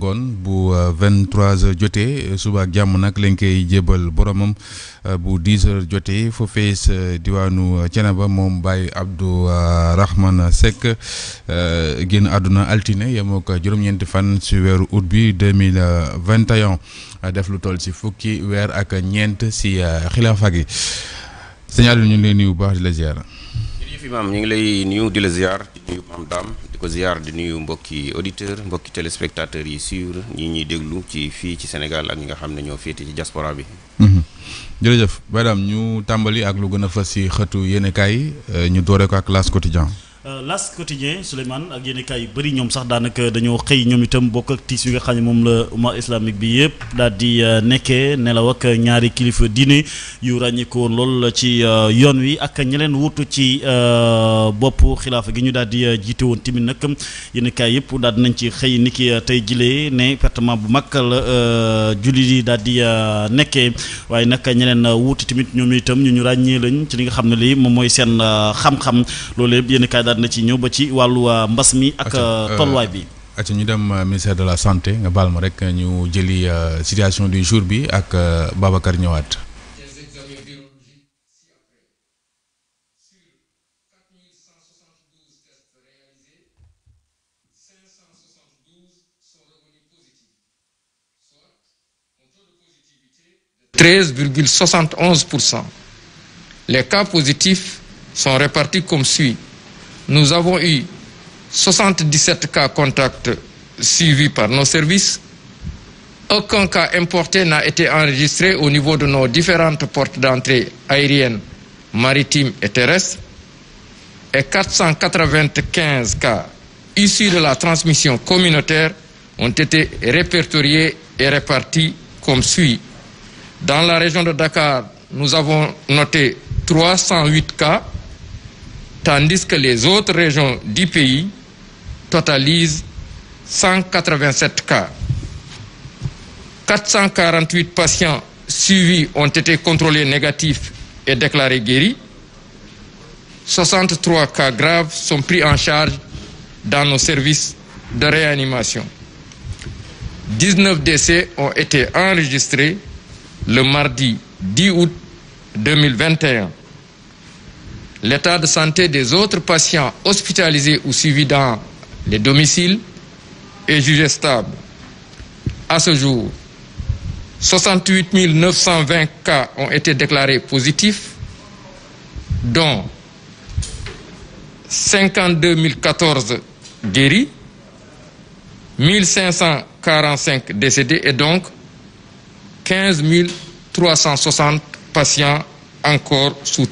kon bu 23h euh, jotee euh, suba ak jàmm nag lañ koy jébal boromam euh, bu 10h jotee fu fees diwaanu Thiénaba moom Baye Abdou Rahman Seck génn àdduna altine yemoo ko fan si weeru août bi 2021 def lu toll si fukki weer ak ñeent si xilaafa gi signal ñu ngi lay bu baax di la ziar. jërëjëf imaam ñu ngi lay nuyu di la ziar di nuyu maam daam di ko ziar di nuyu mbokki auditeurs mbokki téléspectateurs yi suivre ñi ñuy déglu ci fii ci Sénégal ak ñi nga xam ne ñoo féete ci jaspora bi. Mhm. jërëjëf Baye ñu tàmbali ak lu gën a fës si xëtu yéenekaay yi euh, ñu doore ko ak L'As Quotidien Euh, L'As quotidien Souleymane ak yenn kaay yu bëri ñoom sax daanaka dañoo xëy ñoom itam bokk ak tiis wi nga xam ne moom la umma islamique bi yëpp daal di euh, nekkee nelaw ak ñaari kilifa diine yu ràññikoo lool ci euh, yoon wi ak ñi leen wutu ci bopp xilaafa gi ñu daal di jiite woon tamit nag yenn kaay yëpp daal di nañ ci xëy ni tey jilee ne pertement bu mag la jullit yi daal di nekkee waaye nag ñi leen tamit ñoom itam ñu ñu ràññee lañ ci li nga xam ne lii moom mooy seen xam-xam loolu yëpp yenn daal na ci ñëw ba ci wàllu euh, mbas mi ak euh, euh, tolluwaay ñu dem de la santé nga baal ñu jëli situation du jour bi ak Babacar ñëwaat treize virgule soixante pour cent les cas positifs sont répartis comme suit nous avons eu 77 cas contacts suivis par nos services. Aucun cas importé n'a été enregistré au niveau de nos différentes portes d'entrée aériennes, maritimes et terrestres. Et 495 cas issus de la transmission communautaire ont été répertoriés comme suit. Dans la région de Dakar, nous avons noté 308 cas tandis que les autres régions du pays totalisent 187 cas. 448 patients suivis ont été contrôlés négatifs et déclarés guéris. 63 cas graves sont pris en charge dans nos services de réanimation. 19 décès ont été enregistrés le mardi 10 août 2021. l'état de santé des autres patients hospitalisés ou suivis dans les domiciles est jugé stable. À ce jour, 68 920 cas ont été déclarés positifs, dont 52 014 guéris, 1545 décédés et donc 15 360 patients encore sous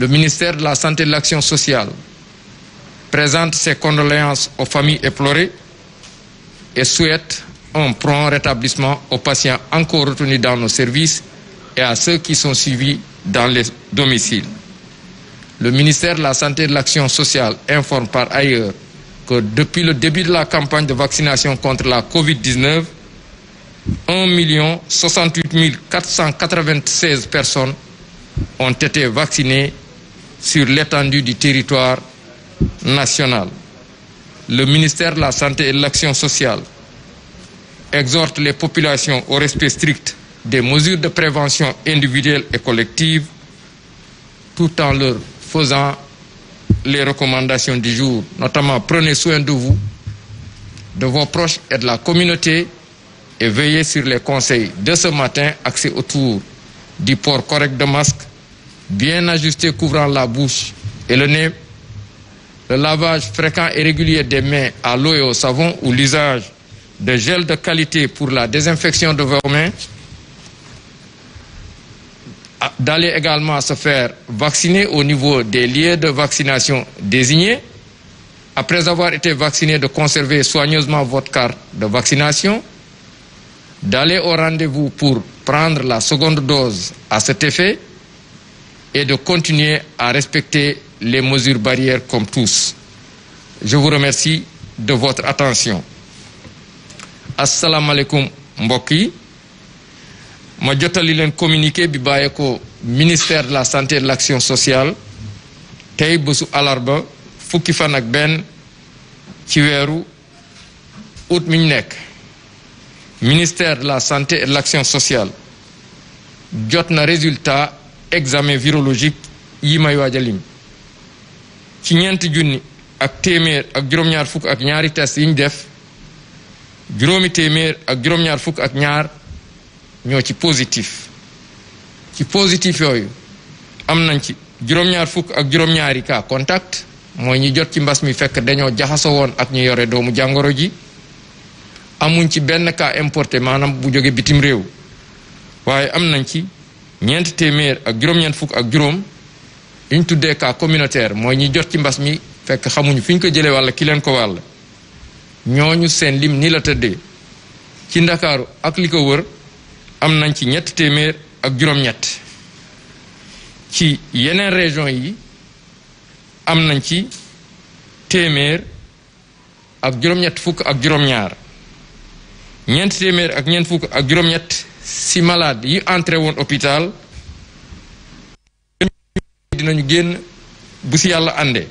le ministère de la Santé l'Action sociale présente ses condoléances aux familles éplorées et souhaite un prompt rétablissement aux patients encore retenus dans nos services et sont suivis dans les domiciles. Le ministère la Santé l'Action sociale informe par ailleurs depuis le début la campagne de vaccination contre la COVID-19, 1 068 496 personnes ont été vaccinées sur l'étendue du territoire national. Le ministère de la Santé et de l'Action sociale exhorte les populations au respect strict des mesures de prévention individuelle et collective tout en leur faisant les recommandations du jour, notamment prenez soin de vous, de vos proches et de la communauté et veillez sur les conseils de ce matin axés autour du port correct de masque, bien ajusté couvrant la bouche et le nez, le lavage fréquent et régulier des mains à l'eau et au savon ou l'usage de gel de qualité pour la désinfection de vos mains, ah, d'aller également se faire vacciner au niveau des lieux de vaccination désignés, après avoir été vacciné, de conserver soigneusement votre carte de vaccination, d'aller au rendez-vous pour prendre la seconde dose à cet effet, de continuer à respecter les mesures barrières comme tous. Je vous remercie de votre attention. asalaamaaleykum mbokk yi ma jottali leen communiqué bi bàyyee ministère de la santé et de l'action sociale tey bésu alarba fukki fan ak benn ci weeru août mi nekk ministère de la santé et de l'action sociale jot na résultat examen virologique yi may waaj jalim ci ñeenti junni ak téeméer ak juróom-ñaar fukk ak ñaari test yi ñu def juróomi ak juróom-ñaar fukk ak ñaar ñoo ci positif ci positif yooyu am nañ ci juróom-ñaar fukk ak juróom-ñaari cas contact mooy ñi jot ci mbas mi fekk dañoo jaxasoo woon ak ñu yore doomu jàngoro ji amuñ ci benn ka importé maanaam bu joge bitim réew waaye am nañ ci ñeent téeméer ak juróom-ñeent fukk ak juróom yu tuddee cas communautaire mooy ñi jot ci mbas mi fekk xamuñu fi ñu ko jëlee walla ki leen ko wàll ñooñu seen lim ni la tëdde ci ndakaaru ak li ko wër am nañ ci ñett téeméer ak juróom ci yeneen région yi am nañ ci téeméer ak juróom-ñett fukk ak juróom-ñaar ñeent téeméer ak ñeent fukk ak juróom-ñett ci malade yi entré woon hôpital dinañu génn bu ci yàlla àndee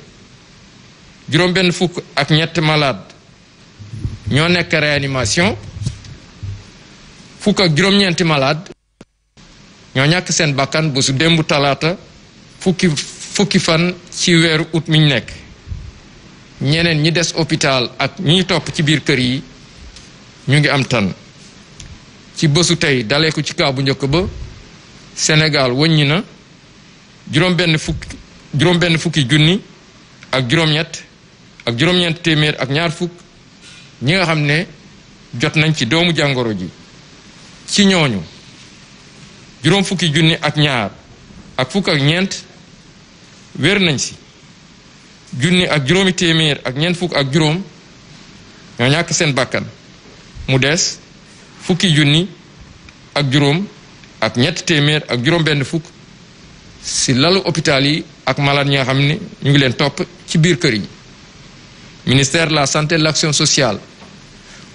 juróom benn fukk ak ñett malade ñoo nekk réanimation fukk ak juróom-ñeenti malade ñoo ñàkk seen bakkan bésu démb talaata fukki fukki fan ci weeru ut mi ñu nekk ñeneen ñi des hôpital ak ñi topp ci biir kër yi ñu ngi am tan ci bésu tey dalee ko ci kaa bu njëkk ba Sénégal wëññi na juróom-benn fukki junni ak juróom-ñett ak juróom téeméer ak ñaar fukk ñi nga xam ne jot nañ ci doomu jàngoro ji ci ñooñu juróom fukki junni ak ñaar ak fukk ak ñeent wér nañ ci junni ak juróomi téeméer ak ñeent fukk ak juróom ñoo ñàkk seen bàkkan mu des fukki junni ak juróom ak ñetti téeméer ak juróom benn fukk si lalu hôpital yi ak malade ñi xam ni ñu ngi leen topp ci biir kër yi ministère la santé de l'action sociale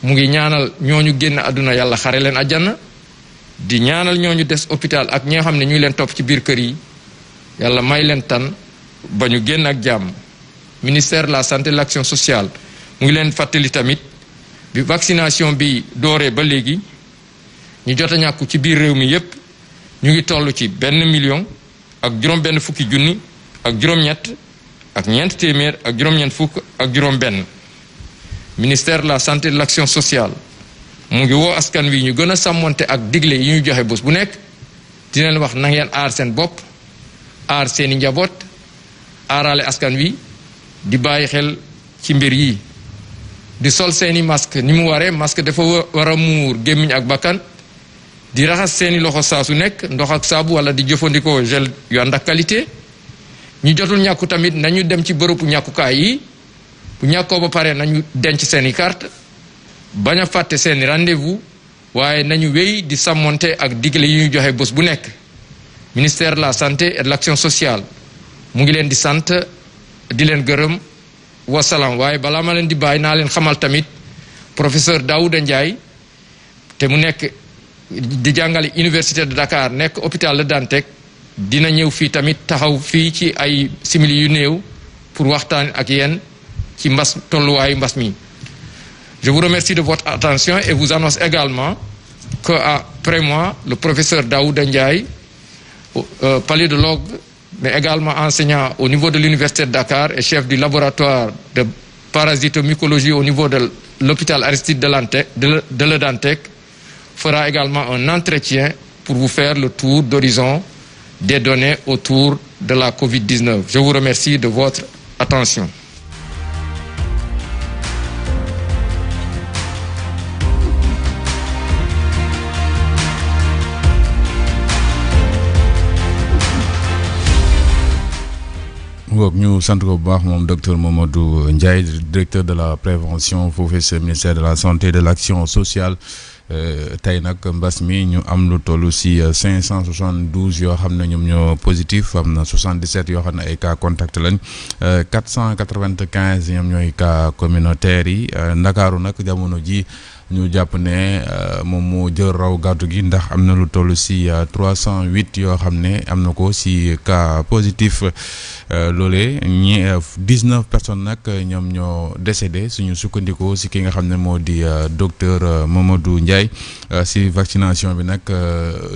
mu ngi ñaanal ñooñu génn àdduna yàlla xare leen àjjana di ñaanal ñoo ñu des hôpital ak ñi nga xam ne ñu ngi leen topp ci biir kër yi yàlla may leen tan ba ñu génn ak jàmm ministère la santé de l'action sociale mu ngi leen fàttali tamit bi vaccination bi dooree ba léegi ñu jot ñàkku ci biir réew mi yépp ñu ngi toll ci benn million ak juróom benn fukki junni ak juróom-ñett ak ñeent téeméer ak juróom-ñeent fukk ak juróom benn ministère de la santé et de l'action sociale mu ngi woo askan wi ñu gën a sàmmonte ak digle yi ñu joxe bos bu nekk di wax na ngeen aar seen bopp aar seeni njaboot aarale askan wi di bàyyi xel ci mbir yi di sol seeni masque ni mu waree masque dafa war a muur gémmiñ ak bakkan di raxas seeni loxo saa su nekk ndox ak saabu wala di jëfandikoo gel yu ak qualité ñu jotul ñàkku tamit nañu dem ci bërëbu ñàkkukaay yi bu ñàkkoo ba pare nañu denc seeni carte bañ a fàtte seeni rendez-vous waaye nañu wéy di sàmmonte ak digle yi ñu joxe bés bu nekk ministère de la santé et de l'action sociale mu ngi leen di sant di leen gërëm wasalaam waaye balaa ma leen di bàyyi naa leen xamal tamit professeur Daouda Ndiaye te mu nekk di jàngale université de Dakar nekk hôpital Le Dantec dina ñëw fii tamit taxaw fii ci ay simili yu néew pour waxtaan ak yéen ci mbas tolluwaayu mbas mi. Je vous remercie de votre attention et vous annonce également que après moi le professeur Daouda Ndiaye euh, de palédologue mais également enseignant au niveau de l'Université de Dakar et chef du laboratoire de parasitomycologie au niveau de l'hôpital Aristide de Le Dantec, fera également un entretien pour vous faire le tour d'horizon des données autour de la COVID-19. Je vous remercie de votre attention. ngoog ñu sant ko bu baax moom docteur Mamadou Ndiaye directeur de la prévention foofee ministère de la santé de laction action sociale euh, tey nag mbas mi ñu am lu tollu si euh, cinq cent soixante douze yoo xam ne ñoom ñoo positif am na soixante dix sept yoo xam ne ay cas contact lañ euh, quatre cent quatre vingt quinze ñoom ñooy cas communautaires yi ndakaaru nag jamono ji ñu jàpp ne euh, moom moo jël raw gàddu gi ndax am na lu toll si 308 euh, yoo xam ne am na ko si cas positif euh, loole ñi 19 personnes nag ñoom ñoo décédé suñu sukkandikoo si ki nga xam ne moo di docteur Mamadou Ndiaye si vaccination bi nag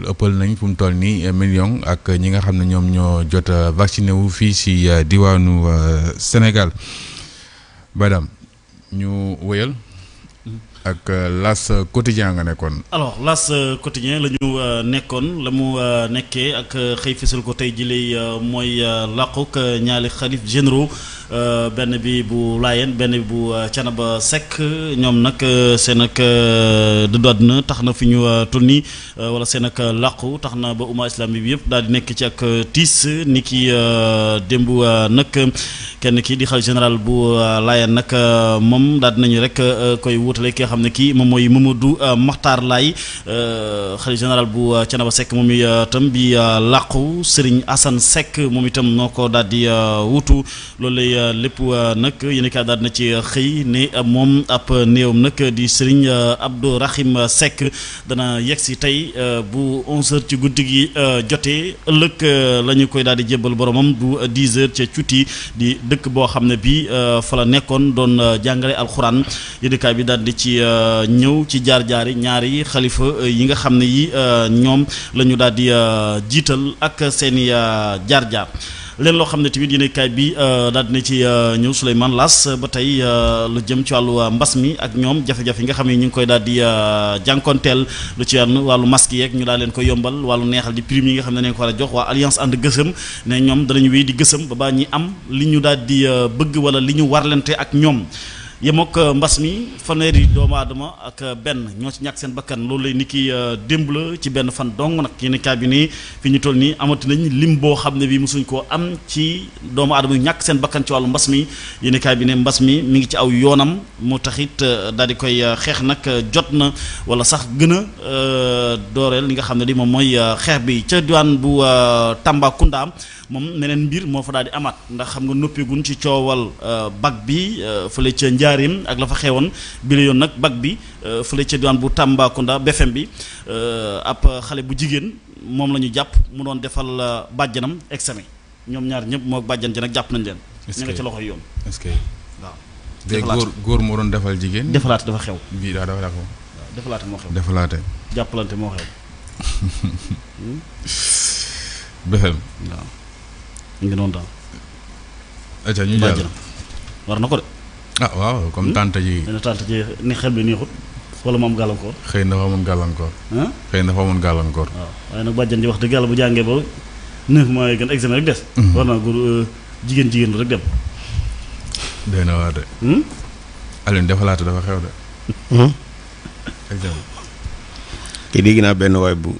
ëppal nañ fu mu toll nii million ak ñi nga xam ne ñoom ñoo jot vacciné wu fii si diwaanu Sénégal badam ñu wëyal ak euh, las quotidien nga nekkoon. alors las quotidien lañu ñu euh, nekkoon la mu euh, nekkee ak xëy fësal ko tey jii lay mooy làquk ñaari xalif généraux. Euh, benn bi bu Laayeen benn bi bu Canaba euh, Seck ñoom nag euh, seen ak dëddoot na tax na fi ñu tunni wala seen ak làqu tax na ba umma islamique bi yëpp daal di nekk ci ak tiis ni ki démb nag kenn ki di xal général bu Laayeen nag moom daal dinañu rek koy wuutale ki nga xam ne kii moom mooy Mamadou Makhtar Laye xali général bu Canaba Seck moom itam bi làqu sëriñ Assane Seck moom itam noo ko daal di loolu lay lépp euh, nag yéen kaa daal na ci euh, xëy ni euh, moom ab néewam nag di sëriñ Abdou Rahim Seck dana yegg si tey bu 11 ci guddi gi jotee ëllëg la ñu koy daal di jébbal boromam bu 10h ca cuuti di dëkk boo xam ne bii fa la nekkoon doon jàngale alxuraan yéen bi daal di ci ñëw ci jaar jaar ñaari xalifa yi nga xam ne yi ñoom la ñu daal di jiital ak seeni i jaar jaar. leen loo xam ne tamit yéen kaay bi euh, daal dina ci euh, ñëw Souleymane Lass ba tey euh, lu jëm ci wàllu mbas mi ak ñoom jafe-jafe nga xam ne ñu ngi koy daal di jànkonteel lu ci wàllu wàllu masque yeeg ñu daal leen ko yombal wàllu neexal di prime yi nga xam ne dañ ko war a jox waa alliance ànd gësëm ne ñoom danañ wéy di gësëm ba baa ñi am li ñu daal di bëgg wala li ñu warlante ak ñoom yem ak euh, mbas mi fanweeri doomu aadama ak euh, benn ñoo ci ñàkk seen bakkan loolu lay nit ki euh, démb la ci benn fan dong nag yenn kaay bi nii fi ñu toll nii amati nañ lim boo xam ne bi mosuñ koo am ci doomu aadama yu ñàkk seen bakkan ci wàllu mbas mi yéen kaay bi ne mbas mi mu ngi ci aw yoonam moo taxit daal di koy xeex nag jot na wala sax gën a dooreel li nga xam ne li moom mooy xeex bi ca diwaan bu Tambacounda moom meneen mbir moo fa daal di amaat ndax xam nga noppeegun ci coowal euh, bac bi euh, fële ca njaarim ak la fa xewoon bi la yoon nag bag bi euh, fële ca diwaan bu Tambacounda BFM bi ab xale bu jigéen moom la ñu jàpp mu doon defal bàjjanam examen ñoom ñaar ñëpp moo bàjjan ji nag jàpp nañ leen ñu nga ci loxoy yoon est que waaw defalaat góor góor moo doon defal jigéen defalaate dafa xew bii daa dafa xew defalaate moo xew defalaate jàppalante moo xew BFM hmm? ñu ngi doon daal. war na ko de. ah waaw comme hmm? tante yi. dina ji ni xel bi neexut wala mu am gàllankoor. xëy na dafa gàllankoor. xëy na dafa gàllankoor. waaw waaye nag bàjjan ji wax dëgg yàlla bu jàngee ba neuf mois gën examen rek des. Hmm. war naa góor euh, jigéen jigéen rek dem. day na waar de. Hmm? Alioune defalaate dafa xew de. examen. te dégg naa benn waay bu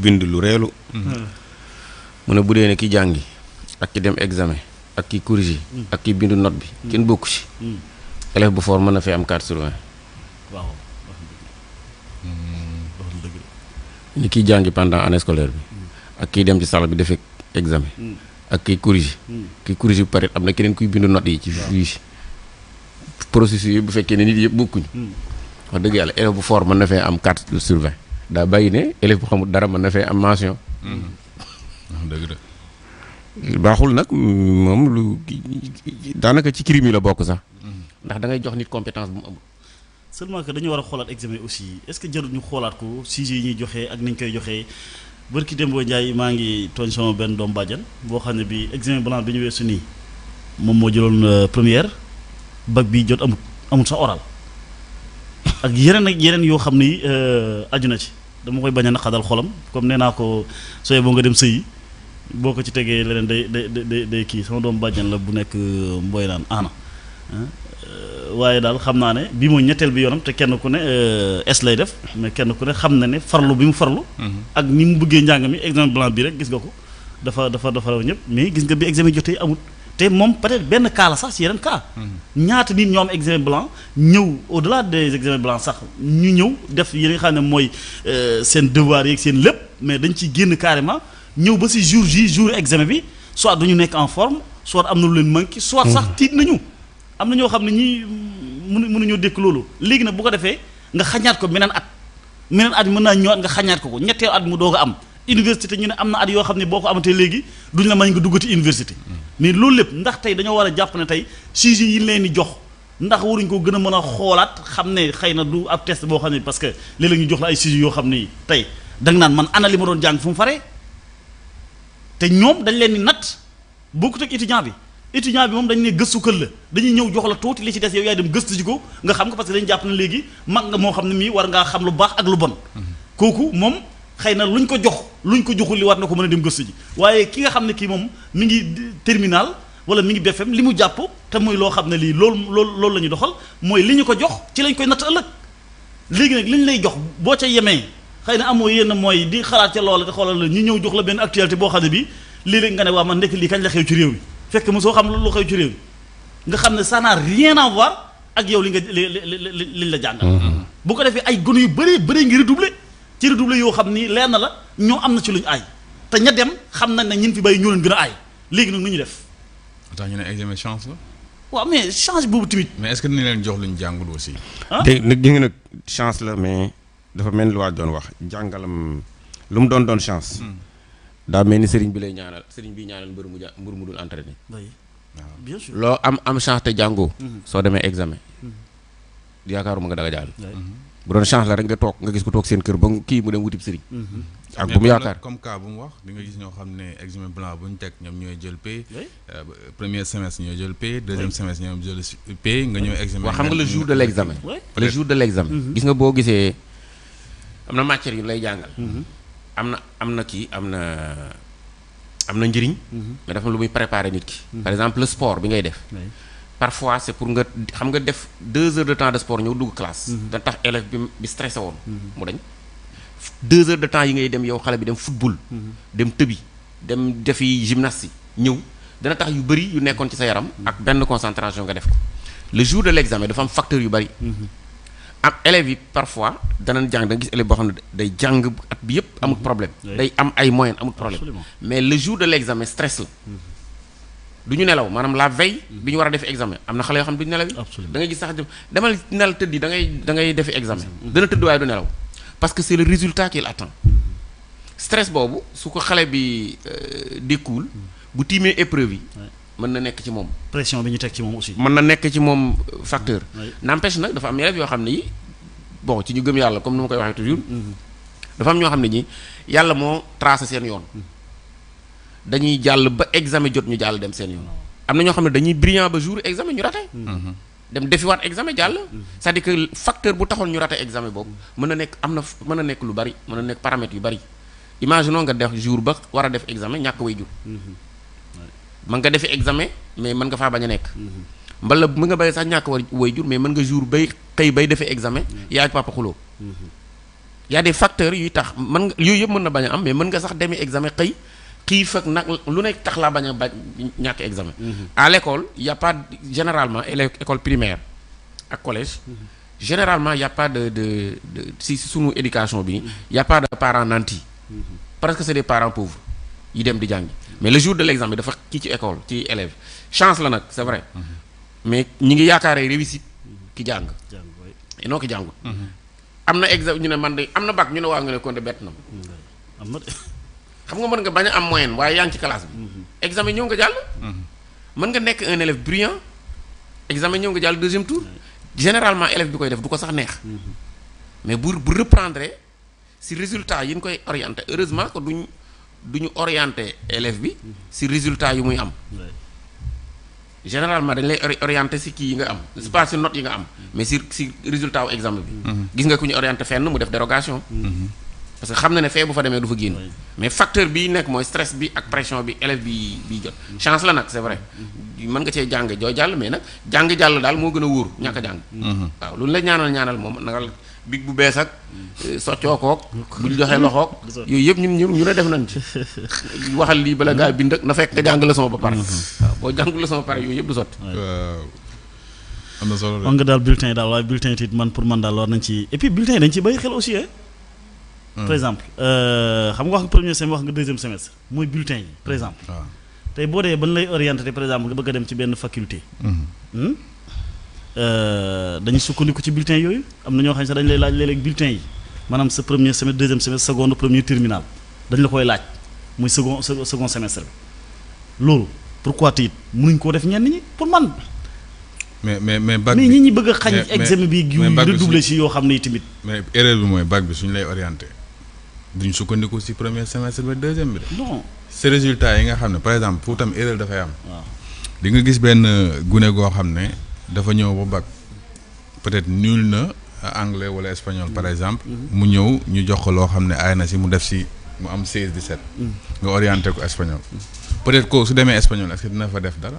bind lu reelu. mu ne bu dee ne ki jàngi. ak ki dem examen ak ki corrigé hmm. ak ki bindu not bi hmm. kenn bokku ci hmm. élève bu foor mën na fee am 4 sur 20 kiy jàngi pendant ak kiy dem ci salle bi defee examen ak kiy corrigé kiy corrigé bu pare am na keneen kuy bindu note yi ci fii yi bu fekkee ne nit dëgg yàlla élève bu fort mën na fee am 4 sur 20 daa bàyyi ne élève bu xamul dara mën na fee am mention baaxul nag moom lu daanaka ci crime yi la bokk sax. ndax da ngay jox nit compétence bu mu amul. seulement que dañu war a xoolaat examen aussi est-ce que jarul ñu xoolaat ko sujet yi ñuy joxe ak ni ñu koy joxee barki Demba Ndiaye maa ngi tooñ benn doom bàjjan boo xam ne bi examen blanc bi ñu weesu nii moom moo jëloon euh, première bac bi jot amut amul sa oral ak yeneen ak yeneen yoo xam ni euh, aju na ci dama koy bañ a naqadal xolam comme nee naa ko sooy boo nga dem sëyi. boo ko ci tegee leneen day day day day kii sama doom bàjjan la bu nekk euh, mboy naan ana euh, waaye daal xam naa ne bii mooy ñetteel bi yoonam te kenn ku ne es euh, lay def mais kenn ku ne xam na ne farlu bi mu farlu mm-hmm. ak ni mu bëggee njàng mi examen blanc bi rek gis nga ko dafa dafa dafa raw ñëpp mais gis nga bi examen jotee amut te moom peut-être benn cas sax ci yeneen cas mm-hmm. ñaata nit ñoo am examen blanc ñëw au-delà des examens blancs sax ñu ñëw def yi nga xam ne mooy seen devoir yeeg seen lépp mais dañ ci génn carrément ñëw ba si jour ji jour examen bi soit ñu nekk en forme soit am na lu leen manqué soit mhm. sax tiit nañu am na ñoo xam ne ñii mënu mënuñoo dékk loolu léegi nag bu ko defee nga xañaat ko meneen at meneen at mën naa ñëwaat nga xañaat ko ko ñetteelu at mu doog am université ñu ne am na at yoo xam ne boo ko amatee léegi duñ la mañ nga duggati université mhm. mais loolu lépp ndax tey dañoo war a jàpp na tey sujet yi leen di jox ndax waruñ koo gën a mën a xoolaat xam ne xëy na du ab test boo xam ne parce que léeg-léeg ñu jox la ay sujet yoo xam ne tey danga naan man ana li ma doon jàng fu mu faree te ñoom dañ leen ni natt bokkut ak étudiant bi étudiant bi moom dañ ne gëstu kël la dañuy ñëw jox la tuuti li ci des yow yaay dem gëstu ji ko nga xam nga parce que dañu jàpp na léegi mag nga moo xam ne mii war ngaa xam lu baax ak lu bon mhm. kooku moom xëy na luñ ko jox luñ ko joxul li war na ko mën a dem gëstu ji waaye ki nga xam ne kii moom mi ngi terminal wala mi ngi BFM li mu jàpp te mooy loo xam ne lii loolu loolu loolu la ñu doxal mooy li ñu ko jox ci lañ koy natt ëllëg léegi li ñu lay jox boo ca yemee xëy na amoo yenn mooy di xalaat ca loola te xoolal la ñu ñëw jox la benn actualité boo xam ne bii lii léeg nga ne waa man ndekk lii kañ la xew ci réew mi fekk mosoo xam lu xew ci réew mi nga xam ne ça n'a rien à voir ak yow li nga li li liñ la jàngal mm-hmm. bu ko defee ay gone yu bëree bëri ngi redoubler ci redoubler yoo xam ni leer na la ñoo am na ci lu ñu aay te ña dem xam na ne ñin fi bàyyi ñoo leen gën a aay léegi nag nu ñu def tax ñu ne examen chance la waaw mais chance boobu tamit mais est-ce que dinañ leen jox lu ñu jàngul aussi dégg nag gis nga nag chance la mais dafa mel ni lu waa doon wax jàngalam lu mu doon doon chance. Hmm. daa mel ni sëriñ bi lay ñaanal sëriñ bi ñaanal mbër mu ja mbër mu dul entraîné. bien sûr loo am am chance te jàngoo. Hmm. soo demee examen. Hmm. yaakaaruma nga daga jàll. bu doon chance la rek nga toog nga gis ko toog seen kër ba kii mu dem wutib sëriñ. ak bu mu yaakaar comme cas bu mu wax di nga gis ñoo xam ne examen blanc bu ñu teg ñoom ñooy jël P. Euh, premier semestre ñooy jël P deuxième semestre ñoom jël P nga ñëw examen. waaw xam nga jour de l' examen. le jour mm-hmm. gis nga boo gisee. am na matière yu lay jàngal. Mhm. am na am na kii am na am na njëriñ. Mhm. mais dafa lu muy préparer nit ki. Mhm. par exemple le sport bi ngay def. par fois c'est pour nga xam nga def deux heures de temps de sport ñëw dugg classe. da tax élève bi bi stressé woon. mu dañ deux heures de temps yi ngay dem yow xale bi dem football. dem tëbi dem defi gymnastique ñëw dana tax yu bëri yu nekkoon ci sa yaram. ak benn concentration nga def ko le jour de l'examen dafa am facteur yu bëri. ak élèves yi parfois danañ jàng da nga gis élève boo xam ne day jàng at bi yëpp amul mhm. problème day am ay moyen amul problème mais le jour de l' examen stress la mhm. du ñu nelaw maanaam la veille mhm. bi ñu war a def examen am na xale yoo xam ne du ñu nelaw da ngay gis sax demal nel tëdd yi da ngay da ngay defi examen dana tëdd waaye du nelaw parce que c' le résultat qu'il attend stress boobu su ko xale bi euh, dékkuwul bu tiimee épreuve yi mën na nekk ci moom. pression bi ñu teg ci moom aussi. mën na nekk ci moom euh, facteur. n'empêche nag dafa am élèves yoo xam ne yi bon ci ñu gëm yàlla comme ni ma koy waxee toujours. Mm-hmm. dafa am ñoo xam ne ñi yàlla moo tracé seen yoon. Mm-hmm. dañuy jàll ba examen jot ñu jàll dem seen yoon. am na ñoo xam ne dañuy brillant ba jour examen ñu raté. Mm-hmm. dem defiwaat examen jàll. cest à que facteur bu taxoon ñu rate examen boobu mën na nekk am na mën na nekk lu bari mën na nekk paramètres yu bari imaginons nga def jour ba war a def examen ñàkk way jur man nga defi examen mais mën nga faa bañ a nekk mbala mën nga bay sax ñàkk war way jur mais mën nga jour bay xëy bay defee examen yaa ak papa xuloo mm-hmm. y a des facteurs yuy tax man nga yooyu yëpp mën na bañ a am mais mën nga sax demee examen xëy xiif ak nag lu nekk tax laa bañ a bañ ñàkk examen mm-hmm. à l'école y a pas généralement école primaire ak collège mm-hmm. généralement y a pas de de si sunu éducation bi y a pas de parents nantis parce que c'est des parents pauvres yi dem di jàngi mais le jour de l' examen dafa kii ci école ci élève chance la nag c' est vrai mhm. mais ñi ngi yaakaaree réussite ki jàng noo ki jàngul mhm. am na examen ñu ne man de am na bac ñu ne waaw nga ne kon de ma mm, xam nga mën nga bañ am moyenne waaye yaa ngi ci classe bi mhm. examen ñëw nga jàll mën nga nekk un élève brillant examen ñëw nga jàll deuxième tour généralement élève bi koy def du ko sax neex mais bu bu reprendre si résultat yi ñu koy orienté heureusement que duñ du ñu orienté élève bi si résultat yi muy am généralement dañ lay orienté si kii yi nga am c'est pas si note yi nga am mais si si résultat wu examen bi mm-hmm. gis nga ku ñu orienté fenn mu def dérogation mm-hmm. parce que xam ne ne fee bu fa demee du fa génn mais facteur bi nekk mooy stress bi ak pression bi élève bi bi jot mm-hmm. chance la nag c'est vrai mën nga cee jàng joo jàll mais nag jàng jàll daal moo gën a wóor ñàkk a jàng waaw lu ñu la ñaanal ñaanal moom big bu bees ak eh, soccookook bu ñu joxee loxook yooyu yëpp ñun ñu ne def nañ ci waxal lii bala ngaa bind ak na fekk nga jàng leçon ba pare mhm. waaw boo jàng leçon ba pare yooyu yëpp du sotti am na solo nga daal bulletin yi daal waaye bulletin yi man pour man daal war nañ ci et puis yi dañ ci bàyyi xel aussi eh par exemple euh, xam nga wax premier semestre wax nga deuxième semestre mooy bulletin yi par exemple tey boo dee ban lay orienté par exemple nga bëgg a dem ci benn faculté mhm. hmm? Euh, dañu sukkandiku ci bulletin yooyu am na ñoo xam ne sax dañu lay laaj léeg-léeg bulletin yi maanaam sa premier semestre deuxième semestre seconde premier terminal dañ la koy laaj muy second second semestre bi loolu pourquoi te it mënuñ koo def ñenn ñi pour man. mais mais mais bac bi mais ñi ñi bëgg a xañ examen bi gi yoo xam ne tamit. mais erreur bi mooy bac bi suñu lay orienté duñ sukkandiku ci premier semestre ba deuxième bi de. non ces résultats yi nga xam ne par exemple foofu tam erreur dafay am. waaw di nga gis benn gune goo xam ne. dafa ñëw ba bag peut-être nul na euh, anglais wala espagnol par mm-hmm. exemple. Mm-hmm. mu ñëw ñu jox ko loo xam ne aay na si mu def si mu am seize dix-sept mm-hmm. nga orienté ko espagnol. peut-être que su demee espagnol est-ce dina fa def dara.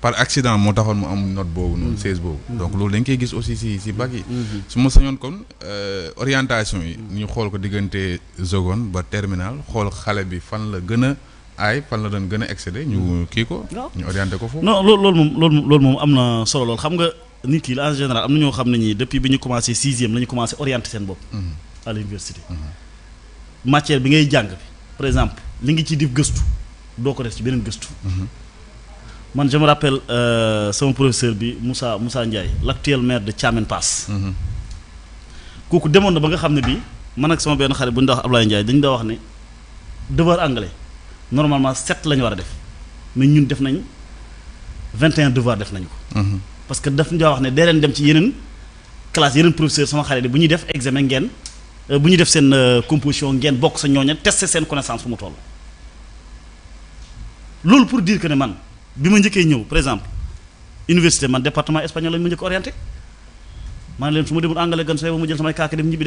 par accident moo taxoon mu am not boobu noonu seize boobu donc loolu dañ koy gis aussi si si bac yi su ma sañoon kon euh, orientation yi ñu xool ko diggante seconde ba terminal xool xale bi fan la gën a aay fan la doon gën a excédé ñu kii ko. ñu orienté ko foofu. non loolu loolu moom loolu loolu moom am na solo lool xam nga nit yi en général am na ñoo xam ne ñii depuis bi ñu commencé sixième la ñu commencé orienté seen bopp. Mm-hmm. à l'université. Mm-hmm. matière bi ngay jàng bi par exemple li ngi ci def gëstu doo ko def ci beneen gëstu. Mm-hmm. man je me rappelle euh, sama professeur bi Moussa Moussa Ndiaye l'actuel maire de Thiamène Pass. kooku demoon na ba nga xam ne bii man ak sama benn xarit bu ñu doon wax Ablaye Ndiaye dañu doon wax ne devoir anglais. normalement sept la ñu war a def mais ñun def nañ vingt et un devoir def nañu ko. Mhm. parce que daf ñu wax ne dee leen dem ci yeneen classe yeneen professeur sama xale bi bu ñu def examen ngeen euh, bu ñu def seen euh, composition ngeen bokk sa ñooña tes seen connaissance fu mu toll. loolu pour dire que ne man bi ma njëkkee ñëw par exemple université man département espagnol lañ ma njëkk orienté maa ne leen su ma demul angale gan sooy ba ma jël samay kaaka dem ñibbi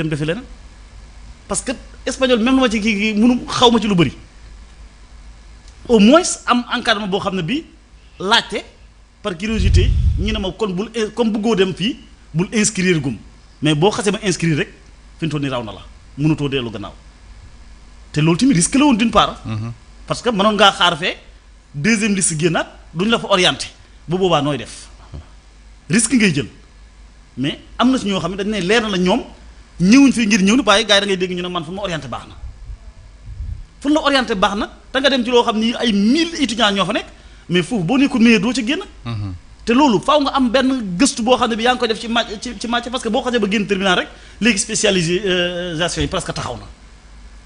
parce que espagnol même lu ma ci kii xaw ma ci lu bëri. au moins am encadrement boo xam ne bi laajte par curiosité ñu ne ma kon bul comme buggoo dem fii bul inscrire gum mais boo xasee ma inscrire rek fi mu raw na la mënutoo dellu gannaaw te loolu tamit risque la woon d'une part. Mm-hmm. parce que mënoon ngaa xaar fee deuxième liste génnaat duñ la fa orienté bu boobaa nooy def risque ngay jël mais am na si ñoo xam ne dañ ne leer na la ñoom ñëwuñ fi ngir ñëw ni waaye gars yi da dégg ñu ne man fu ma orienté baax na. fu la orienté baax na te nga dem ci loo xam ni ay mille étudiants ñoo fa nekk mais foofu boo nekkul meilleur doo ci génn. Mhm. te loolu faaw nga am benn gëstu boo xam ne bi yaa ngi ko def ci màcc ci ci màcc parce que boo xasee ba génn terminal rek léegi spécialisation yi presque taxaw na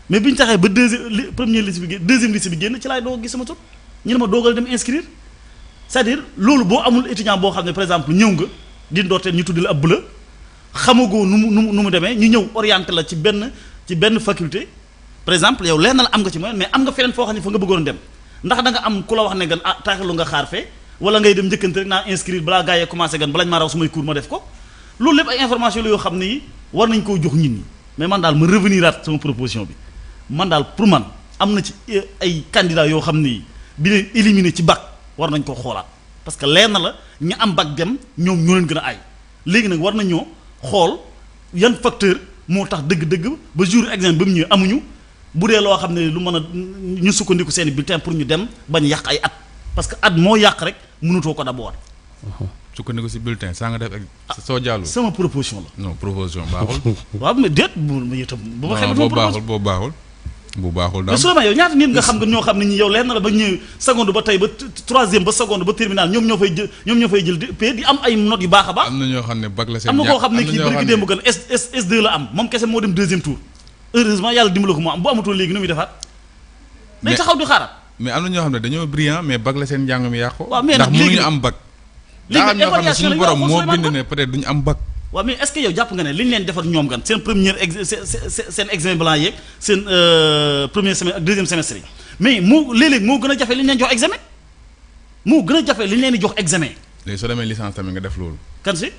mais bi ñu taxee ba deuxième première liste bi génn deuxième liste bi génn ci laay doog gis sama tur ñu ne ma doogal dem inscrire c'est-à-dire loolu boo amul étudiant boo xam ne par exemple ñëw nga di ndoorteel ñu tudd la ab bleu xamagoo nu mu nu mu demee ñu ñëw orienté la ci benn ci benn faculté. par exemple yow leer na la am nga ci moyen mais am nga feneen foo xam ne fa nga bëggoon dem ndax da nga am ku la wax ne gan ah taaxalu nga xaar fee wala ngay dem njëkkante rek naa inscrire balaa gars yi commencé gan balañ maa raw sumay cours ma def ko loolu lépp ay information la yoo xam ne yi war nañ koo jox nit ñi mais man daal ma revenir aat sama proposition bi man daal pour man am na ci eh, ay candidat yoo xam ne yi bi ne éliminer ci bac war nañ ko xoolaat parce que leer na la ñu am bac dem ñoom ñoo leen gën a aay léegi nag war nañoo xool yan facteur moo tax dëgg-dëgg ba jour exemple ba amuñu bu dee loo xam ne lu mën a ñu sukkandiku seen bulletin pour ñu dem bañ yàq ay at parce at moo yàq rek mënutoo ko d'abord. sukkandiku si bulletin saa nga def ak ah, soo jàllu sama proposition la. non proposition baaxul. bu ma bu baaxul bu baaxul daal mais seulement yow ñaata nit nga xam nga ñoo xam ne ñi yow leen na la ba ñëw seconde ba tey ba troisième ba seconde ba terminal ñoom ñoo fay jël ñoom ñoo fay jël pe di am ay notes yu baax a baax. am na ñoo xam ne bac la seen moo dem deuxième tour heureusement yàlla dimbali ko mu am bu amatoon léegi nu muy defaat. mais day taxaw du xaaral. mais am na ñoo xam ne dañoo brillant mais bac la seen njàng mi yàqu. ndax mënuñu am bac. léegi nag évaluation ñu am moo bind ne peut-être waaw mais est-ce jàpp nga ne li ñu leen defar ñoom gan seen première exe seen examen blanc yeeg seen euh, premier semestre ak deuxième semestre mais moo léeg moo gën a jafe li ñu leen jox examen moo gën a jafe li ñu leen di jox examen. léegi soo demee licence tamit nga def loolu. kan si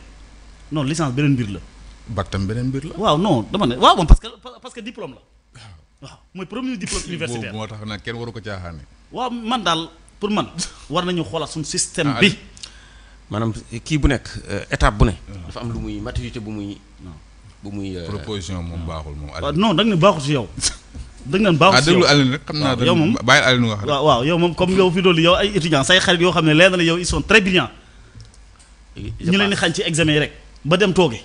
non licence beneen mbir la bac tam beneen mbir la. waaw non dama ne waaw moom parce que parce que diplôme la. waaw mooy premier diplôme universitaire moo tax nag kenn waru ko caaxaane. waaw man daal pour man war nañu xoola suñu système bi. Ah, maanaam kii bu nekk euh, étape bu ne. Ah. dafa am lu muy maturité bu muy. bu muy euh, proposition moom baaxul moom. waaw ah, non da nga ne baaxul si yow. da naan baaxul si yow ah déglu Alioune rek xam naa yow moom bàyyi Alioune wax rek. waaw waaw yow moom comme yow fi doon yow yoo xam ne leer na la yow ils sont très brillants. ñu leen di yi rek ba dem tooge.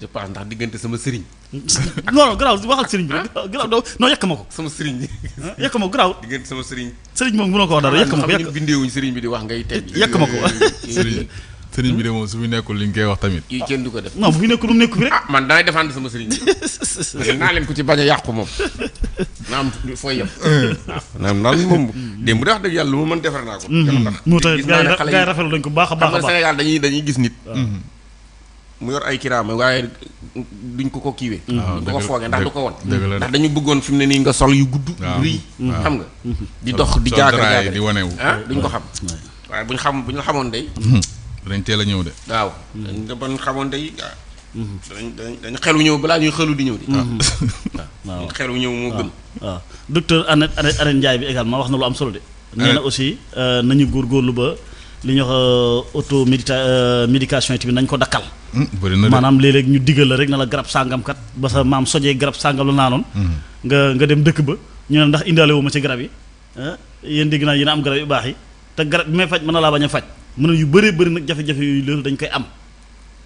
je pense ndax diggante sama sëriñ. non non garaaw waxal sëriñ bi rek garaaw doo non yekk ma ko. sama sëriñ bi. yekk ma ko garaaw. diggante sama sëriñ. sëriñ moom ko wax dara yekk ma ko yekk. bindeewuñ sëriñ bi di wax ngay teg. yekk ma ko sëriñ sëriñ bi de su mu nekkul li ñu koy wax tamit. yii kenn du ko def. non bu fi nekkul mu nekk bi rek. ah man damay sama sëriñ bi. naa leen ko ci bañ a yàqu moom. naam fooy yem. Eh. naam naam moom. démb de wax dëgg yàlla lu ma mën defar naa ko. Mm-hmm. moo tax gars yi dañ ko baax a baax a baax Sénégal dañuy dañuy gis nit mm-hmm. mu yor ay kiraama waaye duñ ko ko kiiwee. Ah, du ko foogee ndax du ko won ndax dañu bëggoon fi mu ne nii nga sol yu gudd. ruy xam nga. di dox di jaaga jaaga di wanewu ah duñ ko xam. waaye buñ xam buñ la xamoon dey hmm. danañ teel a ñëw de. waaw dañ nga ban xamoon ah. day dañ dañ xelu ñëw balaa ñuy xëlu di ñëw di hmm. ah. waaw xelu ñëw moo gën waaw docteur Annette Annette Ndiaye bi également wax na lu am solo de nee aussi euh, nañu lu ba li ñuy wax euh, auto médita euh, médication yi tamit nañ ko dakkal. Hmm, na maanaam léeg ñu digal la rek na la garab sàngam kat ba sa maam sojee garab sàngam la naanoon. Hmm. nga nga dem dëkk ba ñu ne ndax indaale wu ma ci garab yi yéen dégg naa yéen am garab yu baax yi te garab bi may faj mën na laa bañ a faj mën yu bëree bëri nag jafe-jafe yooyu loolu dañ koy am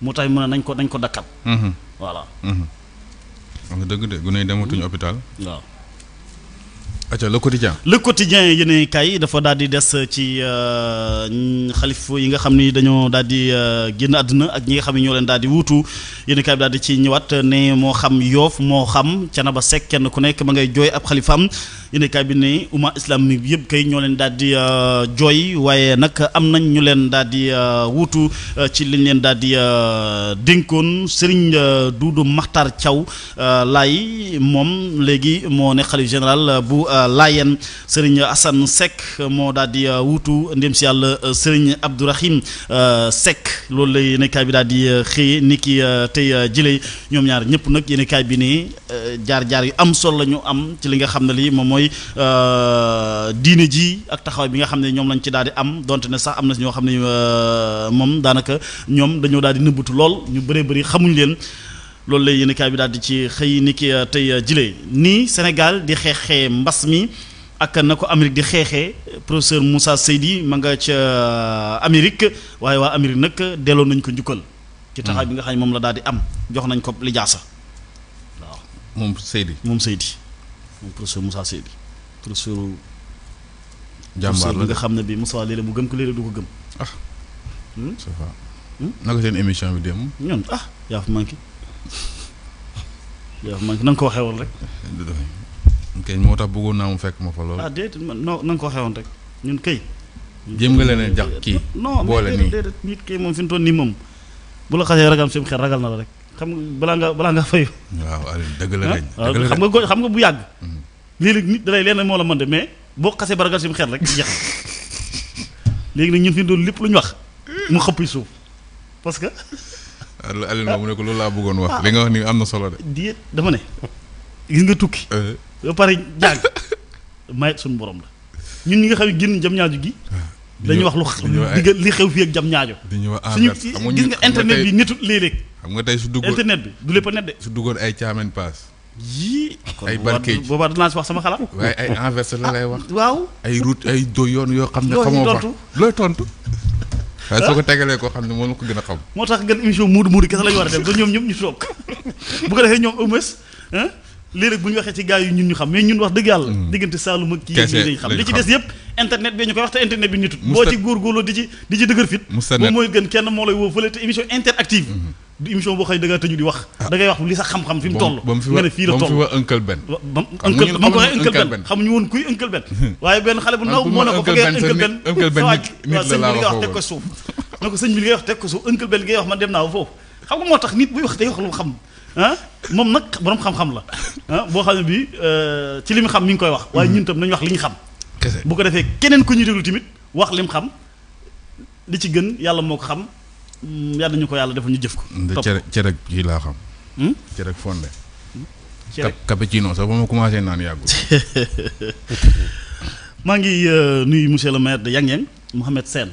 moo tax mën na ko nañ ko dakkal. Hmm. voilà. wax nga dëgg de gune yi dematuñu hôpital waaw. atia le quotidien le quotidien yéen kay dafa daal di des ci euh, xalif yi nga xam ni dañoo daal di euh, génn àdduna ak ñi nga xam ne ñoo leen daal di wuutu yéen bi daal di ci ñëwaat ne moo xam yoof moo xam canaba sek kenn ku nekk ma ngay jooy ab xalifam yéen kaay bi ne umma islamique yëpp kay ñoo leen daal di euh, jooy waaye nag am nañ ñu leen daal di euh, wuutu euh, ci liñ leen daal di dénkoon Serigne Doudou Makhtar Thiaw Laye moom léegi moo ne xalif général bu Laayeen Serigne Assane Seck moo daal di wuutu ndem si yàlla Serigne Abdourahim Seck loolu la yéen bi daal di xëye ni ki tey jëlee ñoom ñaar ñëpp nag yéen bi ne jaar-jaar yu am solo lañu am ci li nga xam ne lii moom mooy mooy euh, diine ji ak taxawaay bi nga xam ne ñoom lañ ci daal di am dont ne sax am na ñoo xam ne euh, moom daanaka ñoom dañoo daal di nëbbatu lool ñu bëree bëri xamuñ leen loolu lay yéen kaay bi daal di ci xëy ni ki euh, tey jile nii senegal di xeexee mbas mi ak na ko Amérique di xeexee professeur Moussa Seydi ma nga ca Amérique waaye waa Amérique nag delloo nañ ko njukkal. ci taxawaay bi nga xam ne moom la daal di am jox nañ ko lijaasa waaw. moom Seydi moom Seydi. moom professeur Moussa Seydi professeur. jàmbaar la nga xam ne bii Moussa léeg-léeg mu gëm ko léeg-léeg du ko gëm. ah. c'est hmm? hmm? seen émission bi dem ñoom ah yaa fa manqué yaa fa na ko waxee woon rek. kay moo tax bëggoon naa mu fekk ma fa loolu. ah déedéet man non na ko waxee woon rek ñun kay. jéem nga leen a jax kii. boole nii nit kii moom fi mu toll nii moom bu la xasee ragal seen xel ragal na la rek. xam nga balaa nga balaa nga fayu. waaw dëgg la ah, ah, dëgg la xam nga go xam nga bu yàgg. Hmm. léeg nit dalay leen moo la man de mais boo xasee baragal sim xel rek jeex léegi nag ñun fi doon lépp lu ñu wax mu xëppi suuf parce que. Alioune moom ne ko loolu laa bëggoon wax. Ah. li nga wax am na solo de. diet dafa ne gis nga tukki. Euh. ba pare jàng mayet suñu borom la ñi nga xam ne génn jam gi. dañuy wax lu li xew fii ak jam ñaajo. suñu gis nga internet bi nitul léeg-léeg. xam nga tey su duggoon internet bi du lépp a net de. su duggoon ay caamen paas. yii ay barkeej boobaa danaa si wax sama xalaat. waaye ay envers la lay wax. Ah, waaw ay route ay do yoon yoo xam ne. xamoo fa looy tontu. waaye ah, soo ko tegalee koo xam ne moom la ko gën a xam. moo tax gën émission muudu muudu kese la ñu a def ba ñoom ñëpp ñu toog bu ko defee ñoom au moins léeg-léeg bu ñu waxee ci gars yi ñun ñu xam mais ñun wax dëgg yàlla mm. diggante Saalum ak kii yi dañ xam li ci des yëpp internet bi ñu koy wax internet bi ñu boo ci góorgóorloo di ci di ci dëgër fit moom mooy gën kenn moo lay woo fële te émission interactive mm-hmm. ah. xam-xam fi mu la toll waa sëñ bi li nga wax teg ko suuf na ko sëñ bi li ngay wax teg ko suuf uncle ben li ngay wax man dem naa foofu xam nga moo tax nit buy wax day wax lu xam ah moom nag borom xam-xam la ah boo xam ne euh, ci li mu xam mi ngi koy wax. waaye hmm. ñun tam nañu wax li ñu xam. kese boo ko defee keneen ku ñu déglu tamit wax li mu xam li ci gën yàlla moo ko xam hmm, yàlla nañu ko yàlla defal ñu jëf ko. topp cere cere kii laa xam. Hmm? cere fonde. cere cappuccino sax ba ma commencé naan yàggul. maa ngi euh, nuy monsieur le maire de Yang Yang Mouhamed Sène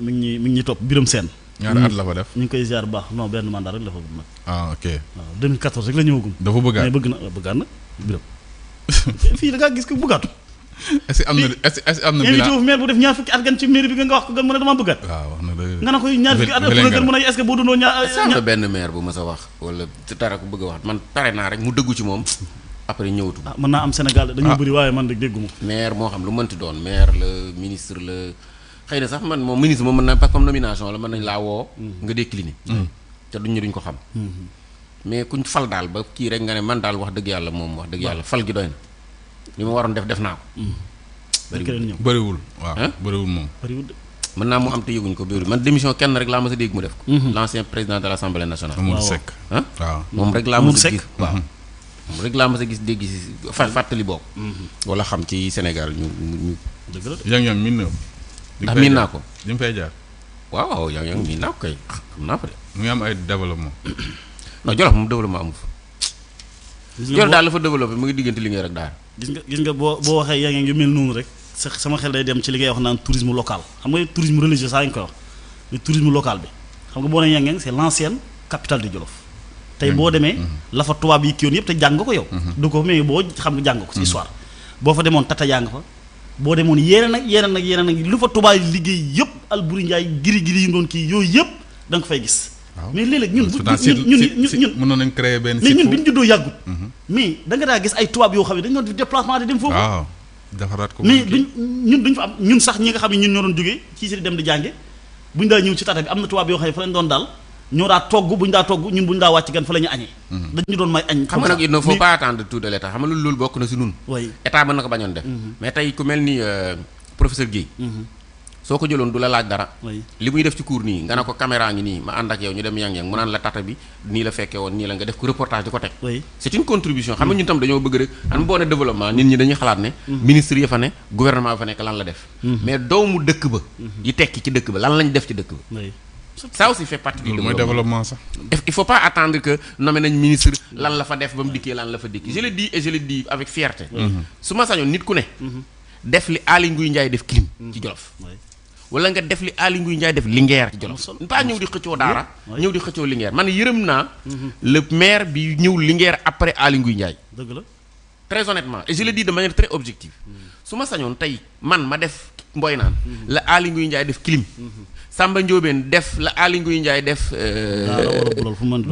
mi ngi mi ngi ñuy topp biram seen ñaari at la fa def ñu ngi koy ziar baax non benn mandat rek la fa bëgg nag. ah ok waaw bëgg na bëggaat na biram da ngaa gis ko maire bu def at na dëgg nga ne koy na gën a est-ce que boo dundoo ñaar. benn maire bu ma sa wax wala dara ku bëgg wax man pare naa rek mu dëggu ci moom après ñëwatu. ah mën naa am Sénégal dañoo ah. bëri waaye man de dégguma. maire moo xam lu mënti doon maire la ministre la xëy na sax man moom ministre moom mën na parce que comme nomination la mën nañ laa woo. Mm-hmm. nga décliner. Mm-hmm. te duñ ñu duñ ko xam. Mm-hmm. mais kuñ fal daal ba kii rek nga ne man daal wax dëgg yàlla moom wax dëgg yàlla fal gi doy na li ma waroon def def naa ko. bëriwul bëriwul waaw bëriwul moom. bëriwul naa mu am te yëguñ ko biir man démission kenn rek laa mës a dégg mu def ko. l' président de l' assemblée nationale. Amadou Seck ah waaw moom rek laa mës a gis waaw moom rek laa sa a gis dégg si fàttali bokk. wala ndax miin naa ko. di nga fay jaar. waaw waaw yow yow miin naa ko kay ah, xam naa ko de. mu ngi am ay développement. non Jolof moom développement amu fa. gis nga daal la fa développé mu ngi diggante liggéey rek daal. gis nga gis nga boo boo waxee yaa ngi mel noonu rek sax sama xel day dem ci li ngay wax naan tourisme local xam nga tourisme religieux saa ñu koy wax mais tourisme local bi xam nga boo nee Yengeng c'est l'ancienne capital de Jolof. tey boo demee mhm. lafa fa tubaab yi kii yoon yëpp te jàng ko yow. Mhm. du ko mais boo xam jàng ko si mhm. histoire boo fa demoon tata jàng fa boo demoon yeneen nag yeneen nag yeneen ak lu fa Touba liggéey yëpp Alboury Ndiaye giri giri yi doon kii yooyu yëpp da nga ko fay gis. mais léeg-léeg ñun ñun ñun ñun mënoon nañ créer benn site mais ñun bi ñu juddoo yàggut mhm. mais da nga daa gis ay tubaab yoo xam ne dañu doon def déplacement de dem foofu defaraat ko mais duñ ñun duñ fa am ñun sax ñi nga xam ne ñun ñoo doon jógee ci seen dem di jànge bu ñu daa ñëw ci tata bi am na tubaab yoo xam ne fa lañ doon daal ñoo daa togg bu ñu daa togg ñun bu ñu daa wàcc gan fa la ñu añee mhm. dañu doon may añ xam nga nag il ne faut pas tout de l' état xam nga loolu loolu mhm. euh, mhm. du la laaj dara li muy def ci cours nii nga ne ko caméra ngi nii ma ànd ak yow ñu dem yang-yang mu naan la tata bi nii la fekkee woon nii la nga def ko reportage di ko teg c'est contribution xam nga ñun dañoo bëgg rek am boo ne développement nit ñi dañuy xalaat ne ministre yi fa ne gouvernement fa nekk lan la def mais doomu dëkk ci dëkk ba lan lañ def ci dëkk ba ça aussi fait partie du mooy développement sax il faut pas attendre que nommé nañ ministre lan la fa def ba mu dikkee lan la fa dikki je le dis et je le avec fierté mm-hmm. su ma sañoon nit ku ne mm-hmm. def li Aly Ngouille Ndiaye def clim mm-hmm. ci Jolof wala nga def li Aly Ngouille Ndiaye def Linguère ci Jolof pas ñëw di xëccoo daara ñëw di xëccoo Linguère man yërëm naa le maire bi ñëw Linguère après Aly Ngouille Ndiaye dëgg la très et je le dis de manière très su ma sañoon tey man ma def mboy naan la Aly def clim Samba Ndiobène def la Aly Ngouille Ndiaye def. Euh,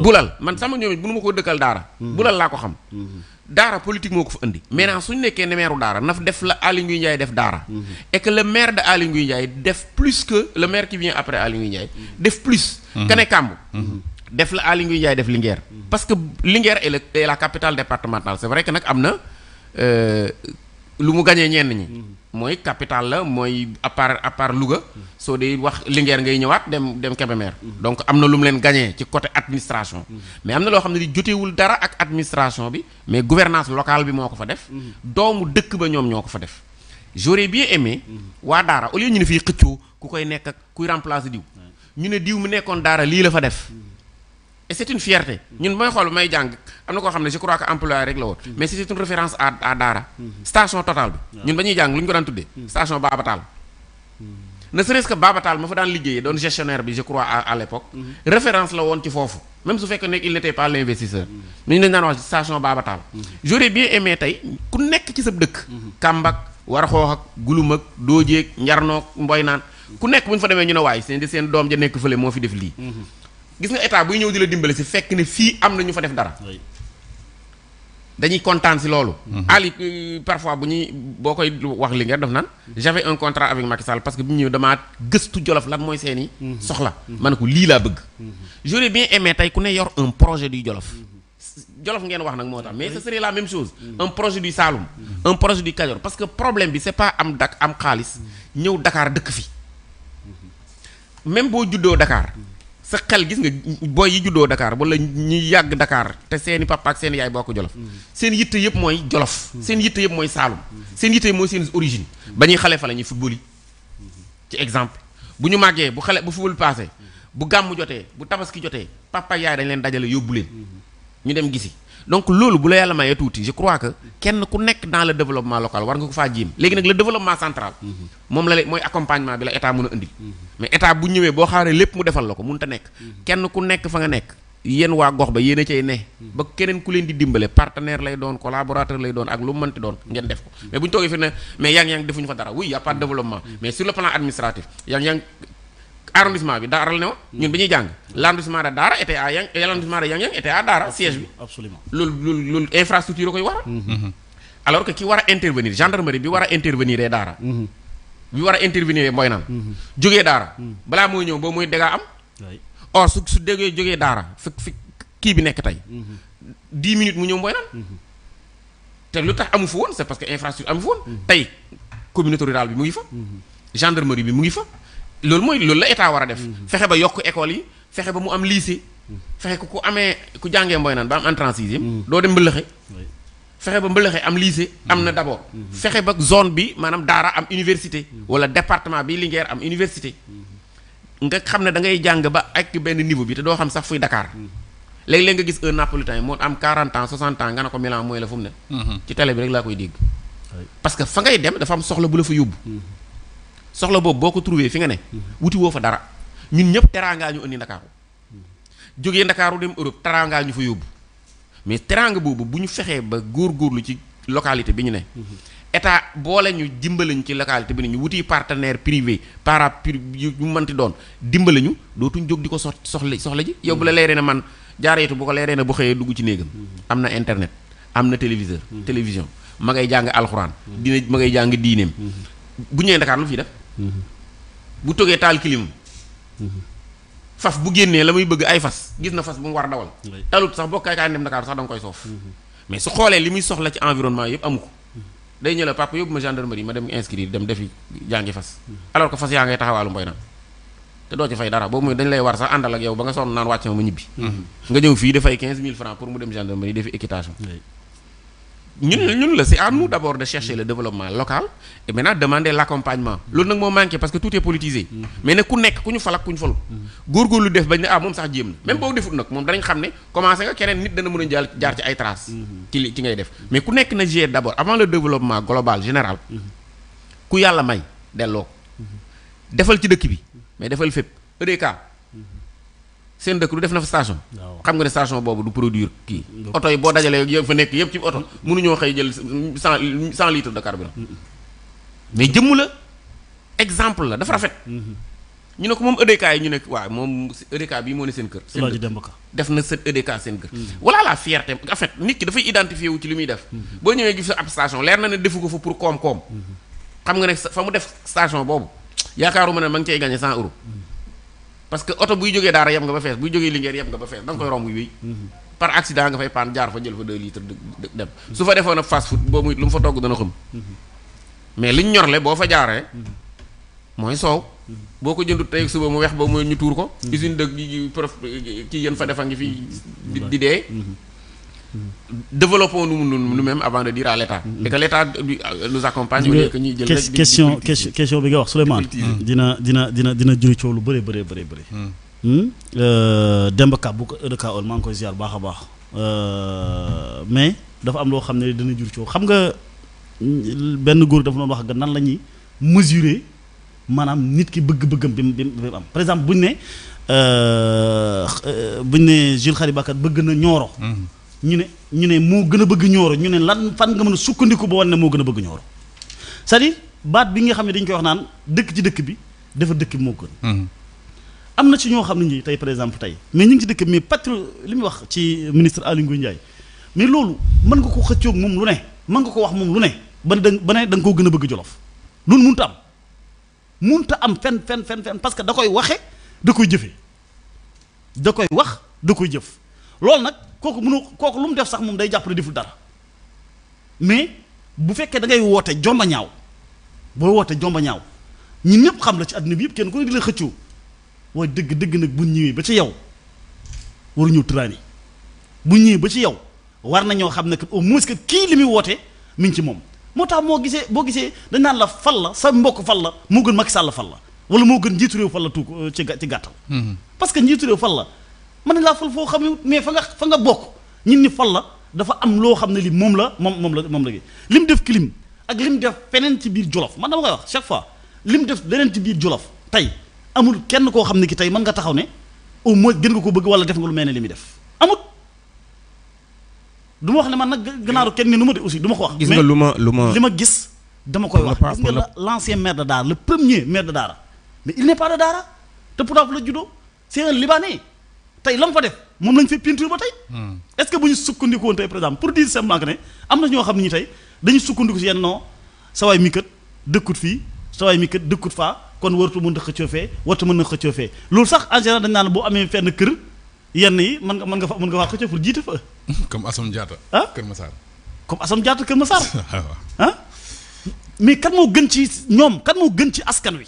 bulal man Samba Ndiobène bu nu ma ko dëkkal daara. Hmm. bulal laa ko xam. Hmm. daara politique moo ko fa indi. maintenant suñu nekkee ne maire daara naf def la Aly Ngouille Ndiaye def daara. Hmm. et que le maire de Aly Ngouille def plus que le maire qui vient après Aly Ngouille Ndiaye. def plus. que ne def la Aly Ngouille Ndiaye def Linguère. parce que Linguère est la capital la capitale départementale c'est vrai que nag am na euh, lu mu gañee ñenn ñi. mooy capital la mooy à part à Louga soo dee wax Linguère ngay ñëwaat dem dem Kébémer donc am na lu mu leen gañee ci côté administration mais am na loo xam ne di jotewul dara ak administration bi mais gouvernance local bi moo ko fa def doomu dëkk ba ñoom ñoo ko fa def j'aurais bien aimé waa daara au lieu ñu ne fii xëccoo ku koy nekk ak kuy remplacer diw ñu ne diw mu nekkoon daara lii la fa def et c'est une fierté ñun mooy xool may jàng am na koo xam ne je crois que employé rek la woon mm-hmm. mais c'est une référence à à Daara mm-hmm. station Total bi ñun ba ñuy jàng lu ñu ko daan tuddee mm-hmm. station Babatal ne serait-ce que ma fa daan liggéeyee doon gestionnaire bi je crois à l'époque référence la woon ci foofu même su fekkee nekk il n'était pas l'investisseur ñu ñu lañ daan wax station Babatal j'aurais bien aimé tey ku nekk ci sa dëkk Kambak war xoox ak gulum ak doojeeg njarnoog mboy naan ku nekk bu ñu fa demee ñu ne waay seen seen doom ja nekk fële moo fi def lii gis nga état buy ñëw di la am na ñu fa def dara dañuy kontaan si loolu. Mhm. Ali parfois bu ñuy boo koy wax li ngeen def naan. j'avais un contrat avec Macky Sall parce que bu ñu ñëw damaa gëstu jolof lan mooy seeni mhm. soxla mhm. ma ne ko lii laa bëgg. j'aurais bien aimé tey ku ne yor un projet du jolof. jolof ngeen wax nag moo tax mais ce serait la même chose un projet du Saloum un projet du Kajoor parce que problème bi c'est pas am dak am xaalis ñëw dakaar dëkk fi même boo juddoo dakaar sa xel gis nga booy yi juddoo Dakar wala ñi yàgg Dakar te seeni papa ak seeni yaay bokk jolof mm-hmm. seen yitte yëpp mooy jolof mm-hmm. seen yitte yëpp mooy saalum mm-hmm. seen yitte mooy seen origine ba ñuy xale fa la ñuy football ci exemple bu ñu màggee bu xale bu football passé bu gàmm jotee bu tabaski jotee papa yaay dañ leen dajale yóbbu leen ñu dem gisi donc loolu bu la yàlla mayee tuuti je que kenn ku nekk dans le développement local war nga ko faa jiim léegi nag le développement central mhm. moom la mooy accompagnement bi la état mën a indil mhm. mais état bu ñëwee boo xaaree lépp mu defal la ko mënut a nekk mhm. kenn ku nekk fa nga nekk yéen waa gox ba yéen a cay ne ba keneen ku leen di dimbale partenaire lay doon collaborateur lay doon ak lu mu mënti doon ngeen def ko mais bu ñu toogee fi ne mais a pas de développement mais sur yang arrondissement bi daara la ne woon hmm. ñun bi ñuy jàng l'arrondissement de daara était à yang l'arrondissement de yang yang était à daara siège bi absolument loolu infrastructure la koy waral hmm. Hmm. alors que ki war a intervenir gendarmerie bi war a intervenir ee daara bi war a intervenir mooy naan jógee daara balaa mooy ñëw boobu mooy dégâts am or su su déggee jógee daara fi fi kii bi nekk tey dix minutes mu ñëw mbooy naan te lu tax amu fa woon c'est parce que infrastructure amu fa woon tey communauté rurale bi bi mu ngi fa loolu mooy loolu la état war a def. Mhm. fexe ba yokk école yi fexe ba mu am lycée. fexe ku ku amee ku jàngee mboy naan ba am entrée en sixième. Mhm. doo dem mbëllëxe. fexe ba mbëllëxe am lycée mhm. am na d' abord. fexe ba zone bi maanaam daara am université. wala département bi Linguère am université. nga xam ne da ngay jàng ba ak benn niveau bi te doo xam sax fuy Dakar. léeg-léeg nga gis un napolitain moo am 40 ans 60 ans nga ne ko Milan mooy la fu mu ne. ci télé bi rek laa koy dégg. parce que fa ngay dem dafa am soxla bu la fa yóbbu. soxla boobu boo ko trouvé fi nga ne wuti woo fa dara ñun ñëpp teraangaa ñu indi ndakaaru jógee ndakaaru dem Europe teraangaa ñu fa yóbbu mais teraanga boobu bu ñu fexee ba góor góorlu ci localité bi ñu ne état boole ñu dimbalañ ci localité bi ne ñu wuti partenaire privé para yu mënti doon dimbali ñu dootuñ jóg di ko so soxla soxla ji yow la leeree na man jaareetu bu ko leeree na bu xëyee dugg ci néegam am na internet am na téléviseur télévision ma jàng alxuraan ma ngay jàng diineem bu ñëwee Dakar lu mu def bu toggee taal kilim mhm. fas bu génnee la muy bëgg ay fas gis na fas bu mu war dawal talut sax bokkaay kaay dem Dakar sax da koy soof mhm. mais su xoolee li muy soxla ci environnement yëpp amu mhm. day ñëw la yóbbu ma gendarmerie ma dem inscrire dem defi jàngi fas alors que fas yaa ngay taxawaalu mboy naan te doo ci fay dara boobu mooy dañ lay war sax àndal ak yow ba nga sonn naan wàcc ma ma ñibbi nga ñëw fii dafay quinze mille francs pour mu dem gendarmerie ñun ñun la c'est à nous d'abord de chercher le développement local et maintenant demander l'accompagnement loolu nag moo manqué parce que tout est politisé mm-hmm. mais ne ku nekk ku ñu falak ku ñu falu mm-hmm. góorgóorlu def bañ ne ah moom sax jéem na même mm-hmm. boo defut nag moom danañ xam ne commencé nga keneen nit dana mën a jaar jaar ci ay traces ci li ci ngay def mais ku nekk na gérer d'abord avant le développement global général ku yàlla may delloo defal ci dëkk bi mais defal fépp EDK seen dëkk du def na fa station. xam nga ne station boobu du produire kii. oto yi boo dajalee yëpp fa nekk yëpp ci oto. mënuñoo xëy jël cent cent litres de carburant. mais jëmm la exemple la dafa rafet. Mm-hmm. ñu ne ko moom EDK yi ñu ne waa moom EDK bii moo ne seen kër. seen def na seen EDK seen kër. Mm-hmm. voilà la fierté en fait nit ki dafay identifié wu ci li muy def. Mm-hmm. boo ñëwee gis ab station leer na ne defu ko fa pour koom-koom. xam nga ne fa mu def station boobu yaakaaruma ne ma ngi cay gagné cent euros. parce que oto buy jógee daara yem nga ba fees buy jógee Linguère yem nga ba fees da koy romb wéy mhm. par accident nga fay paan jaar fa jël fa 2 litres dem su fa defoon a fast food boo muy lu mu fa togg dana xam mhm. mais liñ ñorle boo fa jaaree mhm. mooy soow boo ko jëndut tey suba mu weex ba mooy ñu tuur ko usine dëkk gi prof fa defa ngi fi di dee développons nous-mêmes nous, nous avant de dire à l'État. Et mm-hmm. que l'État euh, nous accompagne. Que, que, que, question question question bi nga wax Souleymane. Mm-hmm. dina dina dina dina jur lu bëree bëree bëri bëri. Mm-hmm. Euh, Demba bu ko EDCAO maa ngi koy ziar baax a baax euh, mais dafa am loo xam ne dina jur xam nga mm, benn góor dafa doon wax nga nan la ñuy mesurer maanaam nit ki bëgg-bëggam bi bi mu am par exemple buñ ne buñ ne Jules Khary bëgg na ñooro ñu ne ñu ne moo gën a bëgg ñooro ñu ne lan fan nga mën a sukkandiku ba wane ne moo gën a bëgg ñooro cest baat bi nga xam ne dañ koy wax naan dëkk ci dëkk bi dafa dëkk bi moo gën hmm. am na ci ñoo xam ne ñi tey par exemple tey mais ñu ci dëkk bi mais patro li muy wax ci ministre Aly Ngouille Ndiaye mais loolu mën nga ko xëccoog moom lu ne mën nga ko wax moom lu ne ba da ba ne da koo gën a bëgg jolof loolu munut am mënut am fenn fenn fenn fenn parce que da koy waxe da koy jëfe da koy wax da koy jëf loolu nag kooku mënu kooku lu mu def sax moom day jàpp ne deful dara mais bu fekkee da ngay woote jomba ñaaw boo woote jomba ñun ñëpp xam la ci àdduna bi yëpp kenn ku ne di la xëccoo waaye dëgg dëgg nag bu ñëwee ba ci yow waruñu turaani bu ñëwee ba ci yow war nañoo xam ne que au moins que kii li muy woote mi ngi ci moom moo tax moo gisee boo gisee dañ naan la fal la sa mbokk fal la moo gën Macky sàll fal la wala moo gën njiitu réew fal la tuuk ci gàttaw gàttal. Mm-hmm. parce que njiitu réew fal la. mën na laa fal foo xam ne mais fa nga fa nga bokk ñun ñi fal la dafa am loo xam ne li moom la moom moom la moom la gi lim def clim ak lim def feneen ci biir jolof man dama koy wax chaque fois lim def leneen ci biir jolof tey amul kenn koo xam ne ki tey mën nga taxaw ne au moins gën nga ko bëgg wala def nga lu mel ne li muy def amut du ma wax ne man nag gannaaru kenn ni nu ma de aussi du ma ko wax. gis nga lu ma lu ma li ma gis. dama koy wax gis nga la l'ancien maire de Daara le premier maire de Daara mais il n'est pas de Daara te pourtant fu la juddoo c'est un Libanais. tey la lam fa def moom lañu fi peinture ba tey. Hmm. est-ce bu ñu sukkandiku woon tey par exemple pour dire simplement ne am na ñoo xam ne ñu tey dañu sukkandiku si yenn non sa waay mi dëkkut fii sa waay mi dëkkut faa kon wartu mën a xëccoo fee waratu mën a xëccoo fee loolu sax en général dañ naan boo amee fenn kër yenn yi mën nga mën nga fa mën nga faa xëccoo pour jiite fa. comme Assome Diatta. ah Kër Massar. comme Assome Diatta Kër Massar. Ah, ah mais kan moo gën ci ñoom kan moo gën ci askan wi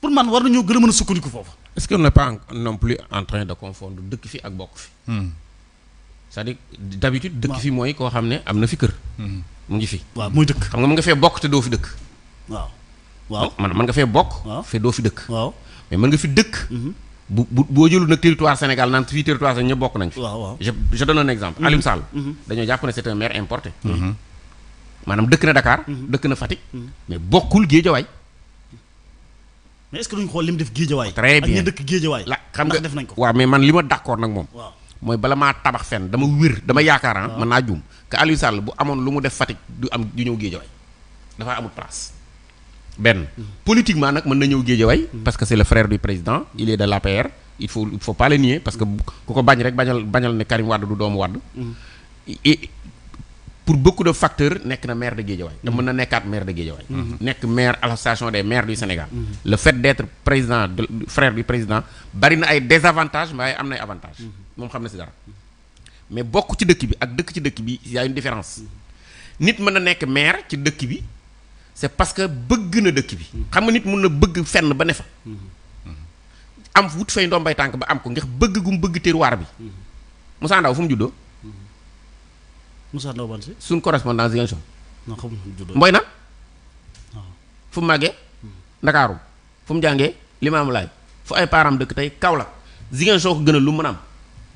pour man war nañoo gën a mën a sukkandiku foofu est-ce qu'on n'est pas non plus en de confondre dëkk fi ak bokk fi. Hmm. c'est-à-dire d'habitude dëkk fi mooy koo xam ne am na fi kër. Hmm. mu ngi fi. waaw muy dëkk. xam nga mën nga fee bokk te doo fi dëkk. waaw waaw man mën nga fee bokk. waaw fee doo fi dëkk. waaw mais mën nga fi dëkk. Hmm. bu bu boo jëlu nag territoire Sénégal naan fii territoire Sénégal ñëpp bokk nañ fi. waaw waaw je je donne un exemple. Alioune Sall. dañoo jàpp ne c'est un maire importé. maanaam dëkk na dakaar dëkk na Fatick. mais bokkul Guédiawaye. mais est-ce que duñ xool li mu def géejawaay. très bien ak ñi dëkk géejawaay. la xam nga def nañ ko. waaw mais man li ma d'accord nag moom. mooy bala maa tabax fenn dama wér dama yaakaar ah. mën naa juum que Aliou Sall bu amoon lu mu def Fatick du am du ñëw géejawaay dafa amul place. benn hmm. politiquement nag mën na ñëw géejawaay. Hmm. parce que c'est le frère du président il est de l'APR il faut il faut pas le nier parce que ku ko bañ rek bañal bañal ne Karim Wade du doomu Wade. Hmm. pour beaucoup de facteurs nekk na maire de Guédiawaye te mm-hmm. mën na nekkaat maire de Guédiawaye mm-hmm. nekk maire à l'association des maires du Sénégal mm-hmm. le fait d'être président de frère du président bari na ay désavantages waaye am na ay avantages moom xam na si dara mais bokk ci dëkk bi ak dëkk ci dëkk bi yaa a une différence nit mën na nekk maire ci dëkk bi c'est parce que bëgg na dëkk bi xam nga nit mun na bëgg fenn ba ne fa am wut fay ndombay tànk ba am ko ndax bëgg gum bëgg terroir bi Moussa fu mu juddoo Moussa Ndaw Balde si. suñ correspondant Ziguinchor. non mboy na. fu mu màggee. Hmm. Ndakaaru fu mu jàngee Limaamulaay fu ay parents dëkk tey Kaolack Ziguinchor ko gën a lu mu a am.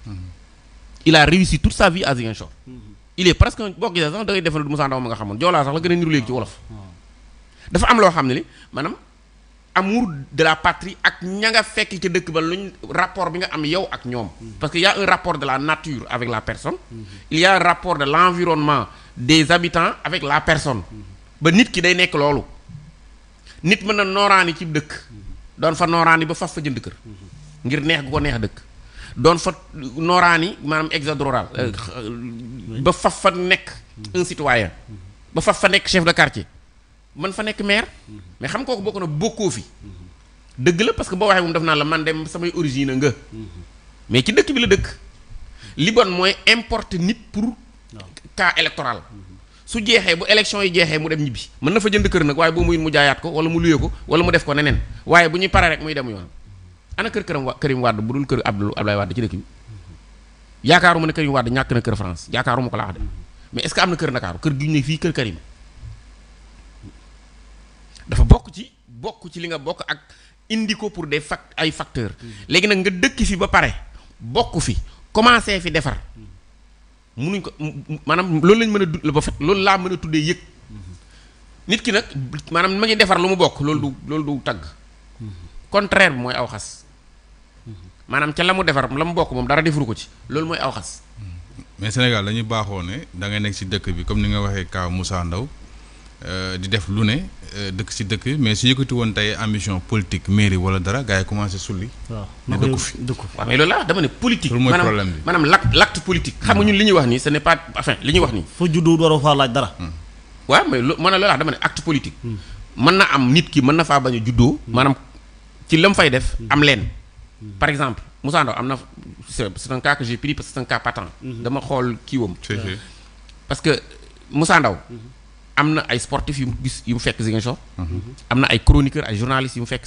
Hmm. il a réussi sa vie à Ziguinchor. Hmm. il est presque boo ko gisee sax dangay defal Moussa Ndaw ma nga xamoon Joolaa sax la gën a niru léegi ci wolof. dafa am loo xam ne li amour de la patrie ak ña nga fekk ci dëkk ba luñ rapport bi nga am yow ak ñoom. parce que y' a rapport de la nature avec la personne. Mm-hmm. il y' a rapport de l' environnement des habitants avec la personne. Mm-hmm. ba nit ki day nekk loolu. nit mën na nooraani ci dëkk. Mm-hmm. doon fa nooraani ba faf fa jënd kër. ngir neex gu ko neex dëkk. doon fa nooraani maanaam exode rural. Euh, ba faf fa nekk. un citoyen ba faf fa nekk chef de quartier. man fa nekk maire mais xam kooku bokk na bokkoo fi dëgg la parce que boo waxee moom def naa la man dem samay origine nga mais ci dëkk bi la dëkk li bon mooy importer nit pour cas électoral su jeexee bu élection yi jeexee mu dem ñibbi mën na fa jënd kër nag waaye boo muyit mu jaayaat ko wala mu luye ko wala mu def ko neneen waaye bu ñuy paree rek muy dem yoon ana kër këram Karim Wade bu dul kër Abdou Abdoulaye Wade ci dëkk bi yaakaaruma ne kër France gi ñu ne kër Karim dafa bokk ci bokk ci li nga bokk ak indi ko pour des fact ay facteurs mm-hmm. léegi nag nga dëkk fi ba pare bokk fi commencé fi defar mm-hmm. munuñ ko maanaam loolu lañ mën a du ba fet loolu laa mën a tuddee yëg mm-hmm. nit ki nag maanaam ma ngi defar lu mu bokk loolu du loolu du tagg contraire bi mooy aw xas maanaam ca la mu defar la mu bokk moom dara defaru ko ci loolu mooy aw xas mais Sénégal dañu baaxoo ne da ngay nekk ci dëkk bi comme ni nga waxee Kaaw Moussa Ndaw Euh, di def lu ne euh, dëkk si dëkk mais su yëkkati woon tey ambition politique mairie wala dara gars yi commencé sulli. waaw ne dëkku fi dëkku waaw mais loolu la dama ne politique. loolu mooy problème bi maanaam maanaam l'acte politique. xam nga ñun li ñuy wax nii ce n'est pas wax nii. fa juddu waroo faa laaj dara. Hmm. waaw mais ma ne loolu dama ne acte politique. Hmm. na am nit ki mën na faa bañ a juddoo. Hmm. maanaam ci la lam fay def. am leen. par exemple Moussa Ndao am na c'est un cas que j'ai pris que c'est un cas dama xool kii wam parce que musaa Ndao am na ay sportifs yu mu gis yu mu fekk Ziguinchor. Mhm. am na ay chroniqueurs ay journalistes yu mu fekk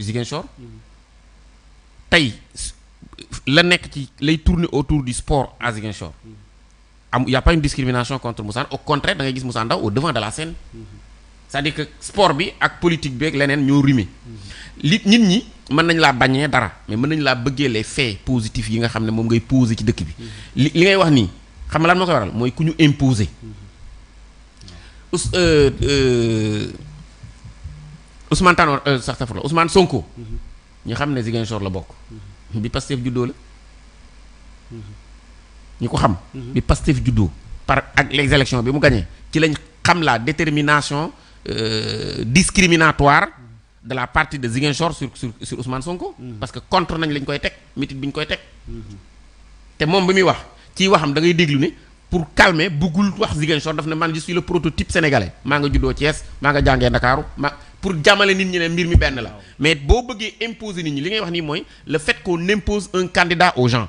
Ziguinchor. Mhm. tey la nekk ci lay tourner autour du sport à Ziguinchor. Mhm. am y' a pas discrimination contre Moussa au contraire da ngay gis Moussa Ndaw au devant de la scène. c'est-à-dire que sport bi ak politique bi ak leneen ñoo rimé. li nit ñi mën nañ laa bañee dara mais mën nañ laa bëggee les faits positifs yi nga xam ne moom ngay poser ci dëkk bi. li li ngay wax nii xam nga lan moo koy mooy ku ñu imposer. Ous euh, euh, Ousmane Tanor euh, sax tafur la Ousmane Sonko. Mhm. ñu xam ne Ziguinchor la bokk. Mhm. bi Pastef juddoo la. Mhm. ñi ko xam. bi Pastef juddoo par ak les élections bi mu gagné ci lañ xam la détermination discriminatoire de la partie de Ziguinchor sur sur sur Ousmane Sonko. parce que contre nañ lañ koy teg mitit bi ñu koy teg. te moom bi muy wax ci waxam da déglu ne. pour calmer buggul wax Ziguinchor daf na man je suis le prototype sénégalais maa nga juddoo Thiès maa nga jàngee Ndakaaru ma pour jàmmale nit ñi ne mbir mi benn la mais boo bëggee imposer nit ñi li ngay wax nii mooy le fait qu'on impose un candidat aux gens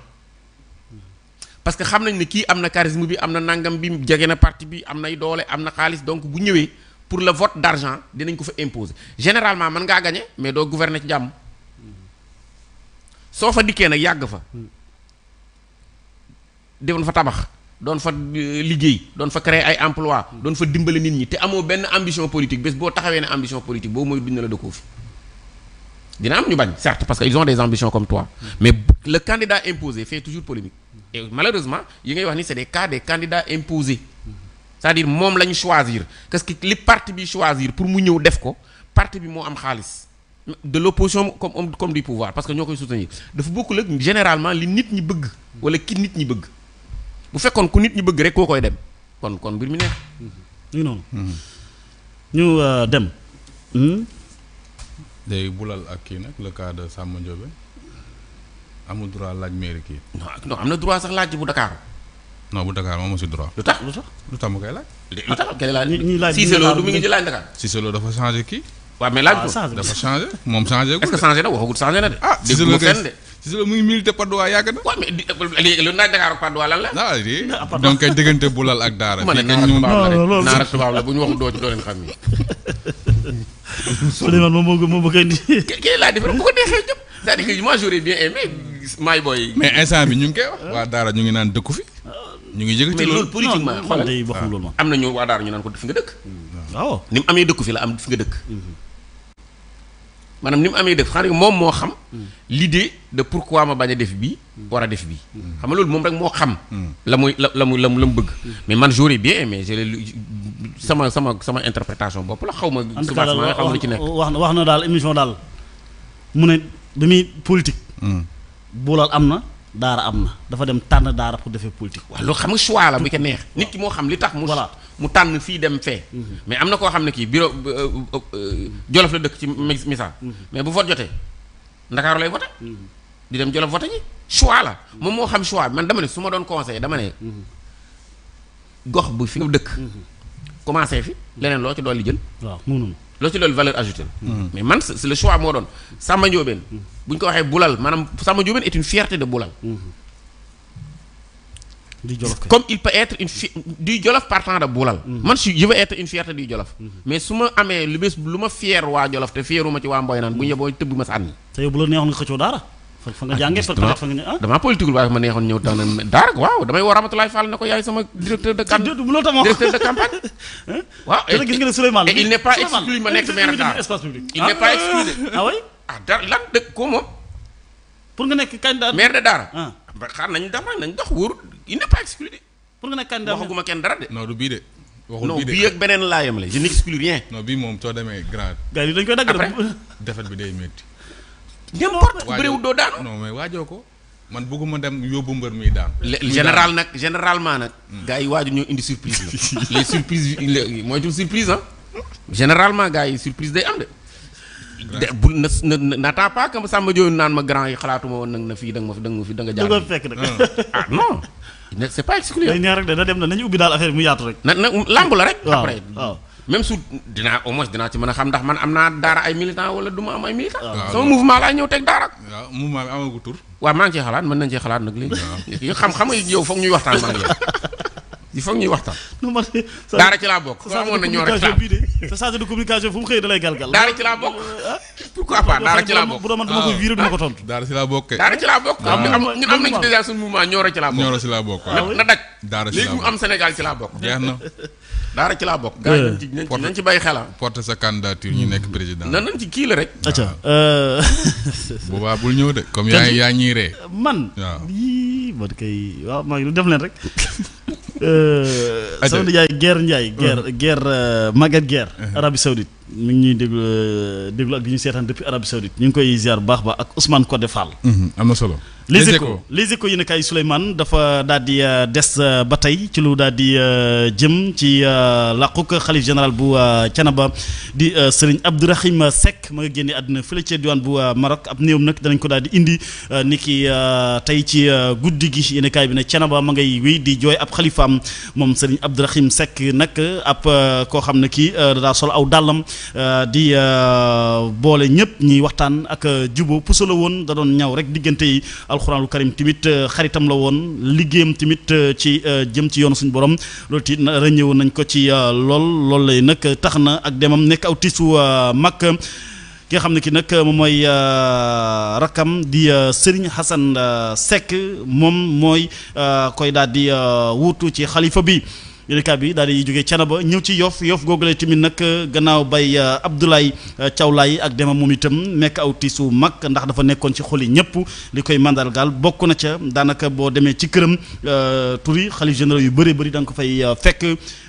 parce que xam nañ ne kii am na charisme bi am na nangam bi jege na parti bi am nay doole am na xaalis donc bu ñëwee pour le vote d'argent dinañ ko fa imposer généralement mën ngaa gañe mais doo gouverner ci jàmm soo fa dikkee nag yàgg fa hmm. defoon fa tabax doon fa euh, liggéey doon fa créer ay emploi hmm. doon fa dimbali nit ñi te amoo benn ambition politique bés boo taxawee ne ambition politique boobu mooy duñ ne la dëkkoo fi dina am ñu bañ certes parce que ils ont des ambitions comme toi hmm. mais le candidat imposé fait toujours polémique et malheureusement yi ngay wax ni c'est des cas des candidats imposés hmm. cest moom la ñu choisir parce que li parti bi choisir pour mu ñëw def ko parti bi moo am xaalis de l'opposition comme comme du pouvoir parce que ñoo koy soutenir dafa bokkul ak généralement nit ñi bëgg wala ki nit ñi bëgg bu fekkoon ku nit ñi bëgg rek koo koy dem kon kon mbir mi neex. Mhm. ñu noonu. Euh, ñu dem. léegi hmm? bulal ak kii nag le cas de Samba Ndiobé droit laaj mairie kii. non am na droit sax laaj bu Dakar. non bu Dakar moom aussi droit. lu tax lu tax lu tax mu koy laaj. lu tax kay laaj. laaj Cissé du mu ngi ci laaj Dakar. Cissé dafa changé kii. waaw mais laaj ko ah, dafa changé moom changé. est-ce que na waxagul changé na de. ah Cissé Lo de. Cissé Lo muy yàgg na. waaw mais léegi lu la. Ah, ak daara. fii kañ ñu naar tubaab ñu waxul doo ci doo leen xam ni. Souleymane moom moo ko moom moo koy indi. kii laa def bu ko neexee jëm. c'est-à-dire que moi booy. mais instant bi ñu ngi koy wax. waa daara ñu ngi naan dëkku fi. ñu ngi yëg ci loolu politiquement xoolal am na ñu waa daara ñu naan ko fi nga dëkk. waaw ah. ni mu amee dëkku fi la am fi nga dëkk mm-hmm. maanaam ni mu amee def xanaa moom moo xam hmm. l'idée de pourquoi ma bañ a def bii hmm. war a def bii hmm. xam nga loolu moom rek moo xam la muy la la mu la mu la mu bëgg mais man j'aurais bien aimé sama sama sama interprétation bopp la xaw ma subventionnement xaw ma lu ci nekk wax na wax na daal émission daal mu ne bi muy politique boolal am na daara am na dafa dem tànn daara pour defee politique. waaw loolu xam nga choix la bu ko neex. nit ki moo xam li tax mu. mu tànn fii dem fee. Mhm. mais am na koo xam ne kii bureau euh, euh, euh, Jolof la dëkk ci misaal. Mhm. mais bu vote jotee Ndakaaru lay vote mhm. di dem Jolof vote ji choix la. moom moo xam choix man dama ne su ma doon conseillé dama ne. gox bu fi nga dëkk. commencé fi leneen loo ci dolli jën waaw loo ci loolu valeur ajoutée la. Hmm. Hmm. mais man c'est le choix moo doon Samba Ndiobène. Hmm. bu ñu ko waxee bulal maanaam Samba Ndiobène est une fierté de Boulal. comme il peut être une fi du Jolof partant de Boulal. man su je veux être une fierté du Jolof. mais su ma amee lu bés lu ma fier waa Jolof te fieruma ci waa Mboy naan bu ñu yeboo ma sànni. te yow bu la neexoon nga xëccoo dara. fa damaa ah. politique waaye ma neexoon ñëw tax na daara waaw damay woo Ramatoulaye Fall ne ko yaay sama directeur de. campagne directeur de campagne. waaw gis nga ne ma nekk maire daara espace public. il n'est pas ah. exclu ah, ah pour nga nekk candidat maire de daara. ba xaar nañ dama nañ dox wóorul il n'est pas exclu de. pour nga nekk candidat waxaguma kenn dara de. du bii de. waxul bii de non bii ak beneen laayam la je n'exclus rien. non bii moom soo demee grand. gars yi dañ koy bi day métti n'importe bëriwul doo daanu non mais waajoo ko man bëgguma dem yóbbu mbër muy daan général nag généralement nag hmm. gaa yi waaju ñoo indi surprise la les surprises mooy tul surprise ah généralement gars yi surprise day am de de na na naataa pas que Samba Diop naan ma grand yi xalaatuma woon nag na fii da nga ma fi da nga ma fi da nga jaar. da nga fekk ah. Ah, c'est pas exclu. day ñaar rek de na dem na nañu ubbi daal affaire bi mu yaatu rek. na na làmb la rek. waaw même su dinaa au moins dinaa ci mën a xam ndax man am naa daara ay militant wala du ma am ay militant sama mouvement laay ñëw teg daara nañ ciy xalaat nag léegi xam-xam yow foog ñuy waxtaan maa ngi yow il foog ñuy waxtaan daara ci laa bokk na ñoo sa chargé de communication fu mu xëy da lay galgal daara ci laa bokk am nañ ci déjà ci laa bokk daj léegi mu am Sénégal ci laa bokk daara ci laa bokk. gars yi nañ ci nañ ci bàyyi xel porte sa candidature ñu nekk président. nan nañ ci kii la rek. acca euh, boobaa bul ñëw de comme yaa yaa ñuy ree man waaw yii man kay waaw maa ngi def leen rek. sama nijaay Guère Ndiaye. Guère Guère uh-huh. euh, Maguette Guère. Uh-huh. Arabie Saoudite mu ngi ñuy déglu euh, déglu ak di ñu seetaan depuis Arabie Saoudite ñu ngi koy ziar baax ba ak Ousmane Codé Fall. Uh-huh. am na solo. les échos les échos yi ne kay dafa daal di euh, des euh, ba tey ci lu daal di euh, jëm ci làquk xalif général bu Canaba di Serigne Abdourahim Seck ma nga génne àdduna fële ca diwaan bu Maroc ab néewam nag danañ ko daal di indi ni ki tey ci guddi gi yéen kaay bi ne Canaba ma ngay wéy di jooy ab xalifaam moom Serigne Abdourahim Seck nag ab koo xam ne kii daa sol aw dàllam di boole ñëpp ñuy waxtaan ak jubóo puso la woon da doon ñaw rek diggante yi. alxuraanul karim tamit euh, xaritam la woon liggéeyam tamit euh, ci euh, jëm ci yoonu suñu borom loolu tamit ràññewoon nañ ko ci lool loolu lay nag tax na ak demam nekk aw tiisu mag ki nga xam ne ki nag moom mooy rakam di Serigne Hassan Seck moom mooy koy daal di wutu ci xalifa bi yéenekaay bi daal di jógee Thiénaba ñëw ci Yoff Yoff googule tamit nag euh, gannaaw bay euh, Abdoulaye euh, Thiaw Laye ak dema moom itam nekk aw tiisu mag ndax dafa nekkoon ci xoli ñëpp li koy mandargaal bokk na ca daanaka boo demee ci këram turi xalif généraux yu bëri bëri danga nga ko fay fekk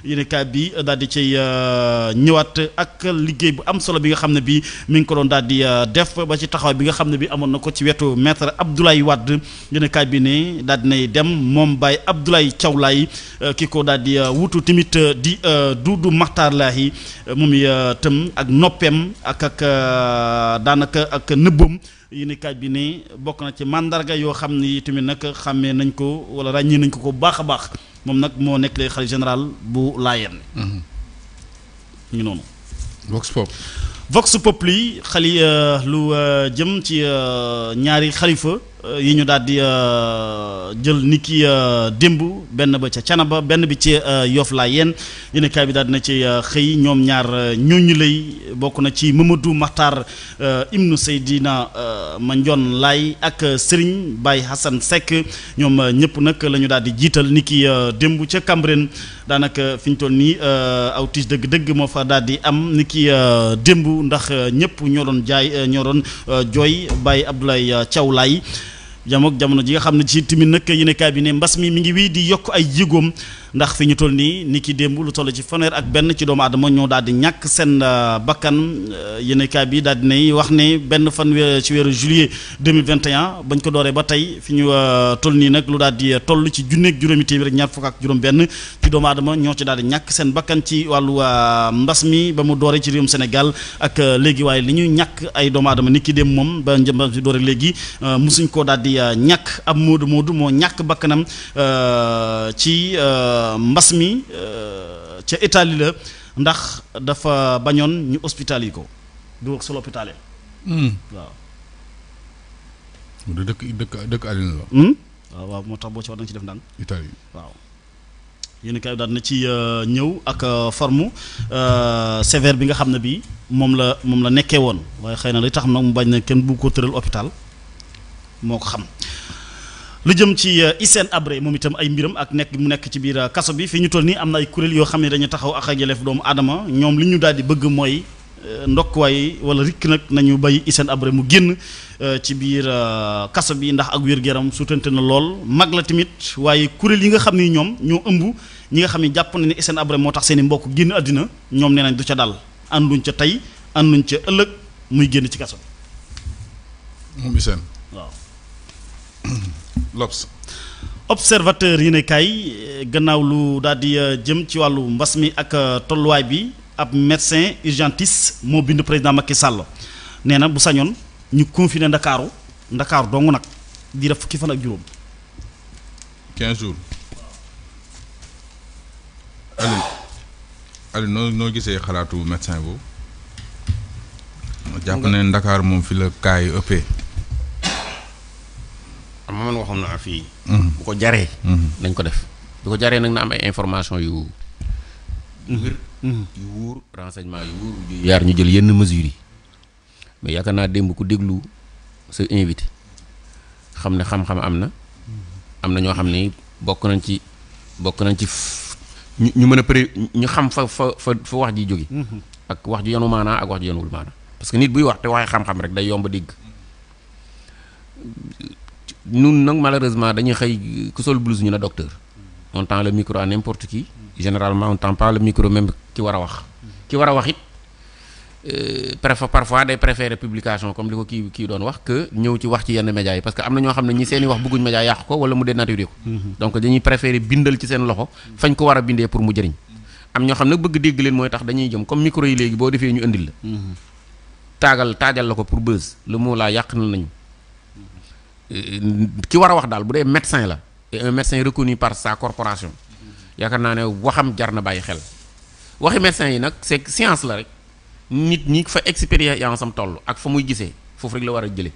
yéenekaay bi daal di cay euh, ñëwaat ak liggéey bu am solo bi nga xam ne bi mi ngi ko doon daal di euh, def ba ci taxaw bi nga xam ne bi amoon na ko ci wetu maître Abdoulaye Wade yéenekaay bi ne daal dinay dem moom Baye Abdoulaye Thiaw Laye euh, ki ko daal di wutu tamit di Doudou Makhtar Laye moom itam ak noppeem ak ak daanaka ak nëbbam yéenekaay bi ne bokk na ci màndarga yoo xam ne tamit nag xàmmee nañ ko wala ràññee nañ ko ko baax a baax moom nag moo nekk le xalifa général bu Laayeen. Mhm. ñu noonu. Vox Pop. Vox Populi xali euh, lu euh, jëm ci euh, ñaari xalifa. Euh, yi ñu daal di euh, jël ni ki euh, démb benn ba ca Canaba benn bi ci Yoff laa yéen yéen bi daal dina ci xëy ñoom ñaar ñooñu lay bokk na ci Mamadou Makhtar Ibnu Seydina Mandione lay ak Serigne Baye Hassan Seck ñoom ñëpp nag lañu ñu daal di jiital ni ki démb ca Cambérène daanaka fi ñu toll nii aw tiis dëgg-dëgg moo fa daal di am ni ki démb ndax ñëpp ñoo doon jaay ñoo doon jooy Baye Abdoulaye caw Laay jamook jamono ji nga xam ne ci tamit nag yéenekaay bi ne mbas mi mi ngi wéy di yokk ay jéegoom ndax fi ñu toll nii ni ki démb lu toll ci fanweer ak benn ci doomu aadama ñoo daal di ñàkk seen euh, bakkan euh, yéenekaay bi daal di nay wax ne benn fanweer ci weeru juillet 2021 bañ ko dooree ba tey fi ñu euh, toll nii nag lu daal di toll ci junneeg juróomi téeméer ak ak juróom-benn ci doomu aadama ñoo ci daal di ñàkk seen bakkan ci wàllu mbas mi ba mu dooree ci réewum Sénégal ak léegi waaye li ñuy ñàkk ay doomu aadama ni ki démb moom ba njëmbam si dooree léegi musuñ koo daal di ñàkk ab moodu moodu moo ñàkk bakkanam ci. mbas mi euh, ca Italie la ndax dafa bañoon ñu hospital yi ko hmm. di wax sol hôpital waaw du dëkk dëkk dëkk àddina la hmm? moo tax boo ci war nañ ci def ndànk Italie waaw yéen kay daal na ci euh, ñëw ak euh, forme sever bi nga xam ne bii moom la moom la nekkee woon waaye xëy na li tax nag mu bañ na kenn bu koo tëral hôpital moo ko xam lu jëm ci euh, Hissène Habré moom itam ay mbiram ak nekk mu nekk ci biir euh, kaso bi fi ñu toll nii am na ay kurél yoo xam ne dañu taxaw ak ak yelleef doomu aadama ñoom li ñu daal di bëgg mooy euh, ndokkuwaay wala rikk nag nañu bay Hissène abre mu génn ci biir kaso bi ndax ak wér-gu-yaram suutante na lool mag la tamit waaye kuréel yi nga xam ni ñoom ñoo ëmb ñi nga xam ne jàpp na ne Hissène abre moo tax seen i mbokk génn àddina ñoom neenañ du ca dal ànduñ ca tey ànduñ ca ëllëg muy génn ci kaso l'Obs observateur yi ne kay gannaaw lu daal di euh, jëm ci wàllu mbas mi ak euh, tolluwaay bi ab médecin urgentiste moo bind président Macky Sall nee na bu sañoon ñu confiner ndakaaru ndakaar dong nag di fukki fan ak juróom. 15 jours Aliou noo noo gisee xalaatu médecin boobu. jàpp ne ndakaar moom fi la cas ëppee. am man waxoon naa fii. Mm-hmm. bu ko jaree. Mm-hmm. nañ ko def bu ko jaree nag na am ay information yu. wér. Mm-hmm. yu wóor renseignement yaar ñu jël yenn mesures mais yaakaar naa démb ku déglu sa invité xam ne xam-xam am na am na ñoo xam ne bokk nañ ci bokk nañ ci ñu ñu mën a pré ñu xam fa fa fa fa wax ji jóge ak wax ji yanu maanaa ak wax ji yanuwul maanaa parce que nit buy wax te waxee xam-xam rek day yomb dégg ñun nag malheureusement dañuy xëy ku sol blouse ñu ne docteur on tend le micro à n'importe qui généralement on tend pas le micro même ki war a wax ki war a wax it euh, préf parfois day préférer publication comme li ko kii kii doon wax que ñëw ci wax ci yenn médias parce que am na ñoo xam ne ñi seen i wax bëgguñ média yàq ko wala mu dénaturé ko mm-hmm. donc dañuy préférer bindal ci seen loxo fañ ko war a bindee pour mu jëriñ am ñoo xam nag bëgg dégg leen mooy tax dañuy jëm comme micro yi léegi boo defee ñu indil la mm-hmm. taagal la ko pour buzz le mot laa yàq na Euh, ki war a wax daal bu dee médecin la et un médecin reconnu par sa corporation yaakaar naa ne waxam jar na bàyyi xel waxi médecin yi nag c'est science la rek nit ñi fa expérience am toll ak fa muy gisee foofu rek la war a jëlee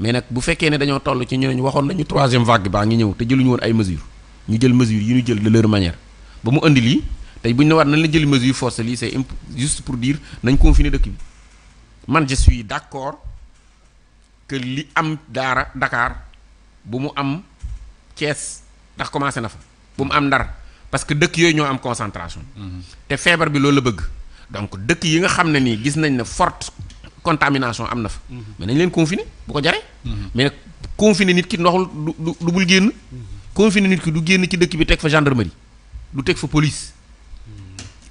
mais nag bu fekkee ne dañoo toll ci ñu ne ñu waxoon nañu troisième vague baa ngi ñëw te jëluñu woon ay mesures ñu jël mesures yi ñu jël de leur manière ba mu indi lii tey bu ñu ne war nañ la jël mesures forcées lii c'est juste pour dire nañ confiner dëkk bi man je suis d'accord que li am daara dakaar bu mu am Thiès ndax commencé na fa bu mu am Ndar parce que dëkk yooyu ñoo am concentration mm-hmm. te feebar bi loolu la bëgg donc dëkk yi nga xam ne nii gis nañ ne forte contamination am na fa mm-hmm. mais nañ leen confiner bu ko jaree mm-hmm. mais nag nit ki ndoxul du bul génn confiner nit ki du génn ci dëkk bi teg fa gendarmerie du teg fa police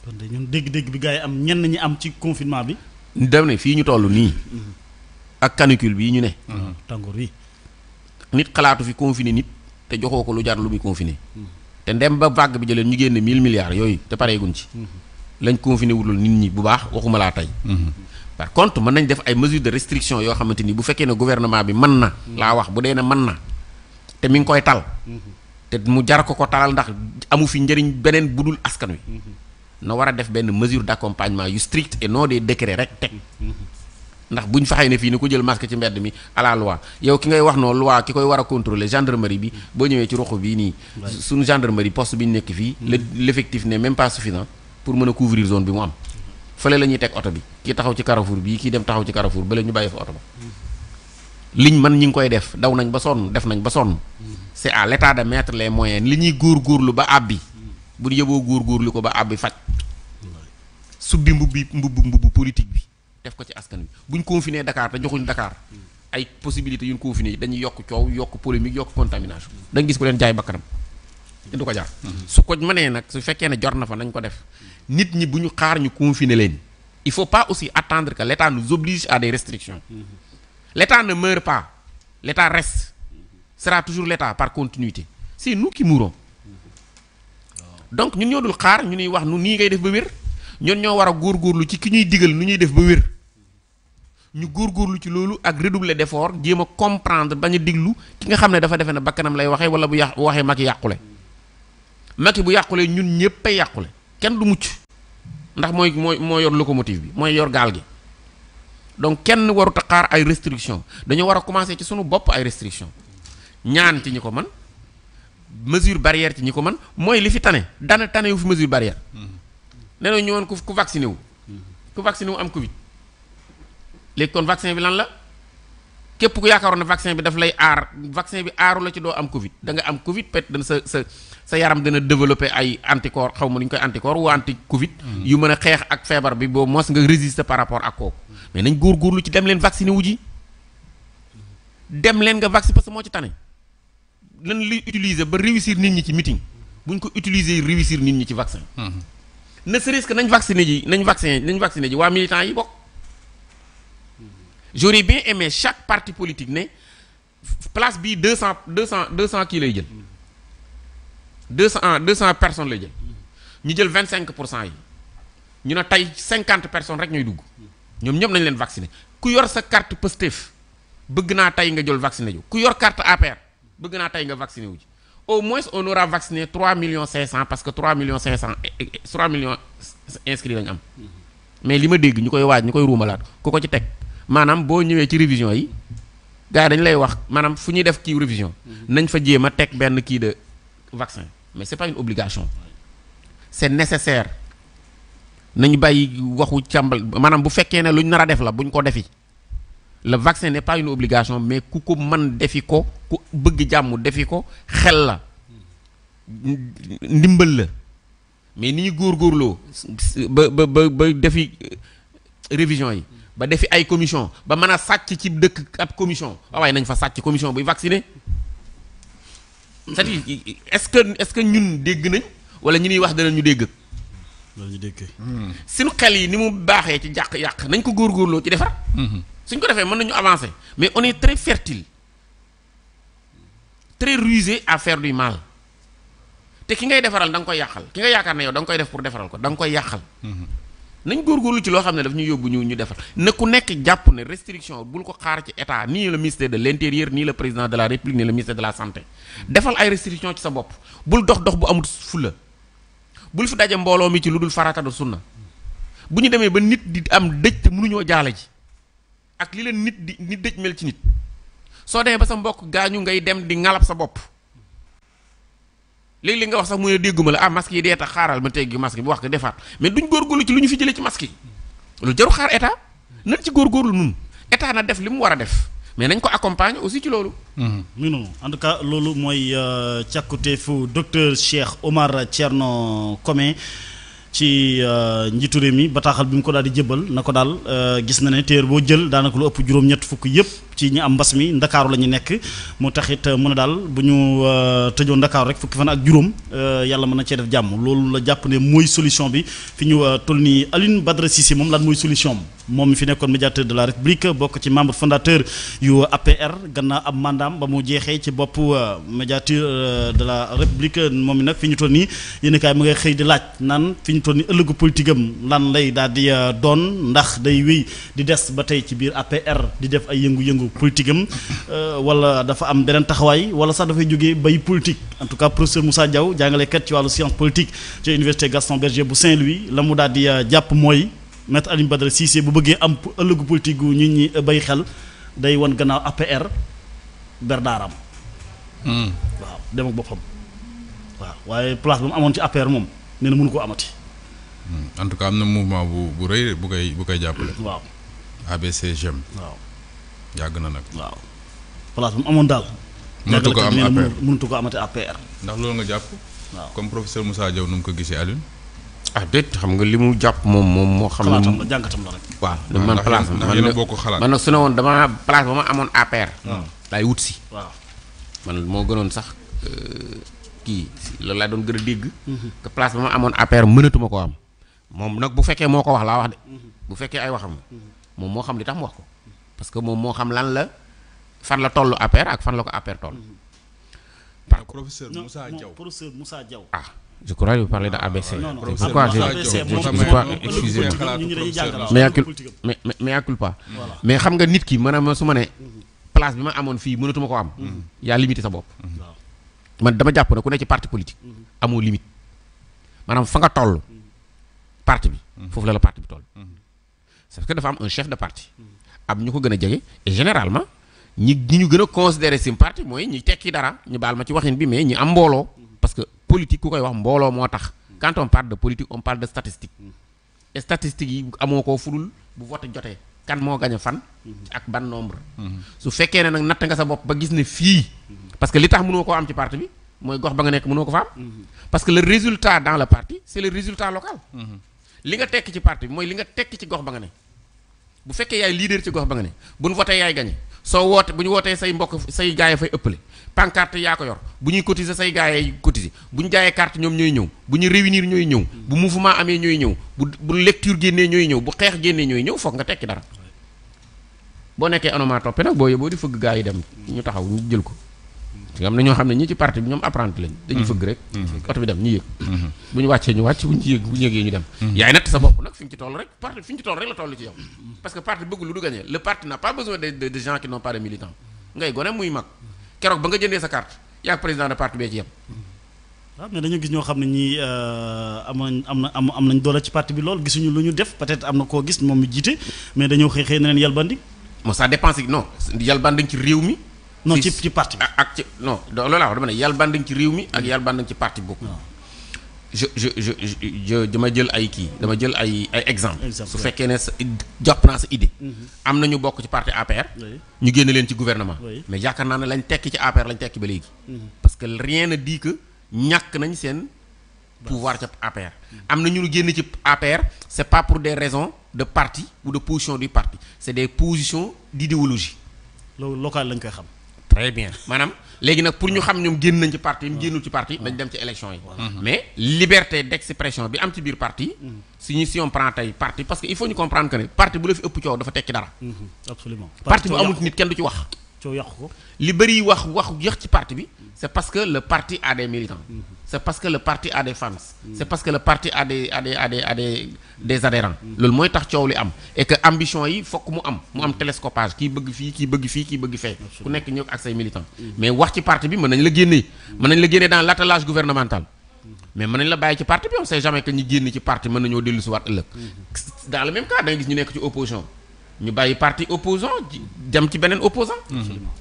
kon de ñun dégg-dégg bi gars yi am ñenn ñi am ci confinement bi dem ne fii ñu toll nii ak canicule bii ñu ne. Mm-hmm. tàngoor wi. nit xalaatu fi confiné nit te joxoo ko lu jar lu muy confiné. Mm-hmm. te ndem ba vague bi jëlee ñu génne mill milliards yooyu te pareeguñ ci. Mm-hmm. lañ confiné wulul nit ñi bu baax waxuma laa tey. par contre mën nañ def ay mesures de restriction yoo xamante ni bu fekkee ne gouvernement bi man na. laa wax bu dee ne man na. te mi ngi koy tal. te mu jar ko ko talal ndax amu fi njëriñ beneen bu dul askan wi. na war a def benn mesure d'accompagnement yu strict et non des décrets ndax bu faxee ne fii ni ko jël masque ci mbedd mi à la loi yow ki ngay wax noonu loi ki koy war a contrôler gendarmerie bi boo ñëwee ci roxu bii nii suñu gendarmerie poste bi nekk fii mm. l'effectif n'est même pas suffisant pour mën a couvrir zone bi mu am fële la ñuy bi kii taxaw ci carrefour bii kii dem taxaw ci carrefour ba la ñu bàyyi oto ba mm. liñ mën ñi ngi koy def daw nañ ba sonn def nañ ba sonn mm. c'est à l'état de mettre les moyens li ñuy góor góorlu ba àbbi bu ñu góor góorgóorlu ko ba àbbi faj subbi mbubbi mbubbu mbubbu politique bi def ko ci askan wi bu ñu dakaar Dakar te joxuñu Dakar ay possibilité yu ñu confiné dañuy yokk coow yokk polémique yokk contamination da nga gis ko leen jaay bakkanam du ko jar mhm. su ko mënee nag su fekkee ne jor na fa nañ ko def nit ñi bu ñu xaar ñu confiné leen il faut pas aussi attendre que l'État nous oblige à des restrictions mhm. l'État ne meurt pas l'État reste sera toujours l'État par continuité c'est nous qui mourons mhm. donc ñun ñoo dul xaar ñu ñuy wax nu nii ngay def ba wér ñun ñoo war a góorgóorlu ci ki ñuy digal nu ñuy def ba wér ñu góor góorgóorlu ci loolu ak redoubler d'effort jéem a comprendre ba a diglu ki nga xam ne dafa defe ne bakkanam lay waxee wala bu yàq waxee mag yàqule mag bu yàqule ñun ñëpp a yàqule kenn du mucc ndax mooy mooy moo yor locomotive bi mooy yor gaal gi donc kenn waru taqaar ay restriction dañoo war a commencer ci sunu bopp ay restriction ñaan ci ñi ko man mesure barrière ci ñi ko man mooy li fi tane dana tane yu fi mesure barrière mm-hmm. nee ñu woon ku ku wu mm-hmm. ku vacciné am Covid léegi kon vaccin bi lan la képp ku yaakaaroon ne vaccin bi daf lay aar vaccin bi aaru la ci doo am Covid da nga am Covid peut dana sa sa sa yaram dana développé ay anticorps xaw ma nu ñu koy anticorps ou anti Covid. Mm-hmm. yu mën a xeex ak feebar bi boo mos nga résister par rapport ak kooku. Mm-hmm. mais nañ góorgóorlu ci dem leen vacciné wu ji dem leen nga vaccin parce que moo ci tane lan li utiliser ba réussir nit ñi ci meeting buñ ko utiliser réussir nit ñi ci vaccin. ne serait-ce que nañ vacciné ji nañ vacciné nañ vacciné ji waa militants yi bokk j'aurais bien aimé chaque parti politique ne place bi deux cent deux cent deux cent kii lay jël deux cent ah, deux cent personnes lay jël ñu jël vingt cinq pour cent yi ñu ne tey cinquante personnes rek ñooy dugg ñoom ñëpp nañ leen vacciné ku yor sa carte Pastef bëgg naa tey nga jël vacciné ju ku yor carte APR bëgg naa tey nga vacciné wu ji au moins on aura vacciné 3 millions 500 parce que 3 millions 500 3 millions inscrits lañ am mais li ma dégg ñu koy waaj ñu koy ruumalaat ku ko ci teg maanaam boo ñëwee ci révision yi gars dañ lay wax maanaam fu ñuy def kii révision nañ fa jéem a teg benn kii de vaccin mais c'est pas une obligation c'est nécessaire nañu bàyyi waxu càmbal maanaam bu fekkee ne lu ñu nar a def la buñ ko defi le vaccin n'est pas une obligation mais ku ko mën ko ku bëgg jàmm defi ko xel la ndimbal la mais ni ñu góor góorloo ba ba ba ba defi révision yi ba defi ay commission ba mën a sàcc ci dëkk ab commission waaye nañ fa sàcc commission buy vacciné c'est-à-dire est-ce que est-ce que ñun dégg nañ wala ñu ñuy wax dana ñu dégg. loolu ñu hmm. xel yi ni mu baaxee ci jàq yàq nañ ko góorgóorloo ci defar. Hmm. suñ ko defee mën nañu avancer mais on est fertile. très rusé à faire du mal te ki ngay defaral da nga koy yàqal ki nga yaakaar na yow da nga koy def pour defaral ko danga koy yàqal. Mhm. nañ góorgóorlu ci loo xam ne daf ñu yóbbu ñu ñu defar na ku nekk jàpp ne restriction bul ko xaar ci état nii le ministère de l'intérieur nii le président de la république nii le ministère de la sante defal ay restriction ci sa bopp bul dox dox bu amul fulla bul fi daje mbooloo mi ci lu dul farata du sunna bu ñu demee ba nit di am dëj te mënuñoo jaale ji ak li nit di nit dëj mel soo demee ba sa mbokk gaañu ngay dem di ngalab sa bopp léegi li nga wax sax mu ne dégguma la ah maski yi dee tax xaaral ma teggi masque bi wax ko defaat mais duñ góorgóorlu ci lu ñu fi jëlee ci masque lu jaru xaar état nañ ci góor góorgóorlu nun état na def li mu war a def mais nañ ko accompagner aussi ci loolu. Mm-hmm. minu en tout cas loolu mooy euh, càkkutéefu docteur Cheikh Omar Thierno Comé ci euh, njiitu réew mi bataaxal bi mu ko daal di jëbal na ko daal euh, gis na ne téer boo jël daanaka lu ëpp juróom-ñett fukk yëpp. ci ñi am mbas mi ndakaaru la ñu nekk mu taxit mun a daal bu ñu euh, tëjoon ndakaaru rek fukki fan ak juróom euh, yàlla mën na cee def jàmm loolu la jàpp ne mooy solution bi fi ñu euh, toll nii Alioune Badara Cissé moom lan mooy solution moom mi fi nekkoon médiateur de la république bokk ci membre fondateur yu APR gannaaw ab mandaam ba mu jeexee ci bopp médiateur de la république moom mi nag fi ñu toll nii yéen kaay mu ngay xëy di laaj naan fi ñu toll nii ëllëgu politique am lan lay daal di doon ndax day wéy di des ba tey ci biir APR di def ay yëngu-yëngu politique am euh, wala dafa am beneen taxawaay wala sax dafay jógee bay politique en tout cas professeur Moussa Diaw jàngalekat ci wàllu science politique ci université Gaston Berger bu Saint-Louis la mu daal di euh, jàpp mooy maître Alioune Badara si bu bëggee am ëllëgu politique gu nit ñi bay xel day wan gannaaw APR berdaaram hmm. waaw dem ak boppam waaw waaye place ba mu amoon ci APR moom nee na mënu koo amati. Hmm. en tout cas am na mouvement bu bu rëy bu koy bu koy jàppale. waaw ABC e waaw. jàgg na nag waaw place bu mu amoon daal. mënatu ko am APR mënatu ko amati ndax loolu nga jàpp. waaw comme professeur Moussa Diaw nu mu ko gisee Alioune. ah déet xam nga li mu jàpp moom moom moo. xam ne xalaatam la jàngatam waaw man place man yéen a bokk xalaat man nag su ne woon damaa place ba ma amoon APR. laay wut si. waaw man moo gënoon sax euh, kii la laa doon gën a dégg. Mhm. que ba ma amoon APR mënatuma koo am. moom nag bu fekkee moo ko wax laa wax de. Mhm. bu fekkee ay waxam. Mhm. moom moo xam li tax mu wax ko. parce que moom moo xam lan la fan la toll APR ak fan la ko APR toll. Mhm. par professeur Moussa Diaw professeur ah, que vous parlez de ABC. Ah, non non pourquoi je je crois excusez-moi mais mais mais yàqul mais xam nga nit ki maanaam su ma ne. Mhm. place bi ma amoon fii mënatuma ko am. Mhm. yaa limité sa bopp. man dama jàpp na ku ne ci parti politique. amoo limite maanaam fa nga toll. parti bi foofu la la parti bi toll. parce que dafa am un chef de parti. am ñu ko gën a jege et généralement ñi ñu gën a considéré sim parti mooy ñi tekki dara ñu baal ma ci waxin bi mais ñi am mbooloo parce que politique ku koy wax mbooloo moo tax quand on parle de politique on parle de statistique et yi amoo koo fudul bu vote jotee kan moo gañ a fan ak ban nombre su fekkee ne nag natt nga sa bopp ba gis ne fii parce que li tax mënoo koo am ci parti bi mooy gox ba nga nekk mënoo ko fa am parce que le résultat dans le parti li nga tekk ci parti bi bu fekkee yaay leader ci gox ba nga ne bu nu votee yaay gañe soo woote bu ñu wotee say mbokk say gaay fay ëppale pancarte yaa ko yor bu ñuy cotiser say gaay yi cotiser bu ñu jaayee carte ñoom ñooy ñëw bu ñu réunir ñooy ñëw bu mouvement amee ñooy ñëw bu bu lecture génnee ñooy ñëw bu xeex génnee ñooy ñëw foog nga tekki dara boo nekkee anomaa toppee nag boo yóbboo di fëgg gaay yi dem ñu taxaw ñu jël ko am na ñoo xam ne ñi ci parti bi ñoom apprenti lañ dañuy mm-hmm. fëgg rek mm-hmm. oto bi dem ñu yëg mm-hmm. bu ñu wàccee ñu wàcc bu ñu yëg bu ñu dem yaay natt sa bopp nag fi mu ci toll rek parti fi mu ci toll rek la toll ci yow parce que lu du gagné le parti n'a pas besoin de de sa carte yaa président de parti ah, gis ñoo xam ne ñii euh, am am na am nañ doole ci parti bi lool gisuñu lu ñu def peut-être am na koo gis moom mu jiite mais dañoo xëy xëy na leen yalbandi moo ça dépend si non dañ ci réew mi non ci ci parti bi ak ci non loolu laa wax dama ne yalbaan ci réew mi ak mm. yalbaan dañ ci parti boobu. je je je je dama jël ay kii dama jël ay ay exemple su fekkee ne sa jàpp naa sa idée. Mm-hmm. am na ñu bokk ci parti APR. ñu génne leen ci gouvernement. mais yaakaar naa ne lañ tekki ci APR lañ tekki ba léegi. Mm-hmm. parce que rien ne dit ñàkk nañ seen. pouvoir ca APR. Mm-hmm. am na ñu génn ci APR c'est pas pour des raisons de parti ou de position du parti c'est des positions d'idéologie. loolu local lañ koy xam. très bien maanaam léegi nag pour ñu xam ñoom génn nañ ci parti mu génnul ci parti dañ dem ci élection yi mais liberté d'expression bi am ci biir parti mm. si ñu si on tey parti parce que il faut parti bu la fi ëpp coow dafa tekki dara mm-hmm. absolument parti bu amut nit kenn du ci wax ko li bëri wax wax yëx ci parti bi c'est parce que le parti a des militants mm-hmm. c'est parce que le parti a des fans c'est parce que le parti a des a des a des a loolu mooy tax coow li am et que ambition yi fokk mu am mu am télescopage kii bëgg fii kii bëgg fii kii bëgg fee ku nekk ñëw ak say militants mais wax ci parti bi mën nañ la génnee mën nañ la génnee dans l'attelage gouvernemental mais mën nañ la bàyyi ci parti bi on sait jamais que ñu génn ci parti mën nañoo dellu si waat ëllëg dans le même cas ñu nekk ci opposition ñu bàyyi parti opposant jam ci beneen opposant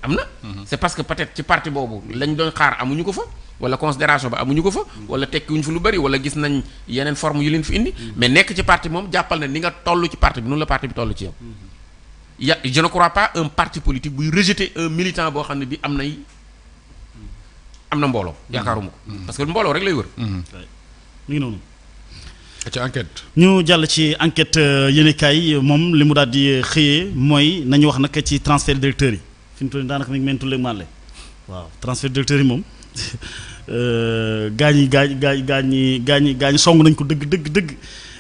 am na c'est parce que peut-être ci parti boobu lañ doon xaar amuñu ko fa wala considération ba amuñu ko fa wala tekkiwuñu fa lu bëri wala gis nañ yeneen forme yu leen fi indi mm-hmm. mais nekk ci parti moom jàppal na ni nga toll ci parti bi noonu la parti bi toll ci yow mm-hmm. ya je ne crois pas un parti politique buy rejeter un boo xam ne bi am nay am na mbooloo mm-hmm. yaakaaruma ko parce que mbooloo rek lay wër mi ngi noonu ci enquête ñu jàll ci enquête euh, yéenekaay moom li mu daal di euh, xëyee mooy nañu wax nag ci transfert directeur yi fi mu toll daanaka mi ngi mel màlle waaw transfert directeur yi moom Euh, gaañ yi gaañ gaañ yi gaañ yi gaañ song nañ ko dëgg dëgg dëgg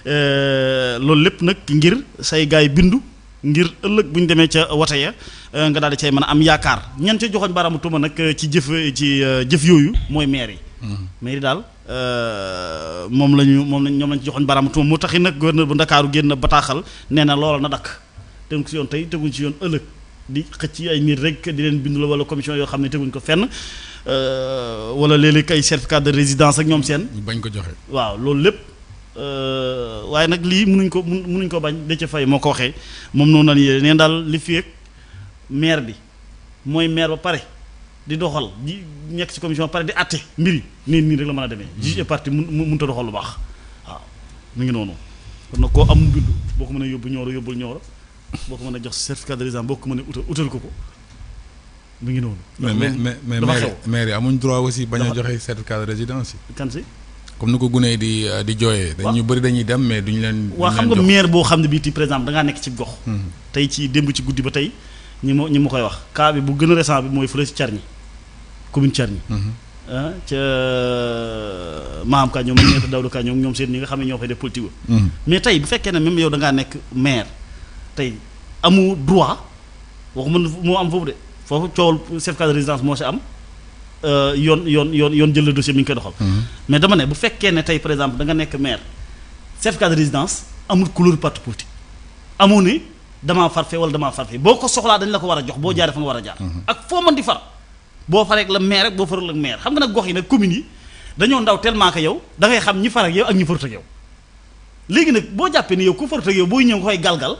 euh, loolu lépp nag ngir say gaay bindu ngir ëllëg bu ñu demee ca wote ya euh, nga daal di cay mën a am yaakaar ñan joxoñ baaraamu tuuma nag ci jëf ci jëf yooyu mooy maire yi. Mm-hmm. maire yi daal moom la ñu moom lañ ñoom lañ ci joxoñ baaraamu tuuma moo tax it nag gouverneur bu ndakaaru génn bataaxal nee na loola na dakk teguñ ci yoon tey teguñ ci yoon ëllëg di xëcc ay nit rek di leen bindu la wala commission yoo xam ne teguñ ko fenn. wala léeg-léeg kay certificat de résidence ak ñoom seen. bañ ko joxe. waaw loolu lépp euh, waaye nag lii mënuñ ko mënuñ ko bañ da ca fay moo ko waxee moom noonu la neen daal li fi maire bi mooy maire ba pare di doxal di nekk ci commission ba pare di àtte mbir yi nii nii rek la mën a demee. juge et mun a doxal lu baax waaw mu ngi noonu. kon nag koo am ko mën a yóbbu ñooro yóbbul ñooro boo ko mën a jox certificat de résidence boo ko mën utal utal ko ko. mi ngi noonu. mais mais mais maire yi amuñ droit aussi bañ a joxe certificat de résidence yi. kan si. comme ni ko gunee di euh, di jooyee. dañ ñu bëri dañuy dem mais duñu leen. waaw xam nga maire boo xam ne bii ti par exemple da ngaa nekk ci gox. Mhm. tey ci démb ci guddi ba tey ñi ma ñi ma koy wax cas bi bu gën a récent bi mooy fële ci Carñi commune Carñi. Mhm. ah ca euh, maam ka ñoom ñeent dawlu ka ñoom ñoom seen ñi nga xam ne ñoo fay def politique mhm. mais tey bu fekkee ne même yow da ngaa nekk maire tey amu droit waxuma moo am foofu de. foofu coowal certificat de moo si am euh, yoon yoon yoon yoon jël le dossier mi ngi mm-hmm. mais dama bu fekkee ne par exemple da nekk maire certificat amul couleur parti politique amoo ne damaa farfe wala damaa farfe boo ko soxlaa dañ la ko war a jox boo jaaree fa nga war a jaar. Mm-hmm. ak foo mën di far boo faree ak la boo farul ak maire xam nga nag gox yi nag communes yi dañoo ndaw tellement que yow da xam ñi far ak yow ak ñi farut yow. léegi nag boo jàppee ni yow ku farut ak yow booy ñëw nga koy galgal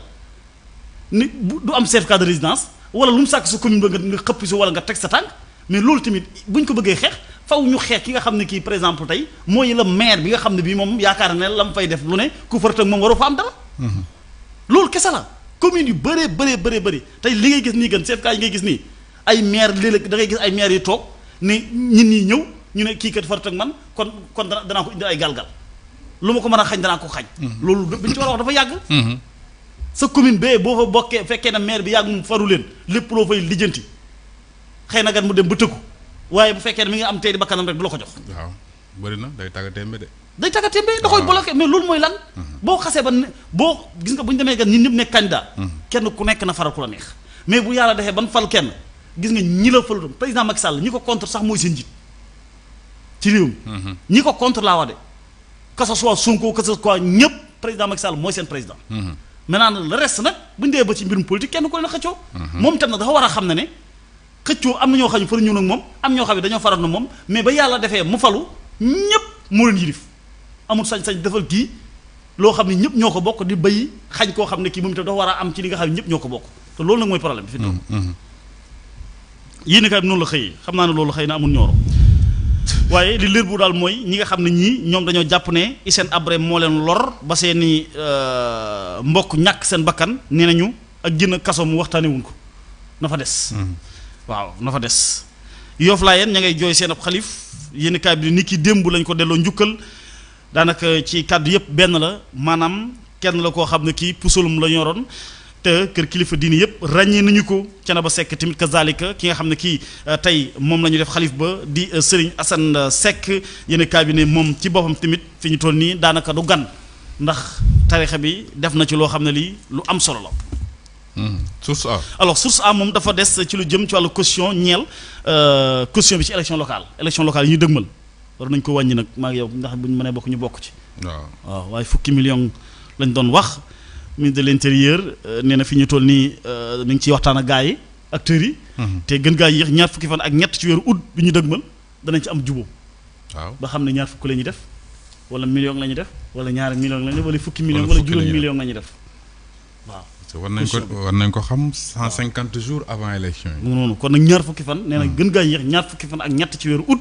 ni du am certificat de résidence. wala lu mu sàkk sa commune ba nga xëpp si wala nga teg sa tànk mais loolu tamit bu ñu ko bëggee xeex faw ñu xeex ki nga xam ne kii par exemple tey mooy la maire bi nga xam ne bii moom yaakaar ne la mu fay def lu ne ku farat ak mhm. loolu kese la commune yu bëree bëree bëree bëri tey li ngay gis nii gën chef yi ngay gis nii ay maire léeg-léeg da ngay ay maire yi toog ni ñin ñi ñëw ñu ne kii kat farat ak man kon kon danaa ko indil ay galgal lu ma ko mën a xañ danaa ko xañ mhm. loolu bi ñu ci war a wax dafa yàgg mhm. sa commune bee boo fa bokkee fekkee na maire bi yàgg moom faru leen lépp loo fay lijjanti xëy na gan mu dem ba tëkku waaye bu fekkee ne mi ngi am tey di bakkanam rek du la ko jox. waaw bëri na day tàggatémbe de. day tàggatémbe da koy bloqué mais loolu mooy lan. Mhm. boo xasee ba ne boo gis nga bu demee gan ñun ñëpp nekk candidat. Mhm. kenn ku nekk na faral ku la mais bu yàlla defee ban fal kenn gis nga ñi la falutoon président Macky Sall ñi ko contre sax mooy seen njiit ci réew mi. Mhm. ñi ko contre laa wax de que ce soit Sonko ñëpp président Macky Sall mooy seen président. maintenant le reste nag bu ñu dee ba ci mbirum politique kenn ko ku leen xëccoo. moom tam nag dafa war a xam ne ne xëccoo am na ñoo xam ne faruñu nag moom am ñoo xam ne dañoo faral na moom mais ba yàlla defee mu falu ñépp moo leen yilif amul sañ-sañ defal kii loo xam ne ñëpp ñoo ko bokk di bay xañ koo xam ne kii moom itam dafa war a am ci li nga xam ne ñëpp ñoo ko bokk te loolu nag mooy problème bi fi mu ne. Mm-hmm. Mm-hmm. yéen a kaay noonu la xëyee xam naa ne loolu xëy na amul ñooro waaye li lër bu daal mooy ñi nga xam ne ñii ñoom dañoo jàpp ne seen Habré moo leen lor ba seeni euh, mbokk ñàkk seen bakkan ne nañu ak jën kaso mu waxtaanee wuñ ko na fa des. Mm-hmm. waaw na fa des Yoff Layeen ña ngay jooy seen ab xalif yéen kaay bi ni ki démb lañ ko delloo njukkal daanaka ci kàddu yëpp benn la maanaam kenn la koo xam ne kii pusalum la ñoroon te kër kilifa diini yëpp ràññee nañu ko Thiénaba Seck tamit kazalika ki nga xam ne kii euh, tey moom la ñu def xalif ba di euh, Serigne Assane euh, Seck yéen a bi ne moom ci boppam tamit fi ñu toll nii daanaka du gan ndax tarixa bi def na ci loo xam ne lii lu am solo la. Hmm. source A. alors source A moom dafa des ci lu jëm ci wàllu caution ñeel caution bi ci élection locale élection locale yi ñu dëgmal war nañ ko wàññi nag maa yow ndax bu ñu mënee bokk ñu bokk ci. waaw waaw waaye fukki million lañ doon wax. ministre de l'intérieur euh, nee fi ñu toll nii euh, mi ngi ciy waxtaan ak gars yi acteurs yi. Mhm. te gën gaa yéex ñaar fukki fan ak ñett ci weeru août bi ñu dëgmal danañ ci am jubóo. waaw ba xam ne ñaar fukk la ñuy def wala million la ñuy def wala ñaari million la ñuy def fukki million wala juróom million la ñuy def waaw. nañ ko war nañ ko xam cent cinquante jours avant élection yi. noonu kon nag ñaar fukki fan. nee mhm. gën gaa yéex ñaar fukki fan ak ñett ci weeru août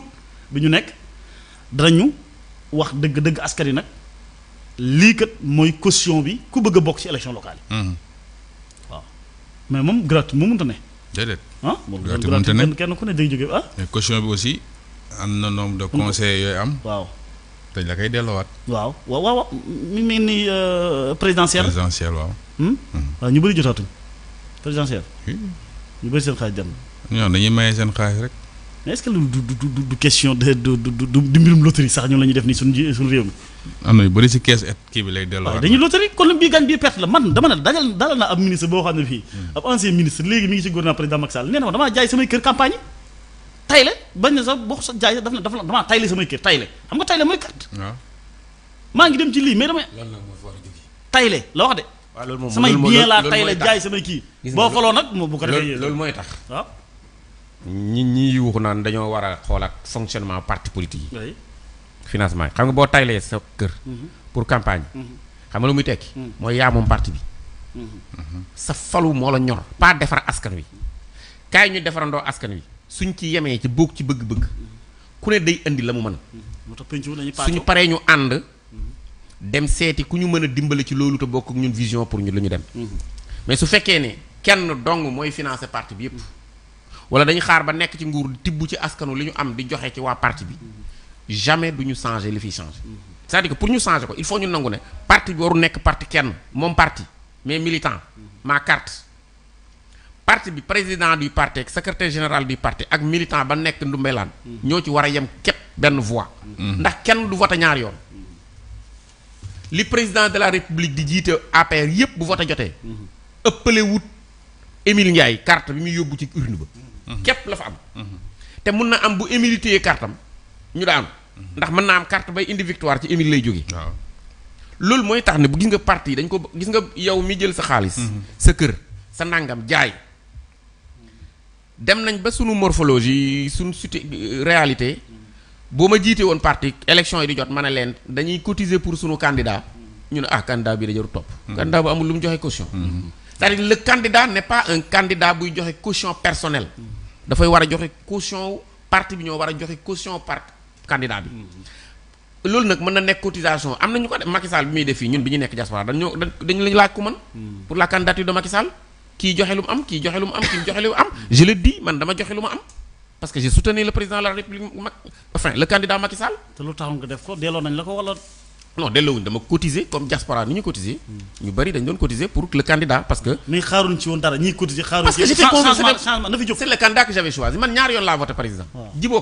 bi ñu nekk danañu wax dëgg-dëgg askan yi nag. lii kat mooy costion bi ku bëgg a bokk ci élection locale yi. Mhm. mais moom gratuit mu mënta ne. déedéet. ah moom gratuit kenn ku ne day jóge ah. mais bi aussi am na nombre de conseillers yooyu am. waaw dañ la koy dellowaat waaw waaw waaw mi mel ni présidentielle. Euh, présidentielle waaw. Hmm? Hmm. waaw ñu bëri jotaatuñ présidentielle. ñu bëri seen xaalis dem. ñoo dañuy maye xaalis rek. mais est-ce que loolu du du du question de du du du mbirum loterie sax ñun la ñuy def nii suñu suñu réew mi. am na yu bëri si kees kii bi lay delloo. dañuy loterie kon bii gaañ bii perte la man dama ne dajal dalal naa ministre boo xam ne fii. Hmm. ab ancien na ma jaay samay kër campagne yi tay la bañ na sax boo sa xam nga tay mooy carte. ngi dem ci lii mais damay. lan la war a kii. boo faloo nag bu ko loolu mooy tax waaw ñi ñi yuuxu naan dañoo war a xoolaat fonctionnement parti politique yi. financement yi xam nga boo taylee sa kër. Mhm. pour campagne. Mhm. xam nga lu muy tekki. Mhm. mooy yaa parti bi. sa falu moo la ñor pas defar askan wi. kaay ñu defarandoo askan wi suñ ci yemee ci bokk ci bëgg-bëgg ku ne day indi la mu mën. suñu paree ñu ànd. dem seeti ku ñu mën a dimbali ci loolu te bokk ñun vision pour ñu lu ñu dem. mais su fekkee ne kenn dong mooy financer parti bi yëpp. wala dañu xaar ba nekk ci nguur tibb ci askanu li ñu am di joxe ci waa parti bi jamais du ñu changer li fiy changer c'est-à-dire pour ñu changer ko il faut ñu nangu ne parti bi waru nekk parti kenn moom parti mais militant ma carte parti bi président du parti ak général du parti ak militant ba nekk ndumbelaan ñoo ci war a yem képp benn voix ndax kenn du vote ñaar yoon li président de la république di jiite APR yépp bu vote jotee ëppale wut Émile Ndiaye carte bi muy yóbbu ci urne Mhm. képp la fa am mhm. te mun na am bu Émile téye kartam ñu daanu mhm. ndax mën naa am carte bay indi victoire ci Émile lay jóge loolu mooy tax ne bu gis nga parti dañ ko gis nga yow mi jël sa xaalis sa kër sa nangam jaay dem nañ ba sunu morphologie sunu suti euh, réalité boo ma jiite woon parti élection yi di jot ma ne leen dañuy cotiser pour sunu candidat ñu ne ah candidat bi da jarul topp candidat bu amul lu mu joxe caution c'est-à-dire le candidat pas un candidat buy joxe caution personnelle dafay war a joxe caution parti bi ñoo war a joxe caution par candidat bi. Mm-hmm. loolu nag mën na nekk cotisation am na ñu ko def Macky Sall bi muy def fii ñun bi ñu nekk diaspora dañu dañu lañ laaj ku mën. Mm-hmm. pour la candidature de Macky Sall. kii joxe lu mu am kii joxe lu mu am kii joxe lu mu am mm-hmm. je le dis man dama joxe lu ma am parce que j'ai soutenu le président de la république Mac enfin le candidat Macky Sall. te lu taxoon nga def ko delloo nañ la ko wala. non delloowuñu dama cotiser comme diaspora ni ñu cotiser hmm. ñu bëri dañ doon cotiser pour le candidat parce que ñuy xaaruñ ci woon dara ñuy cotiser parce que j'étais convaincu c'est le candidat que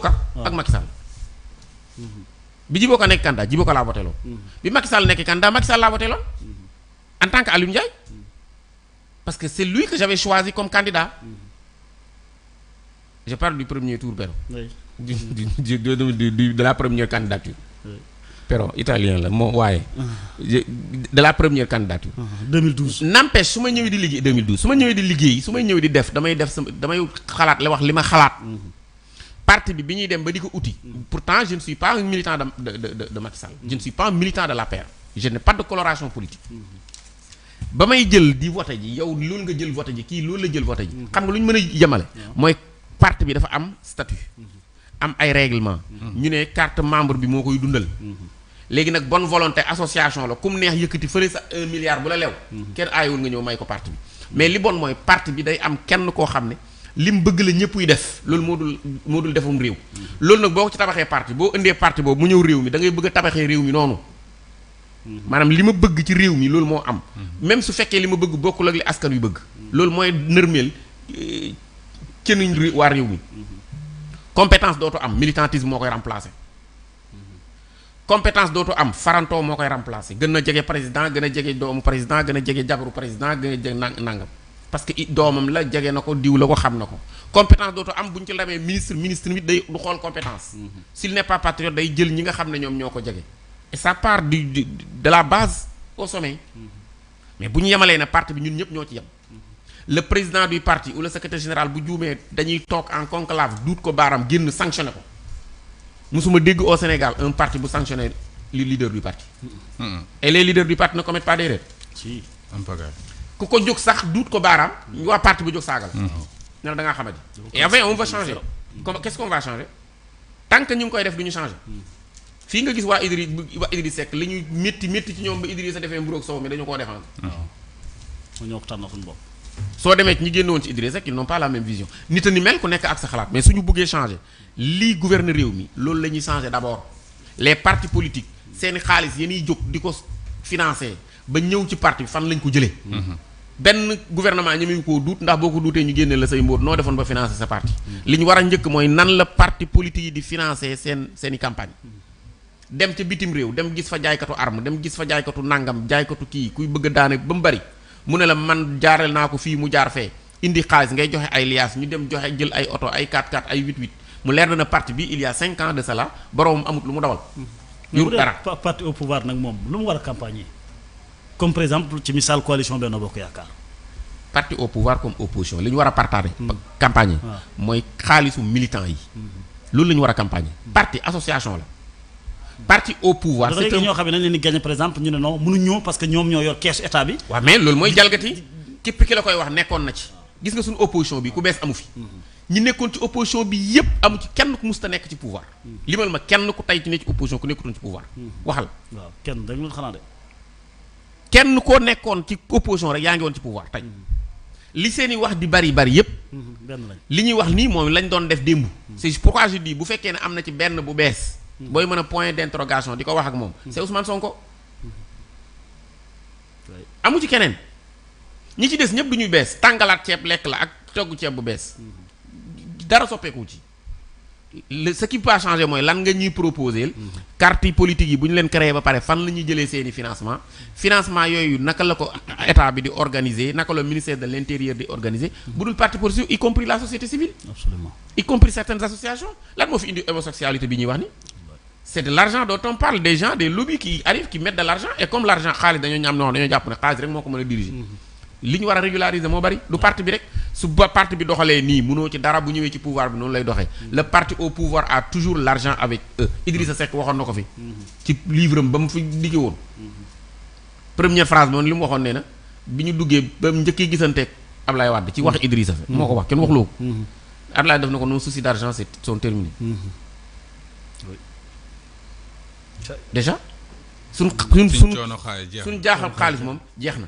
Ka ak Macky hmm. bi Djibo Ka nekk candidat Djibo Ka laa voté hmm. bi Macky nekk candidat Macky laa voté en tant que Aliou Ndiaye parce que c'est lui que j'avais comme candidat je parle du premier tour béro du de la première candidature Pero italien la moo waaye. Uh-huh. de la première candidature. 2012 uh-huh. n'empêche su ma ñëwee di liggéey 2012 su ma ñëwee di liggéey su ma ñëwee di def damay def sama damay xalaat la wax li ma xalaat. Uh-huh. parti bi bi ñuy dem ba di ko uti. pourtant je ne suis pas un militant de de de de Macky Sall. je pas militant de la je n'ai pas de coloration politique. ba may jël di vote ji yow loolu nga jël vote ji kii loolu la jël vote ji. xam nga lu ñu mën a yemale. mooy parti bi dafa am statut. am ay règlement. ñu ne carte membre bi moo koy dundal. léegi nag bon volonté association la kum neex yëkkati fële sa un milliard bu la lew mhm. kenn aayewul nga ñëw may ko parti bi mais li bon mooy parti bi day am kenn koo xam ne li mu bëgg la ñëpp yu def loolu moo dul moo defum réew loolu nag boo ko ci tabaxee parti boo indee parti boobu mu ñëw réew mi dangay ngay bëgg a tabaxee réew mi noonu mhm. maanaam li ma bëgg ci réew mi loolu moo am mhm. même su fekkee li ma bëgg bokkul ak li askan wi bëgg loolu mooy nërmeel kenn euh, waa réew mi compétence dootu am militantisme moo koy remplacer compétence dootu am farantoo moo koy remplacer gën a jege président gën a jege doomu président gën a jege jabaru président gën a jege nangam parce que doomam la jege na ko diw la ko xam na ko compétence dootu am bu ñu ci lamee ministre ministre bi day du xool compétence mhm. s'il n'est pas patriote day jël ñi nga xam ne ñoom ñoo ko jege et ça part du de la base au sommet mhm. mais bu ñu yemalee ne parti bi ñun ñëpp ñoo ci yem mhm. le président bi parti ou le secrétaire bu juumee dañuy toog en conclave duut ko baaram génn sanctionné ko mosuma dégg au Sénégal un parti bu sanctionner le leader du parti. et les leaders du parti ne commettent pas d'erreur. si ku ko jóg sax duut ko baaraam. waa parti bu jóg saagal. Mm-hmm. ne la da ngaa xamante et après on va changer. Mm-hmm. comme qu'est-ce qu'on va changer tant que ñu ngi koy def du ñu changer. Mm-hmm. fii nga gis waa Idriss waa Idriss Seck li ñuy métti métti ci ñoom ba Idriss sa defee mburoog soow mi dañu koo défendre. Ah. ko tànn suñu bopp. soo demee ci ñi génn woon ci Idriss Seck ils n'ont la même vision nit a ni mel ku nekk ak sa xalaat mais suñu bëggee lii gouverne réew mi loolu la ñuy changer d'abord les partis politiques seeni xaalis yeniy jóg di ko financer ba ñëw ci parti fan lañ ko jëlee mhm. benn gouvernement ñemewu koo duut ndax boo ko duutee ñu génne la say mbóot noo defoon ba financer sa parti mhm. li ñu war a njëkk mooy nan la parti politique yi di financer seen seeni campagne dem ca bitim réew dem gis fa jaaykatu arme dem gis fa jaaykatu nangam jaaykatu kii kuy bëgg a ba mu bari mu ne la man jaareel naa ko fii mu jaar fee indi xaalis ngay joxe ay liaas ñu dem joxe jël ay oto ay 4 ay 8 x mu leer na parti bi il y a cinq ans de cela boroom amut lu mu dawal. ñu dara parti au pouvoir nag moom lu mu war a campagne comme par exemple ci misaal coalition Benno Bokk Yaakaar. parti au pouvoir comme opposition li ñu a hmm. campagne ah. mooy xaalisu militant yi. Hmm. loolu la ñu war campagne hmm. parti association la. parti au pouvoir. c'est ñoo ñu ne non mënuñu ñëw parce que ñoom ñoo yor keesu état bi. waaw mais loolu mooy jalgati képp ki la koy wax nekkoon na ci. gis nga suñu opposition bi ku bees amu fi. ñi nekkoon ci opposition bi yépp amu ci kenn ku musta nekk ci pouvoir hmm. limal ma kenn ku tey ci ne ci ku nekkutoon ci pouvoir hmm. waxal waaw kenn dañ la xanaa de kenn koo nekkoon ci opposition rek yaa ngi woon ci pouvoir tey hmm. li seeni wax di bari bari yépp benn lañ li ñuy wax nii moom lañ doon def démb c'est pourquoi je dis bu fekkee ne am na ci benn bu bees booy mën a point d'interrogation di ko wax ak moom c'est Ousmane Sonko amu ci keneen ñi ci des ñëpp du ñuy bees tàngalaat ceeb lekk la ak togg ceeb bu bees dara soppeeku ci le ce qui peut changer mooy lan nga ñuy proposer parti politique yi bu ñu leen créé ba pare fan la ñuy jëlee seeni financement financement yooyu naka la ko état bi di organiser naka la ministère de l' intérieur di organiser bu dul parti politique y compris la société civile y compris certaines associations lan moo fi indi homosexualité bi ñuy wax ni c' est de l' parle des gens des lobbies qui arrivent qui mettent de l' et comme li ñu war a régulariser moo bari du parti bi rek su ba parti bi doxalee nii mënoo ci dara bu ñëwee ci pouvoir bi noonu lay doxee mm-hmm. le parti au pouvoir a toujours l'argent avec eux mm-hmm. Idrissa Seck waxoon na ko fi mm-hmm. ci livre am ba mu fi liggée woon première phrase moom li mu waxoon nee na bi ñu duggee ba njëkkee gisanteeg Ablaye Wade ci wax Idrissa Seck moo ko wax loo waxuloo ko Ablaye def na ko nos soucis d'argent c'est sont terminés déjà suñ suñ suñ jaaxal xaalis moom jeex na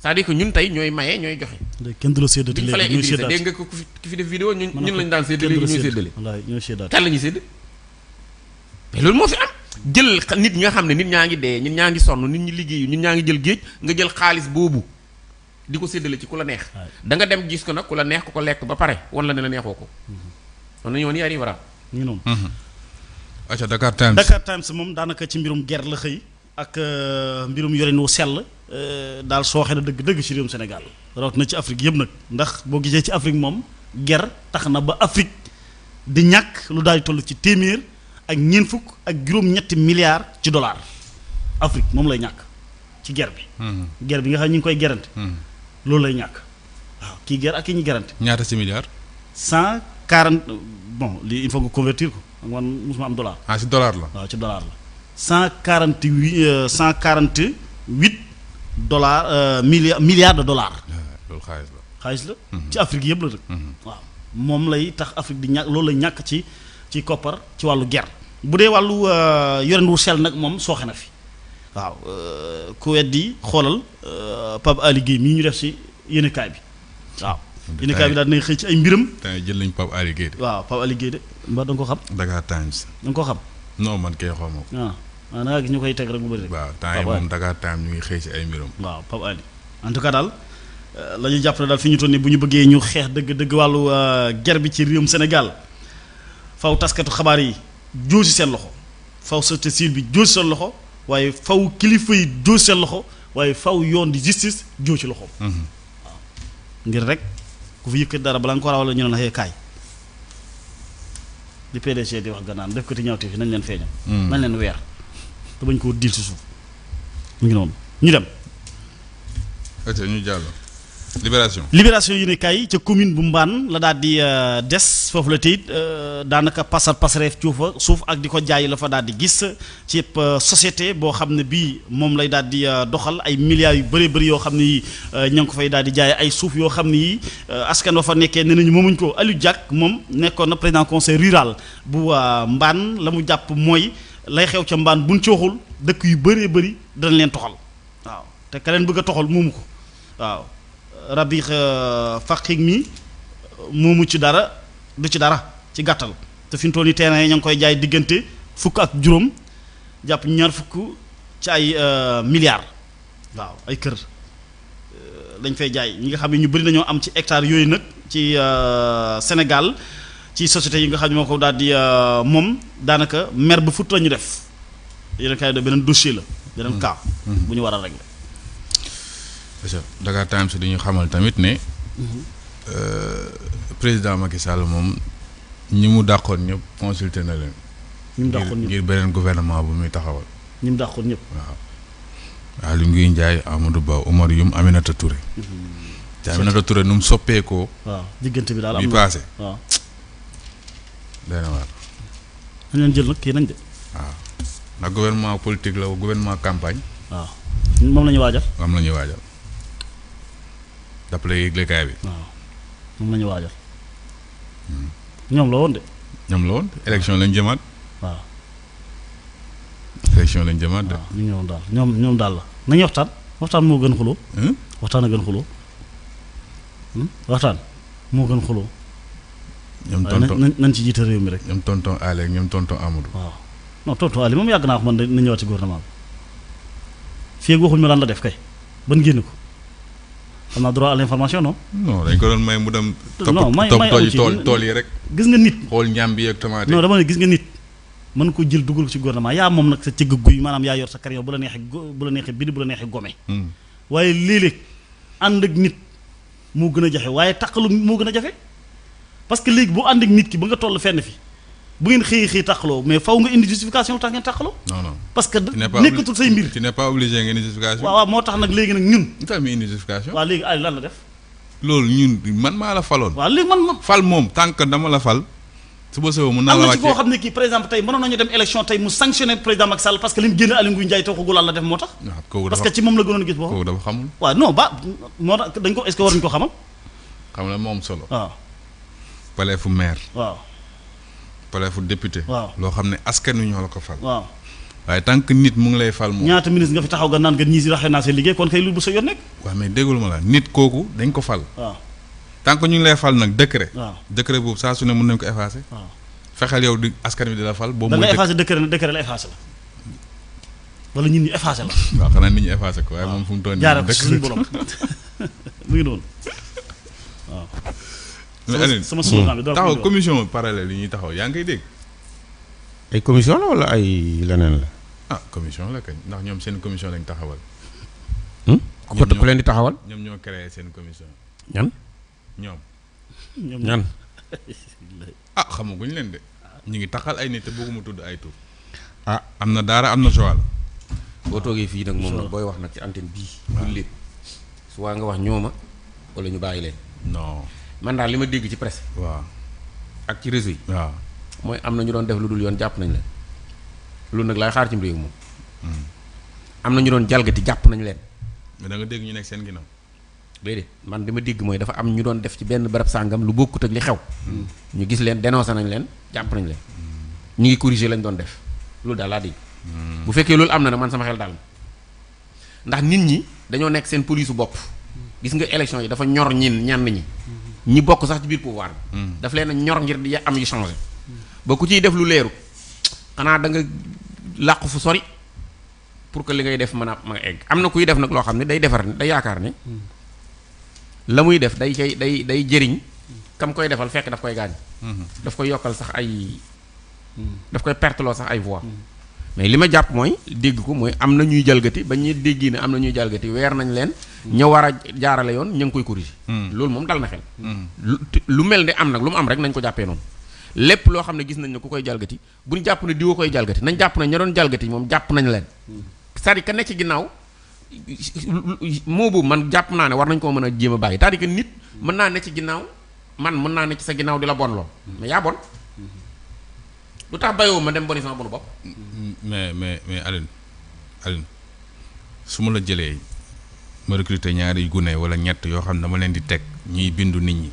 c'est-à-dire ñun tey ñooy maye ñooy joxe. kenn du la séddati léegi ko fi def vidéo ñun ñun lañu daan séddale ñuy séddale. wallaay ñooy kan la ñuy sédd loolu moo fi am jël nit ñi nga xam ne nit ñaa ngi dee nit ñaa ngi sonn nit ñi liggéeyu nit ñaa ngi jël géej nga jël xaalis boobu di ko séddale ci ku la neex. danga dem gis ko nag ku la neex ku ko lekk ba pare wan la ne la neexoo ko. Mhm. kon nañu woon y arrivera. ñu noonu. Mhm. acca Dakar Times Dakar Times moom daanaka ci mbirum ger la xëy ak euh, mbirum yorin wu sell Euh, daal sooxe na dëgg-dëgg ci réewum Sénégal rawat na ci Afrique yëpp nag ndax boo gisee ci Afrique moom ger tax na ba Afrique di ñàkk lu daal di toll ci téeméer ak ñeent fukk ak juróom-ñetti milliards ci dollar Afrique moom lay ñàkk ci ger bi. Hmm. ger bi nga xam ñu ngi koy gerante. Hmm. loolu lay ñàkk waaw kii ger ak ki ñuy gerante. ñaata ci milliards. cent quarante bon lii il faut nga convertir ko man mosuma am dollar. ah ci dollar la waaw ci dollar la. dollars euh, milliard milliards de dollars. loolu xaalis la. xaalis la. Mhm. ci Afrique yëpp la rek. Mhm. waaw moom lay tax Afrique di ñàkk loolu lay ñàkk ci ci koppar ci wàllu guerre. bu dee wàllu euh, yoren wu sell nag moom sooxe na fi waaw euh, ku weddi xoolal Pape Ali Guèye mii ñu def si yéenekaay bi waaw. yéenekaay bi daal dinañ xëy ci ay mbiram. temps jël nañ Pape Ali de. waaw Pape Ali Guèye de mbaa da ko xam. Dakar Times. da nga ko xam. non man kay xaw ko. Ah. maanaam ah, gis ñu koy teg rek bu bëri rek. waaw temps yi moom Dakar Time ñu ngi xëy si ay mbiram. waaw Pape Ali en tout cas daal euh, la ñu jàpp daal fi ñu toll nii bu ñu bëggee ñu xeex dëgg dëgg wàllu euh, guerre bi ci réewum Sénégal faw taskatu xabaar yi jóo si seen loxo faw société civile bi jóo si seen loxo waaye faw kilifa yi jóo si seen loxo waaye faw yoon di justice jóo ci loxo. Mhm. waaw ngir rek ku fi yëkkat dara balaa nga ko rawal ñu ne la kaay. li PDG di wax gannaaw def ko ci ñaawte fi nañ leen feeñal. Mhm. nañ weer. te bañ koo diil si suuf mu ñu dem. ok libération libération yéen kay ca commune bu Mbaan la daal di euh, des foofu la teyit euh, daanaka pasar pasareef cuufa suuf ak di ko jaay la fa daal di gis ci euh, société boo xam ne bii moom lay daal di doxal ay milliards yu bëree bëri yoo xam ne yi ña ngi ko fay daal di jaay ay suuf yoo xam ne yi askan wa fa nekkee nee nañu moomuñ ko alu Diack moom nekkoon na président conseil rural bu Mbaan la mu jàpp mooy. lay xew ca mbaan buñ ci waxul dëkk yu baree bari danañ leen toxal waaw te ka bëgg a toxal moomu ko waaw rabi euh, faqiig mi moomu ci dara du ci dara ci gàttal te fi mu toll nii yi ña ngi koy jaay diggante fukk ak juróom jàpp ñaar fukk ci ay euh, milliards waaw ay kër dañ euh, fay jaay ñi nga xam ne ñu bari nañoo am ci hectare yooyu nag ci senegal ci société yi nga xam ne ko daal di euh, moom daanaka mer bu fut ñu def yeneen kaay do beneen dossier la beneen hmm. cas hmm. bu ñu war a régler Dakar Times dañu xamal tamit ne hmm. euh, président Macky Sall moom ñi mu dàqoon ñëpp consulté na leen ñi mu dàqoon ñëpp ngir beneen gouvernement bu muy taxawal ñi mu dàqoon ñëpp waaw waaw Aly Ngouille Ndiaye Amadou Ba Oumar Youm Aminata Touré te Aminata Touré nu mu soppeekoo waaw diggante bi daal am bi passé waaw day na dañ leen jël nag kii nañ de. waaw ndax gouvernement politique la gouvernement campagne. waaw moom la ñu waajal. moom la ñuy waajal. d'après bi. waaw moom la hmm. ñoom la woon de. ñoom la woon élection lañ jëmaat. waaw. élection lañ jëmaat de. waaw ñoom daal ñoom ñoom daal la nañu waxtaan waxtaan moo gën xuloo. Hmm? waxtaan a gën xuloo. Hmm? waxtaan moo gën xuloo. ñoom tonton nañ ci jiite réew mi rek. ñoom tonton Allé ñoom tonton Amadou. waaw non tonton Allé moom yàgg naa wax man na ñëwaat la def kay ban génn ko am naa droit à l'information non. ko doon may mu dem. non may may aw ci tool tool yi rek. gis nga nit xool ñaam bi ak tomate. non gis nga nit mën ko jël dugal ko ci gouvernement yaa moom nag sa cëgg guy maanaam yaa yor sa carrière bu la neexee bu la neexee bind bu la neexee gome. Hmm. waaye léeg-léeg ànd ak nit moo gën a jafe waaye takkalu moo gën a jafe parce que léegi boo ànd ak nit ki ba nga toll fenn fi bu ngeen xëy xëy taxaloo mais faw nga indi justification lu tax ngeen taxaloo. non non parce que nekkatul say mbir. tu n'es pas obligé nga indi justification. waaw waaw moo tax nag léegi nag ñun. lu tax mi indi justification. waaw léegi Aliou lan la def. loolu ñun man maa la faloon. waaw léegi man ma fal moom tant que dama la fal. suba suba mun naa la wàccee am na ci koo xam ne kii par exemple tey mënoon nañu dem élection tey mu sanctionné président Macky Sall parce que li mu génn Aliou Ngouille Ndiaye taw xugul la def moo tax. parce que ci moom la gënoon gis boo. kooku dafa xamul. waaw non ba moo tax dañ ko est-ce que war ñu ko xamal. xam na moom solo waaw palais fu maire. waaw. palais fu député. waaw loo xam ne askan wi ñoo la ko fal. waaw waaye nit mu ngi lay fal moom. ñaata ministre nga fi taxaw nga naan nga ñii si raxee naa seen liggéey kon kay lu bu yoon nekk. waaw mais déggul ma la nit kooku dañ ko fal. waaw ñu ngi lay fal nag décret. waaw boobu saa su ne mën nañ ko effacer. waaw fexeel yow di wi di la fal. boobu mooy da nga effacer décret nag décret ñun ñu effacé la. waaw xanaa nit ñi effacé ko waaye moom fu mu toll nii. jaarale ko suñu ngi noonu waaw. mais sama slogan hmm. taxaw commission parallèle yi ñuy taxaw yaa ngi koy dégg. ay commission la wala ay leneen la. ah commission la kañ ndax ñoom seen commission lañu taxawal. ko hmm? ku leen di taxawal. ñoom ñoo créé seen commission. ñan. ñoom. ñoom ñan. ah xamaguñ leen de. ñu ngi taxal ay nit te bëgguma tudd ay tur. ah am na daara am na Joal. boo toogee fii nag moom nag booy wax nag ci antenne bii. waaw ah. lépp su waa nga wax ñooma walla ñu bàyyi leen. non. man daal li ma dégg ci presse. waaw ak ci réseau yi. waaw mooy am na ñu doon def lu dul yoon jàpp nañ leen loolu nag laay xaar ci réew moom. Hmm. am na ñu doon jalgati jàpp nañu leen. mais dégg ñu nekk seen ginnaaw. déedéet man li ma dégg mooy dafa am ñu doon def ci benn barab sàngam lu bokkut ak li xew. Hmm. ñu gis leen dénoncé nañ leen jàpp nañ leen. Hmm. ñu ngi corrigé lañ doon def lu daal laa dégg. bu fekkee loolu am na nag man sama xel daal ndax nit ñi dañoo nekk seen police bopp. gis nga élection yi dafa ñor ñin ñenn ñi. ñi bokk sax ci biir pouvoir bi. Hmm. daf leen a ñor ngir di am yu changé. ba ku ciy def lu leeru xanaa danga nga fu sori pour que li ngay def mën a mën a egg am na kuy def nag loo xam ne day defar ni day yaakaar ni hmm. la muy def day day day jëriñ kam koy defal fekk daf koy gaañ. Hmm. daf koy yokkal sax ay. daf koy perteloo sax ay voix. mais li ma jàpp mooy dégg ko mooy am na ñuy jalgati ba ñu dégg ne am na ñuy jalgati weer nañ leen. ña war a jaarale yoon ña ngi koy corriger. Hmm. loolu moom dal na xel. Hmm. lu mel ne am nag lu mu am rek nañ ko jàppee noonu. lépp loo xam ne gis nañ ne ku koy jalgati buñ jàpp ne diwa koy jalgati nañ jàpp nañ ña doon jalgati moom jàpp nañ leen. cest que nekk ci ginnaaw moo boobu man jàpp naa ne war nañ koo mën a jéem a bàyyi cest nit mën naa ne ci ginnaaw man mën naa ne ci sa ginnaaw di la bon lool lu tax bayoo ma dem boni sama bonu bopp. mais mais mais Alioune su ma la jëlee ma recruter ñaari gune wala ñett yoo xam ne dama leen di teg ñuy bindu nit ñi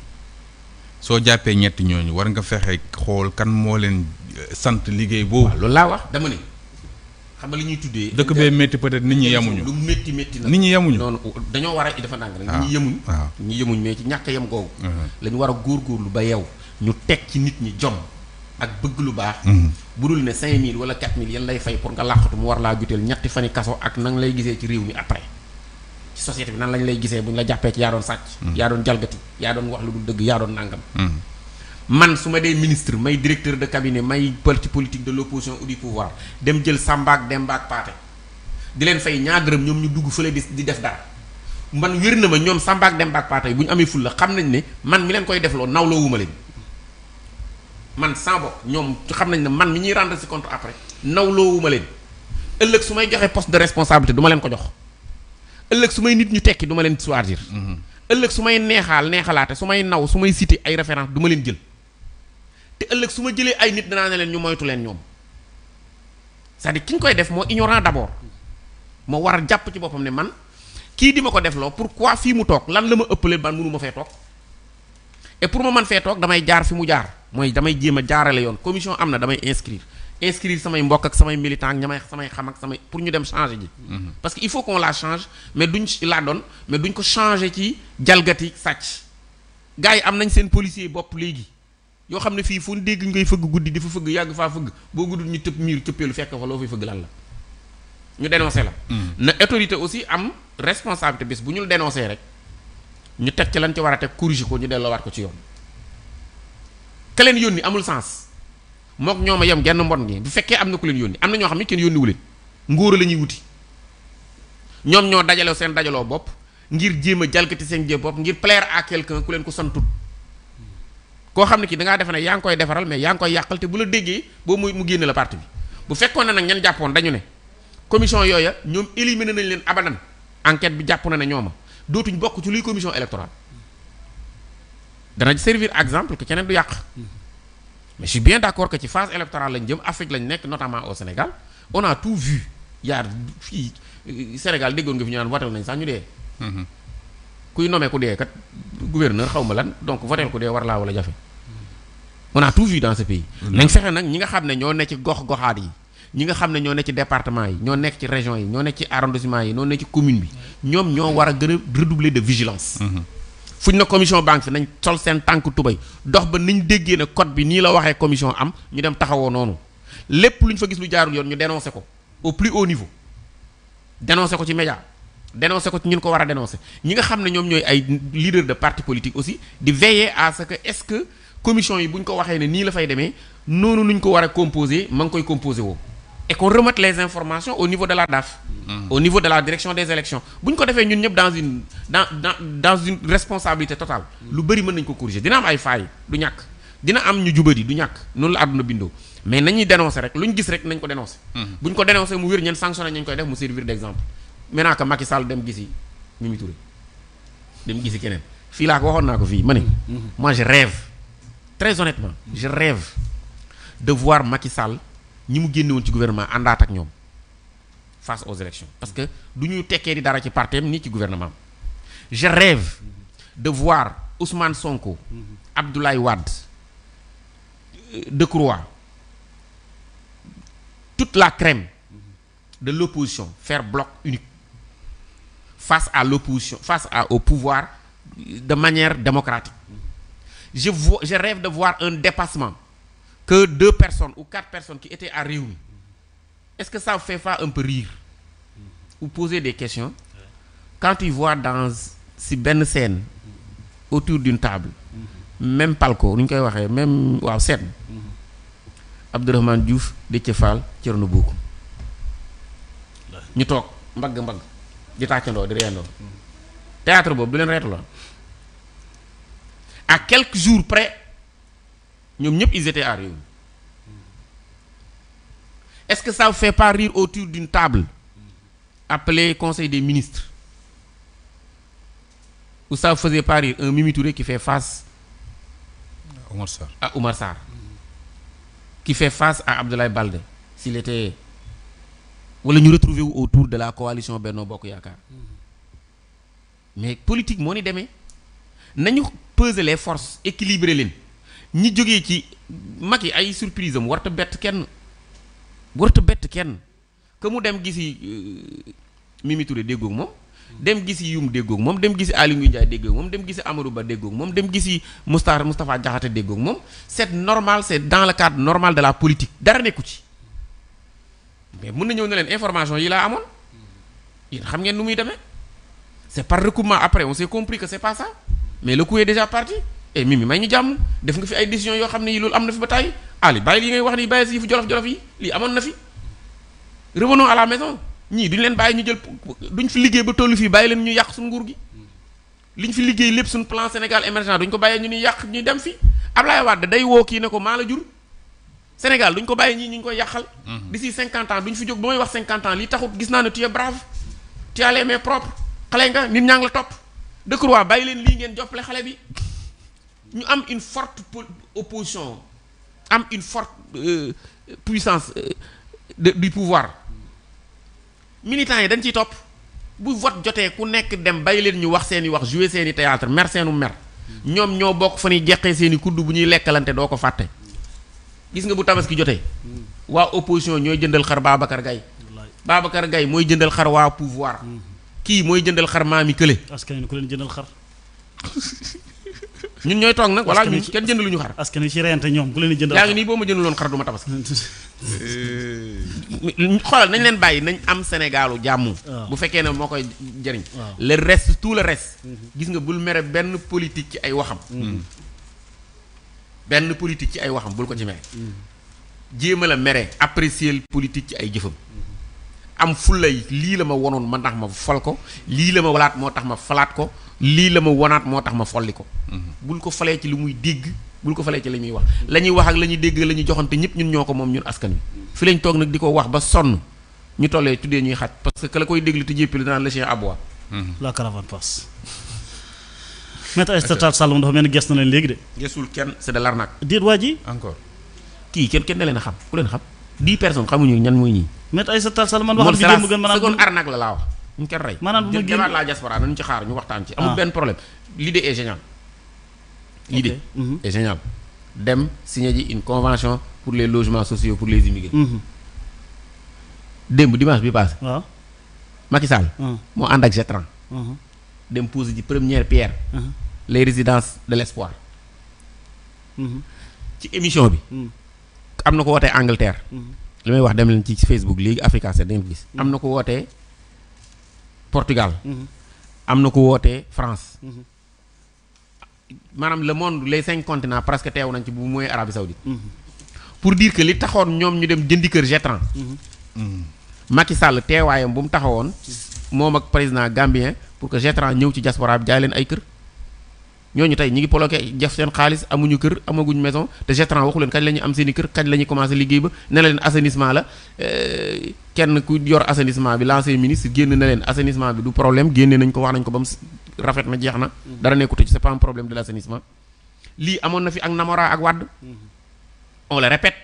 soo jàppee ñett ñooñu war nga fexe xool kan moo leen euh, sant liggéey boobu. loolu laa wax dama ni xam nga li ñuy tuddee. dëkk bee métti peut-être nit ñi yemuñu. lu métti métti na nit ñi yemuñu. dañoo war a dafa ndànk rek. nit ñi ah, yemuñ. ñi yemuñ mais ci ñàkk yem googu. Uh-huh. lañu war a góorgóorlu ba yow ñu teg ci nit ñi jom. ak bëgg lu baax. Mm-hmm. bu dul ne 5000 wala 4000 yan lay fay pour nga làqatu mu war laa juteel ñetti fani kaso ak nan lay gisee ci réew mi après ci société bi nan lañ lay gisee bu ñu la jàppee ci yaa doon sàcc. Mm-hmm. yaa doon jalgati yaa doon wax lu dul dëgg yaa doon nàngam. Mm-hmm. man su ma dee ministre may directeur de cabinet may parti politique de l' opposition ou du pouvoir dem jël sàmbaak dembaak paate di leen fay ñaar dërëm ñoom ñu dugg fële di di def dara man wér na ma ñoom sàmbaak dembaak paate bu ñu amee fulla xam nañ ne man mi leen koy defloo nawloo wuma leen. man sans ñoom xam nañ ne man mi ñuy rend si compte après nawloowuma leen ëllëg su may joxe poste de responsabilité duma leen ko jox ëllëg su may nit ñu tekki du leen choisir mhm. ëllëg su may neexaal neexalaate su may naw su may cité ay référence du leen jël te ëllëg su ma jëlee ay nit danaa ne leen ñu moytu leen ñoom cest à ki ñu koy def moo ignorant d'abord moo war jàpp ci boppam ne man kii di ma ko defloo pour pourquoi fii mu toog lan la ma ëppalee ban mënu ma fee toog et pour ma man fee toog damay jaar fi mu jaar mooy damay jéem a jaarale yoon commission am na damay inscrire inscrire samay mbokk ak samay militant ak ñamay samay xam ak samay pour ñu dem changer ji mhm. parce que il faut qu'on la change mais duñ la doon duñ ko changer ci jalgati sàcc gars yi am nañ seen policier bopp léegi yoo xam ne fii fu dégg ngay fëgg guddi di fa fëgg yàgg faa boo guddul ñu tëb miir cëppeelu fekk fa loo fay fëgg lan la ñu dénoncé la mhm. na autorité aussi am responsabilité bis bu ñu dénoncé rek ñu teg ci lan ci war a teg corrigé ko ñu delloowaat ko ci yoon ka leen yónni amul sens mook ñoom a yem genn mbon gi bu fekkee am na ku leen yónni am na ñoo xam ne kenn yónni leen ngóor la ñuy wuti ñoom ñoo dajaloo seen dajaloo bopp ngir jéem a jalgati seen jéem bopp ngir plaire à quelqu'un ku leen ko santut koo xam ne kii da ngaa ne yaa ngi koy defaral mais yaa ngi koy yàqal te bu la déggee boo muy mu génne la parti bi bu fekkoon ne nag ñan jàppoon dañu ne commission yooya ñoom éliminé nañ leen abadan enquête bi jàpp na ne ñooma dootuñ bokk ci luy commission électorale dana servir exemple que keneen du yàq mais je suis bien d'accord que ci phase électorale lañ jëm Afrique lañ nekk notamment au Sénégal on a tout vu yaa fii euh, Sénégal déggoon nga fi ñu naan voté nañ sax ñu dee. Mhm. kuy nomee ku dee kat gouverneur xaw ma lan donc voté ku dee war laa wala jafe. on a tout vu dans ce pays. Mhm. nañ fexe nag ñi nga xam ne ñoo ne ci gox goxaat yi. ñi nga xam ne ñoo nekk ci département yi ñoo nekk ci région yi ñoo nekk ci arrondissement yi ñoo nekk ci commune bi ñoom ñoo war a gën de vigilance. Mhm. fu na commission banque nañ sol seen tànk tubay dox ba niñ déggee ne code bi nii la waxee commission am ñu dem taxawoo noonu lépp lu ñu fa gis lu jaarul yoon ñu dénoncé ko au plus haut niveau dénoncé ko ci média dénoncé ko ci ñun ko war a dénoncé ñi nga xam ne ñoom ñooy ay leader de parti politique aussi di veiller à ce que ce que commission yi buñ ko waxee ne nii la fay demee noonu nuñ ko war a composé ma ngi koy composé woo et qu'on remette les informations au niveau de la DAF. Mmh. au niveau de la direction des élections bu ñu ko defee ñun ñëpp dans une dans une responsabilité totale. Mm-hmm. lu bëri mën nañ ko corriger dina am ay failles du ñàkk dina am ñu jubari du ñàkk noonu la àdduna bindoo mais ñuy dénoncer rek lu ñu gis rek nañ ko dénoncer. Mm-hmm. bu ñu ko dénoncer mu wér ñeen sanctionné nañ koy def mu servir d'exemple. maintenant que Macky Sall dem gisi Mimi Touré dem gisi keneen fii laa ko waxoon naa ko fii ma ne. Mm-hmm. moi je rêve très honnêtement je rêve de Sall. ñi mu génne ci gouvernement àndaat ak ñoom face aux élections parce que du ñuy tekkee di dara ci parti ni ci gouvernement am je rêve de voir Ousmane Sonko Abdoulaye Wade euh, Decroix toute la crème de l'opposition faire bloc unique face à l'opposition face à au pouvoir de manière démocratique je vois je rêve de voir un dépassement que deux personnes ou quatre personnes qui étaient à Rewmi est-ce que ça ne fait pas un peu rire ou poser des questions quand ils voient dans si benn scène autour d'une table même Palko nu ñu koy waxee même waaw scène Abdourahmane Diouf Déthié Fall Thierno Bocoum ñu toog mbagg mbagg di tàccandoo di reyandoo théâtre boobu du leen reetu la à quelques jours près ñoom ñëpp ils étaient est-ce que ça vous fait pas autour d'une table appelée conseil des ministre ou ça vous faisait un Mimi Touré qui fait face Omar Sarr. à Omar Sarr qui fait face à Abdoulaye Baldé s'il était wala ñu retrouver wu autour de la coalition Benno Bokk Yaakaar mais politique moo ni demee nañu peser les forces équilibrer leen ñi jógee ci mag yi ay surprise am warta bett kenn warta bett kenn que mu dem gisi euh, Mimi Touré déggoog moom dem gisi Youm déggoog moom dem gisi Aly Ngouille Ndiaye déggoog moom dem gisi Amadou Ba déggoog moom dem gisi Moustapha Moustapha Diakhaté déggoog moom set normal c'est dans le cadre normal de la politique dara nekku ci mais mun na ñëw ne leen information yi laa amoon yi xam ngeen nu muy demee c'est par recoupement après on s'est compris que c'est pas mais le coup déjà parti et eh, Mimi may ñu jàmm def nga fi ay décisions yoo xam ne yi loolu am na fi ba tàyyi Ali bàyyi li ngay wax ni bàyyi si fu jolof jolof yi lii amoon na fi revenons à la maison ñii duñ leen bàyyi ñu jël duñ fi liggéey ba tollu fii bàyyi leen ñu yàq suñu nguur gi liñ fi liggéey lépp suñ plan Sénégal émergent duñ ko bàyyee ñu ni yàq ñuy dem fi Ablaye Wade day woo kii ne ko maa la jur Sénégal duñ ko bàyyi ñii ñu ngi koy yàqal mhm. d'ici cinquante ans duñ fi jóg ba wax cinquante ans li taxut gis naa ne tu es brave tu xale nga nit ñaa ngi la topp Decroix bàyyi leen lii ngeen joppale xale bi ñu am une forte opposition am une forte euh, puissance euh, de, du pouvoir militants yi dañ ciy topp bu vote jotee ku nekk dem bàyyi leen ñu wax seen i wax jouer seen i théâtre mer seenu mer ñoom ñoo bokk fa ñuy jeqee seeni i kudd bu ñuy lekkalante doo ko fàtte gis nga bu tabaski jotee waa opposition ñooy jëndal xar Babacar Gaye Babacar Gaye mooy jëndal xar waa pouvoir kii mooy jëndal xar maami kële askan ku leen jëndal xar ñun ñooy toog nag walla ñun kenn jënd lu ñu xar askan wi ci reyante ñoom bu leen di jënd yaa ngi nii boo ma jënduloon xar du ma tabaski euh, xoolal nañ leen bàyyi nañ am sénégalu jàmm ah. bu fekkee ne moo koy jëriñ ah. le reste tout le reste mhm. gis nga bul mere benn politique ci ay waxam mhm. hmm. benn politique ci ay waxam bul ko ci mere mhm. jéem a la mere apprécier politique ci ay jëfam am fullay lii la ma wonoon ma ndax ma fal ko lii la ma walaat moo tax ma falaat ko lii la ma wanaat moo tax ma folli ko mhm. bul ko falee ci li muy dégg bul ko falee ci li muy wax la ñuy wax ak la ñuy dégg la ñuy joxante ñëpp ñun ñoo ko moom ñun askan wi fi lañ toog nag di ko wax ba sonn ñu tollee tuddee ñuy xaj parce que la koy déglu te jéppi la naan la Cheikh Aboua mhm. la caravane passe sa Aïssata Tall Sall dafa mel ni ges na leen léegi de gesul kenn c'est de l'arnaque déet waa ji encore kii kenn kenn da leen a xam ku leen xam dix personnes xamuñu ñan mooy ñii maître Aïssata Tall Sall man a seconde arnaque la laa wax ñu kenn rey. maanaam bu ma génn la diaspora nañu ci xaar ñu waxtaan ci. amul ah. benn problème l'idée est géniale. l'idée mm-hmm. est géniale dem signé ji une convention pour les logements sociaux pour les immigrés. Mm-hmm. démb dimanche bi passé. waaw ah. Macky Sall. Ah. moo ànd ak Jetran. Mm-hmm. dem pose ji première pierre. les résidences de l'espoir. ci émission bi. Mm. am na ko wootee Angleterre. li may wax dem leen ci Facebook léegi Africa 7 da ngeen gis. Mm. am na ko wootee. Portugal. Mm-hmm. am na ku wootee France. Mm-hmm. maanaam le monde les cinq continents presque teew nañ ci bu mooy Arabie Saoudite. Mm-hmm. pour dire que li taxoon ñoom ñu dem jëndi kër Jetran. Macky Sall teewaayam bu mu taxawoon. moom ak président Gambien pour que Jetran ñëw ci diaspora bi jaay leen ay kër. ñooñu tey ñu ngi bloqué jaf seen xaalis amuñu kër amaguñ maison te Jetran waxu leen kañ la am seen kër kañ la ñuy liggéey ba ne leen assainissement la. Euh, kenn ku yor assainissement bi l'ancien ministre génn na leen assainissement bi du problème génne nañ ko wax nañ ko ba mu rafet ma jeex na. dara nekkut ci c'est pas un problème de l'assainissement. lii amoon na fi ak Namora ak Wade. on le répète.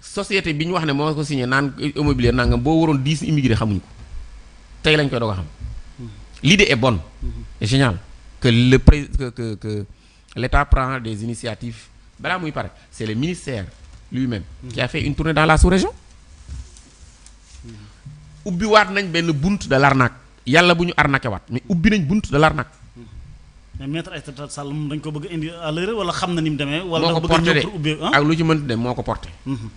société bi ñu wax ne moo ko signé naan immobilier nangam boo waroon dix immigré xamuñ ko tey lañ koy doog a xam. l'idée est bonne. et génial que le pré que que l'État prend des initiatives balaa muy pare c'est le ministère lui-même. qui a fait une la sous ubbi waat nañ benn bunt de l'arnaque yàlla bu ñu arnaqué waat mais ubbi nañ bunt de l'arnaque mais maître Aïssata Tall moom dañ ko bëgg indi à l'heure wala xam na ni mu demee. wala dafa bëgg ñëw ak lu ci mënti dem moo ko porté. Mhm.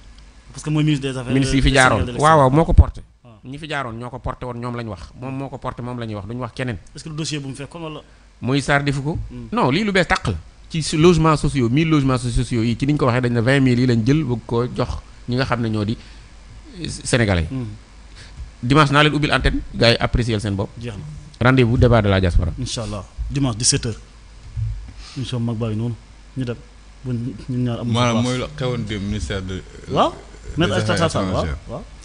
parce que mooy ministre des affaires ministre yi fi jaaroon waaw waaw moo ko porté. Ah. ñi fi ñoo ko porté woon ñoom la wax moom moo ko porté moom la ñuy wax duñu wax keneen. est-ce que dossier bu mu fekkoon wala. muy Sarr defu ko. Mm. non lii lu bees tàq la. ci logements sociaux 1000 logements sociaux yi ci ni ko waxee dañ ne ñi nga xam ne ñoo di sénégalais. dimanche naa leen ubbil antenne gars yi apprécier seen bopp. jeex na rendez-vous débat de la diaspora. incha allah dimanche 17h. émission mag bàyyi noonu ñu dem ba ñun mooy la xewoon ministère de. waaw maître Aïssata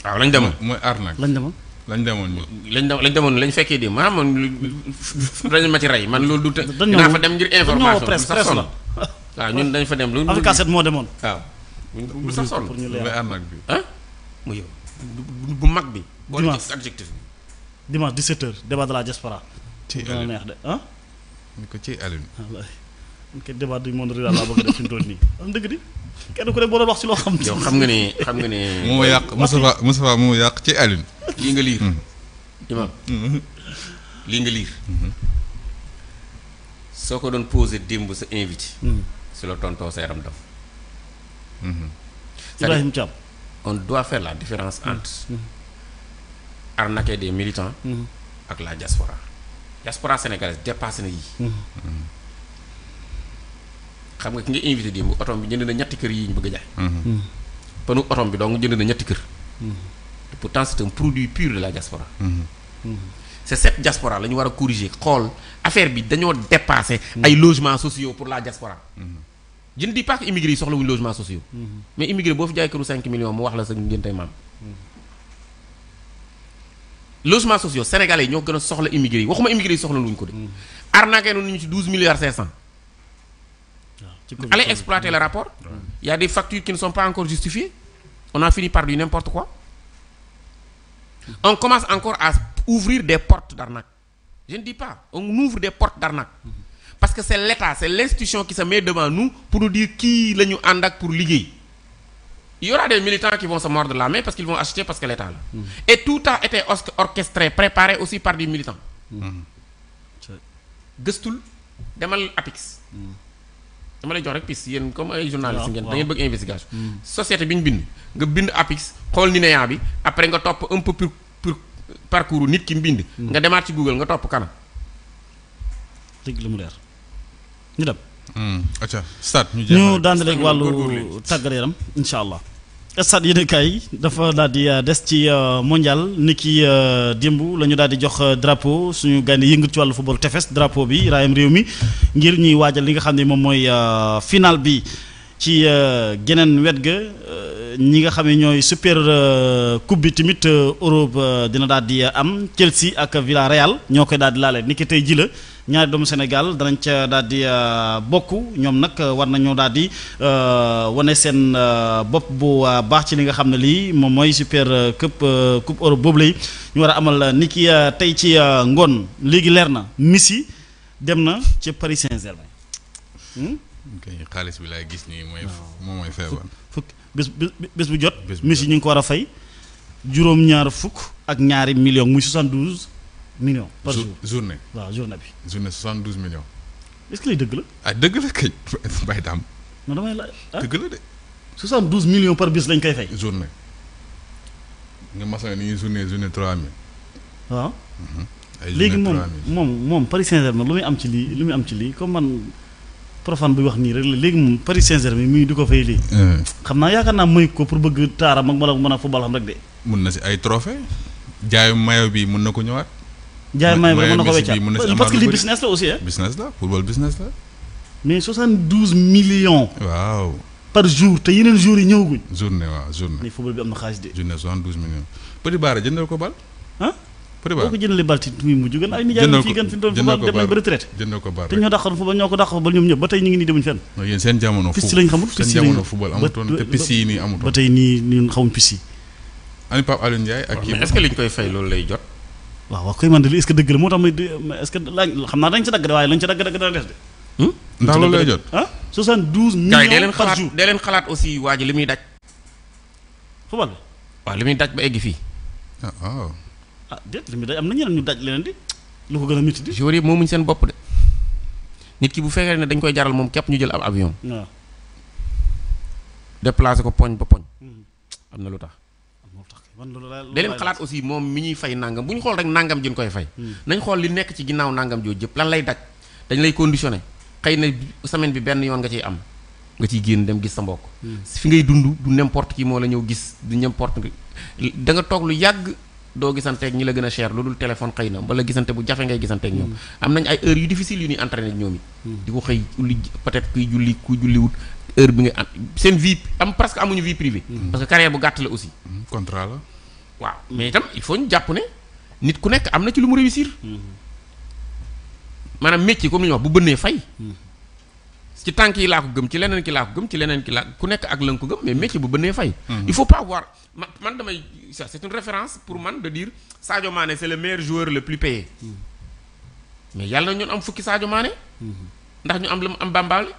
Tall lañ demoon mooy arnaque lañ demoon. lañ demoon ñu. lañ demoon lañ demoon lañ fekkee de maanaam man dañ ma ci rey man loolu du. dañ ñëw fa dem ngir information presse presse la. waaw ñun dañ fa dem lu. avec moo demoon. waaw. bu sax sonn pour bi ah mu yow bu mag bi. dimanche adjectif bi. dimanche 17h débat de la diaspora. ci Alioune neex de ah. ñu ko ci Alioune. Ah, wallaahi man kay débat du monde rural laa bëgg def fi mu nii. am ah, dëgg di kenn ku ne boo doon wax ci loo xam. yow xam nga ni xam nga ni. moo yàq Moustapha Moustapha moo yàq ci Alioune. lii nga liir. Mm-hmm. imam mm-hmm. lii mm-hmm. soo ko doon posé démb sa invité. Mm. si la tontoo sa yaram daf. Ibrahima Thiam. la différence mm. entre. Mm. arnaquer des militants. Mm-hmm. ak la diaspora. diaspora sénégalaise dépassé na yii. Mm-hmm. Mm-hmm. xam nga ki nga invité di otom bi jënd na ñetti kër yi ñu bëgg a jaay. panu otom bi donc jënd na ñetti kër. te pourtant c'est un produit pur de la diaspora. c'est cette diaspora la ñu war a corriger xool affaire bi dañoo dépasser. ay logements sociaux pour la diaspora. je ne dis pas que immigré yi soxlawuñu logements sociaux. mais immigré boo fi jaay këru 5 millions mu wax la sa ngéntey maam. logement sociaux sénégalais yi ñoo gën a soxla immigré yi waxuma immigré yi soxla luñ ko de. Mm. arnaqué nañu ci douze milliards cinq cent. Ah, allez exploiter le rapport. il y a des factures qui ne sont pas encore justifiées. on a fini par du n'importe quoi. on commence encore à ouvrir des portes d'arnaque. je ne dis pas on ouvre des portes d'arnaque. Mm-hmm. parce que c'est l'État c'est l'institution qui se met devant nous pour nous dire kii la ñu ànd ak pour liggéey. il y aura des militants qui vont se mordre la main parce qu'ils vont acheter parce que l'État là. Mmh. Et tout a été orchestré préparé aussi par des militants. Mm-hmm. gëstul demal APIX. Mm-hmm. dama lay jox rek piste yéen comme ay journaliste ngeen da ngeen bëgg investigation. Mm-hmm. société bi ñu bind nga bind APIX xool NINEA bi après nga topp un peu pour pour parcours nit ki mbind nga demaat ci Google nga topp kanam. dëgg lu mu leer ñu dem. acca stade ñu jéem wàllu tàggat yaram incha allah. stade yéen kay dafa daal di euh, des ci euh, mondial ni ki euh, démb la ñu daal di jox drapeau suñu gaynde yëngu ci wàllu football tefes drapeau bi raayam réew mi ngir ñuy waajal li nga xam ne moom mooy final bi ci geneen wet ga ñi nga xam ne ñooy super coupe bi tamit Europe dina daal di am Chelsea ak reyal ñoo koy daldi di laale tey jila ñaari doomu Sénégal danañ ca daal di euh, bokk ñoom nag euh, war nañoo daal di euh, wane seen bopp bu baax ci li nga xam ne lii moom mooy super coupe coupe Europe boobu lay ñu war a amal ni ki tey ci ngoon léegi leer na Messi dem na ci Paris Saint-Germain. Hmm? bi laay gis nii mooy. moom mooy feebar. fukk bés bés bu jot. bés bu ñu ngi ko war a fay juróom-ñaar fukk ak ñaari million muy 72. millions par jour journée. waaw journée bi. journée 72 millions. est-ce que lii dëgg la. ay ah, dëgg la kay Mbaye Dame. non damay la ah. dëgg la de. 72 millions par bis lañ koy fay. journée nga masoŋ ni ñuy journée journée 3000. waaw. Mhm. ay léegi moom moom moom Paris saint ma lu muy am ci lii lu muy am ci lii comme man profane bi wax nii rek la léegi moom Paris Saint-Germain mii di ko fay lii. Eh. xam naa yaakaar naa may ko pour bëgg taaram ak mën a mën a football xam rek de. mun na si ay trophée jaayu mayo bi mun na ko ñëwaat. jaay maay ba mën na ko weccaat parce que li business la aussi hein. business la football business la. mais 72 millions. waaw. par jour te yeneen jours yi ñëwaguñ. journée waaw journée. mais football bi am na xaalis de. journée 72 millions. Petit Bara jëndal ko bal. ah. Petit Bara boo ko jëndalee bal ci mujj gën ay nijaay ñu fii gën fi doon football dem nañ ba retraite. te ñoo dàqoon football ñoo ko dàqoon football ba tey ñu ngi nii demuñ fenn. yéen seen jamono. football amutoon loolu lay jot waaw waaw koy man de li est-ce dëgg la moo tax may est-ce que laaj xam naa dañ ci dagg de waaye lañ ci dagg dagg dana des de ndax loolu lay jot ah 72 millions par jour dee leen xalaat aussi waa ji li muy daj football bi waaw li muy daj ba egg fii ah, waaw ah déet li muy daj am na ñeneen ñu daj leneen di lu ko gën a métti di moom yi moomuñ seen bopp de nit ki bu fekkee ne dañ koy jaral moom képp ñu jël ab avion waaw déplacé ko poñ ba poñ hmm. am na lu tax da leen xalaat aussi moom mi ñuy fay nangam bu ñu xool rek nangam jën koy fay hmm. nañ xool li nekk ci ginnaaw nangam jooju jëpp lan lay daj dañ lay conditionné xëy na semaine bi benn yoon nga ciy am nga ciy génn dem gis sa mbokk hmm. fi ngay dund du n'importe qui moo la ñëw gis du n'importe da nga toog lu yàgg doo gisanteeg ñi la gën a cher lu dul téléphone xëy na wala gisante bu jafe ngay gisanteeg ñoom hmm. am nañ ay heures yu difficile yu ñuy entraîné ñoom it di ko xëy li peut-être kuy julli ku am seen vie amuñu vie privée parce bu gàtt la aussi contrat la waaw mais itam il faut ñu jàpp ne nit ku nekk am na ci lu mu réussir. Mm-hmm. maanaam métier comme li ñuy wax bu bënnee fay. Mm-hmm. ci tànk yi laa ko gëm ci leneen ki laa ko gëm ci leneen ki laa ku nekk ak la nga ko gëm mais métier bu bënnee fay. Mm-hmm. il faut pas voir man man damay ça c'est une référence pour man de dire Sadio Mané c'est le meilleur joueur le plus payé. mais yàlla na ñun am fukki saajo maane ndax ñu am lu mu am Bambale.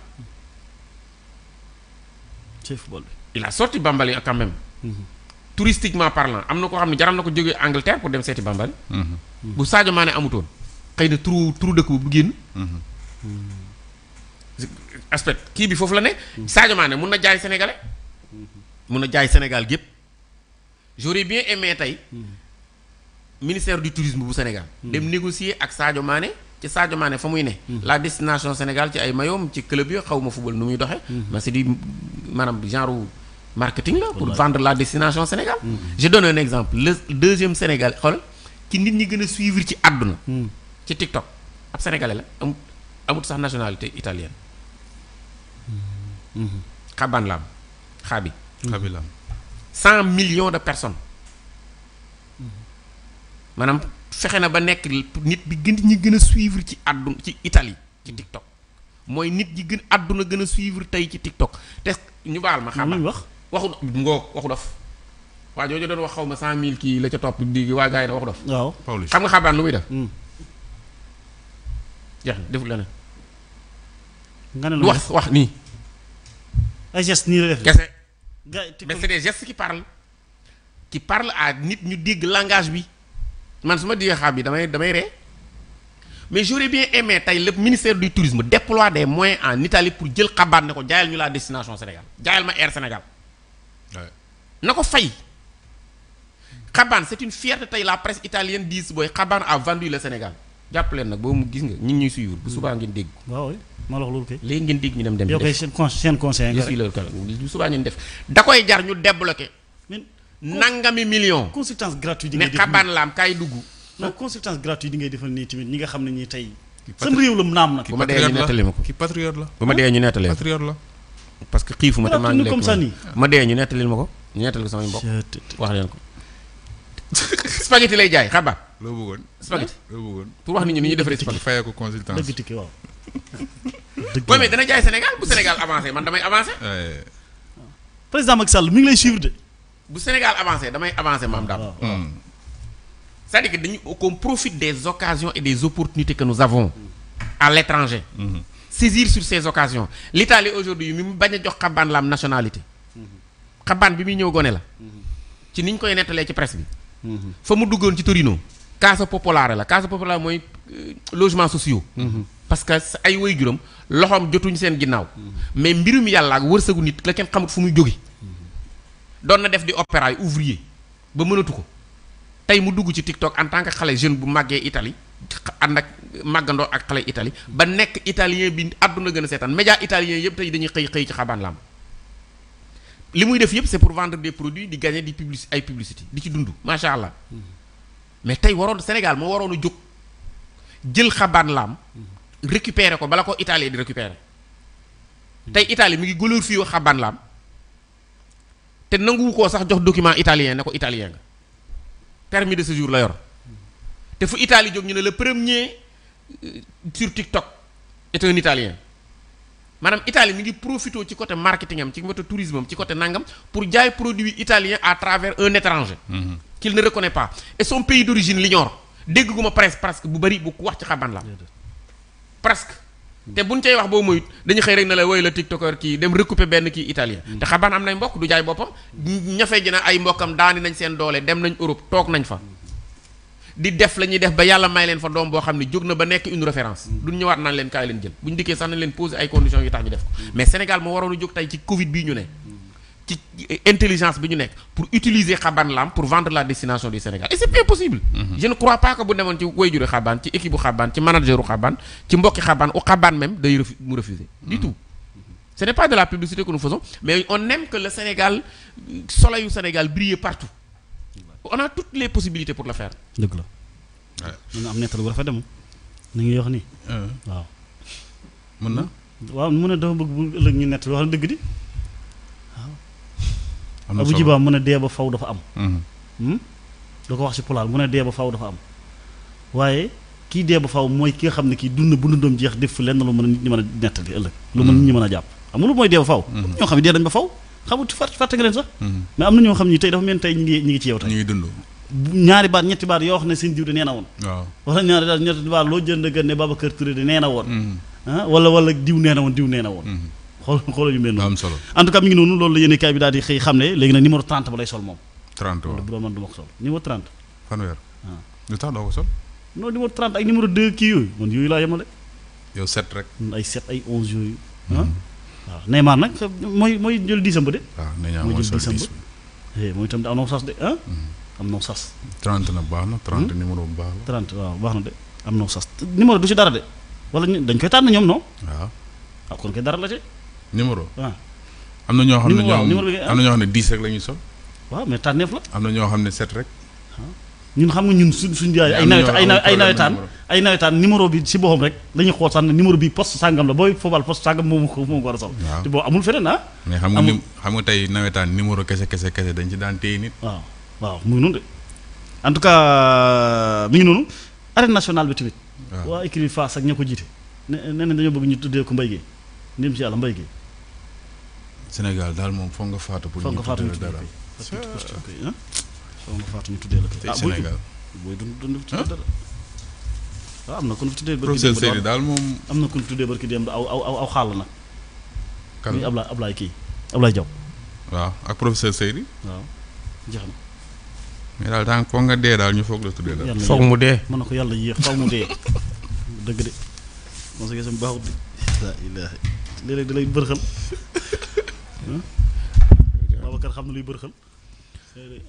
ci football bi il a sorti Bambale quand même. touristiquement parlant am na ko xam ne jaral na ko jógee Angleterre pour dem seeti Bambali. Mhm. bu saajo Mané amutoon xëy na turu turu dëkk bu génn. Mhm. Hmm. aspect kii bi foofu la ne. Sadio Mané mun na jaay sénégalais. Mhm. mun na jaay Sénégal gépp j'aurais bien aimé tey ministère du tourisme bu Sénégal. dem négocier ak Sadio Mané ci Sadio Mané fa muy ne. la destination Sénégal ci ay mayoom ci club yi xaw ma football nu muy doxe mais c'est du maanaam genre. marketing la pour vendre la destination Sénégal. Mm-hmm. je donne un exemple le deuxième Sénégal xool ci nit ñi gën a suivre ci àdduna. Mm. ci TikTok sax nationalité italienne. xabaan la am xaabi. xaabi de personnes mm-hmm. maanaam fexe na ba nekk nit bi gën ñi gën a suivre ci àdduna ci Italie ci TikTok mooy nit ñi gën àdduna gën a suivre tey ci TikTok te ñu baal ma. xabaan wax. waxu ngoo waxu dof waa jooju doon wax xaw ma cent mille kii la ca topp di waa gars yi na waxu dof waaw xam nga xabaan lu muy def hmm. jeex na deful leneen nga lu wax wax nii ay gestes nii la def kese mais c'est des gestes qui parlent qui parlent à nit ñu dégg langage bi man su ma diggee xam bi damay damay ree mais j'aurais bien aimé tey lépp ministère du tourisme déploie des moyens en Italie pour jël xabaan ne ko jaayal ñu la destination Sénégal jaayal ma air Sénégal na ko fay xabaan c'est une fierté tey la presse italienne dit booy xabaan a vendu le Sénégal jàpp leen nag boobu mu gis nga ñi ñuy suyur bu subaa ngeen dégg. waaw oui ma la wax loolu kay. léegi ngeen dégg ñu dem dem. yow kay seen seen conseil. je suis le bu subaa ngeen def da koy jar ñu débloqué. nangami million. consultance gratuite yi ngay def ne xabaan laam kaay dugg. non consultance gratuite yi ngay defal nii tamit ñi nga xam ne ñii tey. sam réew la naam na. bu ma dee ñu nettali ma ko ki patriote la bu ma dee ñu nettali ma ko. patriote la. parce que xiifuma te maa ngi lekk ma dee ñu nettali ma ko ñeetal ko samay mbokk wax leen ko. spaghetti lay jaay xabaar. loo bëggoon spaghetti. loo bëggoon pour wax nit ñi ni ñuy defaree spaghetti. fayee ko consultance dëgg tikki waaw. dëgg mais dana jaay Sénégal bu Sénégal avancé man damay avancé. président Macky Sall mi ngi lay suivre de. bu Sénégal avancé damay avancé maam daam. cest à dañu qu'on profite des occasions et des opportunités que nous avons à l'étranger. Hmm. saisir sur ces occasions l'Italie aujourd'hui mi mu bañ a jox xabaan la nationalité. xabaan bi muy ñëw gone la ci niñ koy nettalee ci presse bi fa mu duggoon ci Torino Casa Popolare la Casa Popolare mooy euh, logement sociaux parce que ay way juram loxoom jotuñ seen ginnaaw mais mbirum yàlla ak wërsëgu nit la kenn xamut fu muy jóge doon na def di opéra yi ouvrier ba mënatu ko tey mu dugg ci TikTok en tant que xale jeune bu màggee Italie ànd ak màggandoo ak xale Italie ba nekk italien bi àdduna gën a seetaan média italien yëpp tey dañuy xëy xëy ci xabaan lam li muy def yëpp c'est pour vendre des produits di gagner di publici ay publicité di ci dund macha allah mm-hmm. mais tey waroon Sénégal moo waroon a jóg jël xabaan laam mm-hmm. récupérer ko bala ko Italie di récupérer mm-hmm. tey Italie mi ngi glorifier xabaan laam te nanguwu ko sax jox document italien ne ko italien nga permis de séjour la yor te fu Italie jóg ñu ne la premier euh, sur TikTok est un italien maanaam Italie mi ngi profité ci côté marketing am ci côté tourisme am ci côté nangam pour jaay produit italien à travers un étranger mhm. qu'il ne reconnaît pas et son pays d'origine l'ignore dégg gu ma presque presque bu bëri bu ku wax ci xaban la presque te buñ cay wax boo moyut dañu xëy rek na lay woy la tiktokeur kii dem recouper benn kii italien mhm. te xaban am nay mbokk du jaay boppam ñafe ji na ay mbokkam daani nañ seen doole dem nañ Europe toog nañ fa di def la ñuy def ba yàlla may leen fa doom boo xam ne jóg na ba nekk une référence mm. duñ ñëwaat naan leen kaay leen jël bu ñu dikkee sax nañ leen poser ay conditions yu tax ñu def ko mm. mais Sénégal moo waroon a jóg tey ci Covid bii ñu ne mm. ci intelligence bi ñu nekk pour utiliser xaban lam pour vendre la destination du Sénégal et c'est bien possible mm-hmm. je ne crois pas que bu demoon ci wayjuru xaban ci équipe xaban ci manageru xaban ci mbokki xaban au xaban mm-hmm. mm-hmm. mais on aime que le Sénégal yu euh, Sénégal brille partout on a toutes les possibilités pour le faire. dëgg la. mën na am nettal bu dafa dem ni ngi wax nii. Ah. waaw. mën na. waaw mën na dafa bëgg bu ëllëg ñu nettal wax na dëgg di waaw. am na solo Abu Jibaa mun a dee ba faw dafa am. Mm-hmm. Hmm? da ko wax ci pulaar mën dee ba faw dafa am waaye kii dee ba faw mooy ki nga xam ne kii dund bu dundoom jeex def lenn lu mën a nit ñi mën a nettali ëllëg. lu mën nit ñi mën a jàpp xam nga lu mooy dee ba faw. Mm-hmm. ñoo xam ne dee dañ ba faw. xamut fàtte fàtte nga leen sax hmm. mais am na ñoo xam ni tey dafa mel tey ñu ngi ngi ci yow tey ñu ngi dund ñaari baat ñetti baat yoo xam ne seen diw de nee na woon waaw wala ñaari baat ñetti baat loo jënd gën ne Babacar Touré de nee na woon hmm. ah diw nee woon diw nee woon hmm. xool xooloo ñu mel noonu loolu la yéene kaay bi daal di xam ne léegi nag numéro 30 ba lay sol moom 30 waaw bu sol numéro ah. ko sol non numéro 30 ak numéro 2 kii yooyu man yooyu laa yemale yow 7 rek ay 7 ay 11 yooyu ah. waaw Neymar nag mooy mooy jël diisam ba de. waaw ah, Neymar mooy jël diisam ba eh, mooy itam am na sas de ah. am na sas. 30 na baax na 30 hmm? numéro bu baax la. 30 waaw baax na de am na sas numéro du ci dara de wala dañ koy tànn ñoom non. waaw ah kon koy dara la ci. numéro waaw. Ah. am na ñoo xam ne ñoom am na ñoo ah. xam ne 10 rek la ñuy sol. waaw mais tànneef la. am na ñoo xam ne set rek. ñun xam nga ñun suñ suñ jaay ay nawet ay ay nawetaan ay nawetaan numéro bi si boppam rek dañuy xool sax ne numéro bi poste sàngam la booy football poste sàngam moom moom ko war a sol te boobu amul feneen ah mais xam nga xam nga tey nawetaan numéro kese kese kese dañ ci daan téye nit waaw waaw mu ngi noonu de en tout cas euh, noonu arène bi tamit waa écurie Fass ak ña ko jiite ne nee nañ dañoo bëgg ñu tuddee ko Mbaye Guèye ndem si yàlla Mbaye Guèye Sénégal daal moom foog nga faatu pour ñu tuddee soxna Fatou ñu tuddee la ko. tey ah, Sénégal ah, na ku ñu tuddee. barki daal moom. am na ku ñu tuddee barki démb aw aw aw xaal nag. kan muy Ablaye Ablaye kii Ablaye Diaw. nga dee daal ñu foog la tuddee daal. foog mu dee mën na ko yàlla yéex foog mu dee dëgg de. moom sa gisam baaxut de. laa ilaaha léeg-léeg da lay xam na luy bërxal.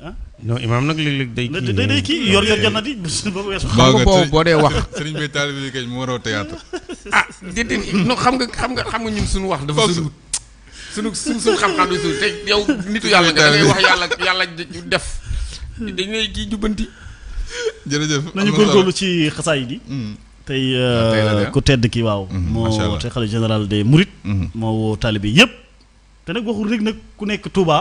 ah non imaam nag léeg-léeg day. kii day day kii yor yor jannat yi boobu weesu. xam nga boobu boo dee wax. sëriñ bi taalibe bi kañ mu waroo théâtre. ah déedéet non xam nga xam nga xam nga ñun suñu wax. dafa suñu suñu suñu suñu xam-xam du suñu te yow. nitu yàlla nga da ngay wax yàlla yàlla def. dañ lay kii jubbanti. jërëjëf nañu góorgóorlu ci xasaay di hmm. tey ah, euh, ah. ku tedd ki waaw hmm, moo te xale général des Mourides hmm. moo woo taalibe yëpp te nag waxul rek nag ku nekk Touba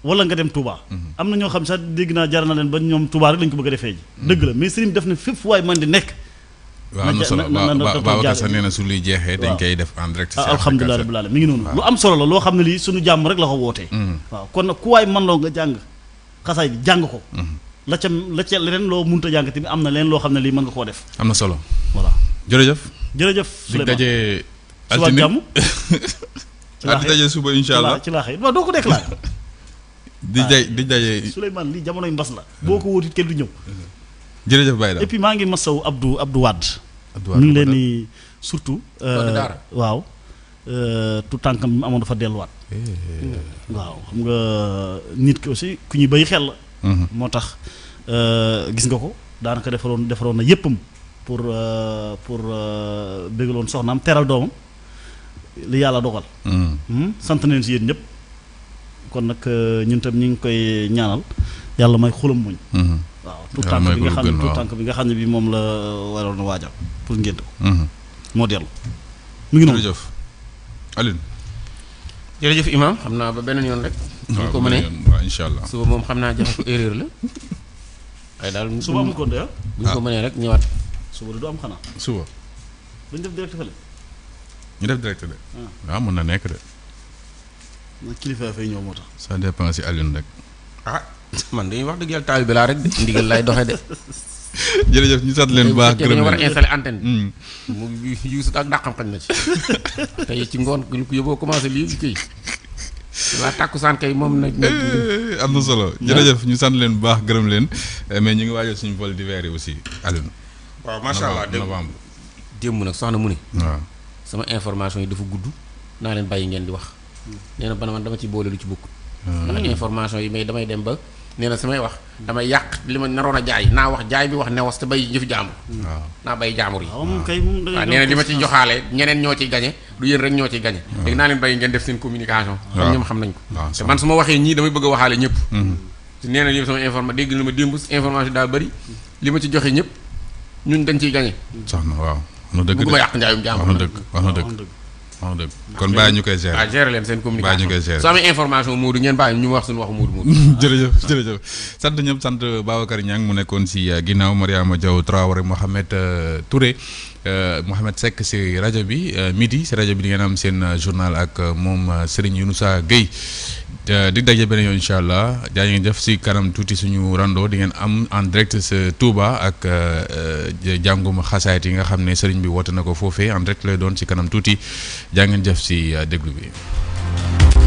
wala nga dem tubaa mhm. am na ñoo xam sax dégg naa jar na leen ba ñoom Touba rek lañ ko bëgg a defee ji. dëgg la mais sëriñ def na fépp waaye man di nekk. am na solo Babacar nee na su luy jeexee dañ koy def en direct. si ah, alhamdulilah rabbil alamin mi ngi noonu. am solo la loo xam ne lii suñu jàmm rek la ko wootee. Mm. waaw kon nag ku waay loo nga jàng xasaay bi jàng ko. Mm-hmm. la ca la ca leneen loo mënut a jàng tamit am na leen loo xam ne lii mën def. am na solo. voilà jërëjëf. jërëjëf di daje. altine suba jàmm. ci laa xëy altine suba incha allah ci laa xëy doo ko déclaré di jaay di jaay Souleymane lii jamonoy mbas la. boo ko wóotit kenn du ñëw. jërëjëf Baye maa ngi masawu Abdou Abdou Wade. Abdou Wade mu ngi leen di surtout. Euh, waaw. Euh, tout tànkam amoon dafa delluwaat. Eh. waaw xam nga nit ki aussi ku ñuy bay xel la. Mm-hmm. moo tax euh, gis nga ko daanaka defaroon defaroon na yéppam pour pour bégaloon soxnaam teral doomam li yàlla dogal. Mm. Hmm? sant nañ si yéen ñëpp. kon nag euh, ñun tam ñu ngi koy ñaanal yàlla may xulam muñ. Mhm. waaw tout tànk bi nga xam ne bi nga xam ne bi moom la waroon a waajal pour ngénte ko mhm. moo dellu mu ngi noonu jërëjëf Alioune xam naa ba beneen yoon rek ñu ko mënee suba moom xam naa jafe ko la waaye daal suba amul konte ah. bu ñu ko ah. mënee rek ñëwaat suba du am xanaa suba duñ def direct fële ñu def direct de waaw ah. mën na nekk de ndax fay ñëw moo tax. ça dépend si Alioune rek. ah man dañuy wax dëgg yàlla taal bi laa rek de ndigal lay doxee de. jërëjëf ñu sant leen bu baax gërëm war a installé antenne bi. Hmm. mu yuusut ak na ci. tey ci ngoon lu ko commencé lii kii. waa tàkkusaan kay moom nag. Eh, am na solo jërëjëf ñu sant leen bu baax gërëm leen eh, mais ñu ngi waajal suñu vol d'hiver yi aussi Alioune. waaw macha allah novembre démb nag soxna mu ne. waaw sama information yi dafa gudd naa leen bàyyi ngeen di wax. nee na bana man dama ci boole lu ci bukk man hmm. information yi mais damay dem ba nee na samay wax damay yàq li ma naroon a jaay naa wax jaay bi wax newas te bay jëf jaambur hmm. hmm. naa bay jaambur yi waaw nee na li ma ci joxaale ñeneen ñoo ciy gañe du yéen rek ñoo ciy gañe léegi naa leen bàyyi ngeen def seen communication xam ñoom ko ah, te man su ma waxee ñii damay bëgg waxaale ñëpp nee na li sama dégg na ma démb information daa bëri li ma ci joxe ñëpp ñun dañ ciy gañe sax na waaw na dëgg bëgguma yàq njaayum jaambur wax na dëgg wax na dëgg wax kon bàyyi ñu koy ah, gérer leen seen communication bàyyi ñu koy gérer su amee information Moodu ngeen bàyyi ñu wax suñu waxu Moodu Moodu jërëjëf jërëjëf sant ñëpp sant Babacar Niang mu nekkoon si euh, ginnaaw Mariama Diaw Traoré Mohamed euh, Touré euh, Mohamed sekk si rajo bi midi si rajo bi di ngeen am seen journal ak moom Serigne saa Guèye Euh, dig daje beneen yoon incha allah jaa ngeen def si kanam tuuti suñu rando di ngeen am en direct sa Touba ak euh, euh, jàngum xasaayit yi nga xam ne sëriñ bi woote na ko foofe en direct lay doon si kanam tuuti jaa ngeen jëf si déglu bi.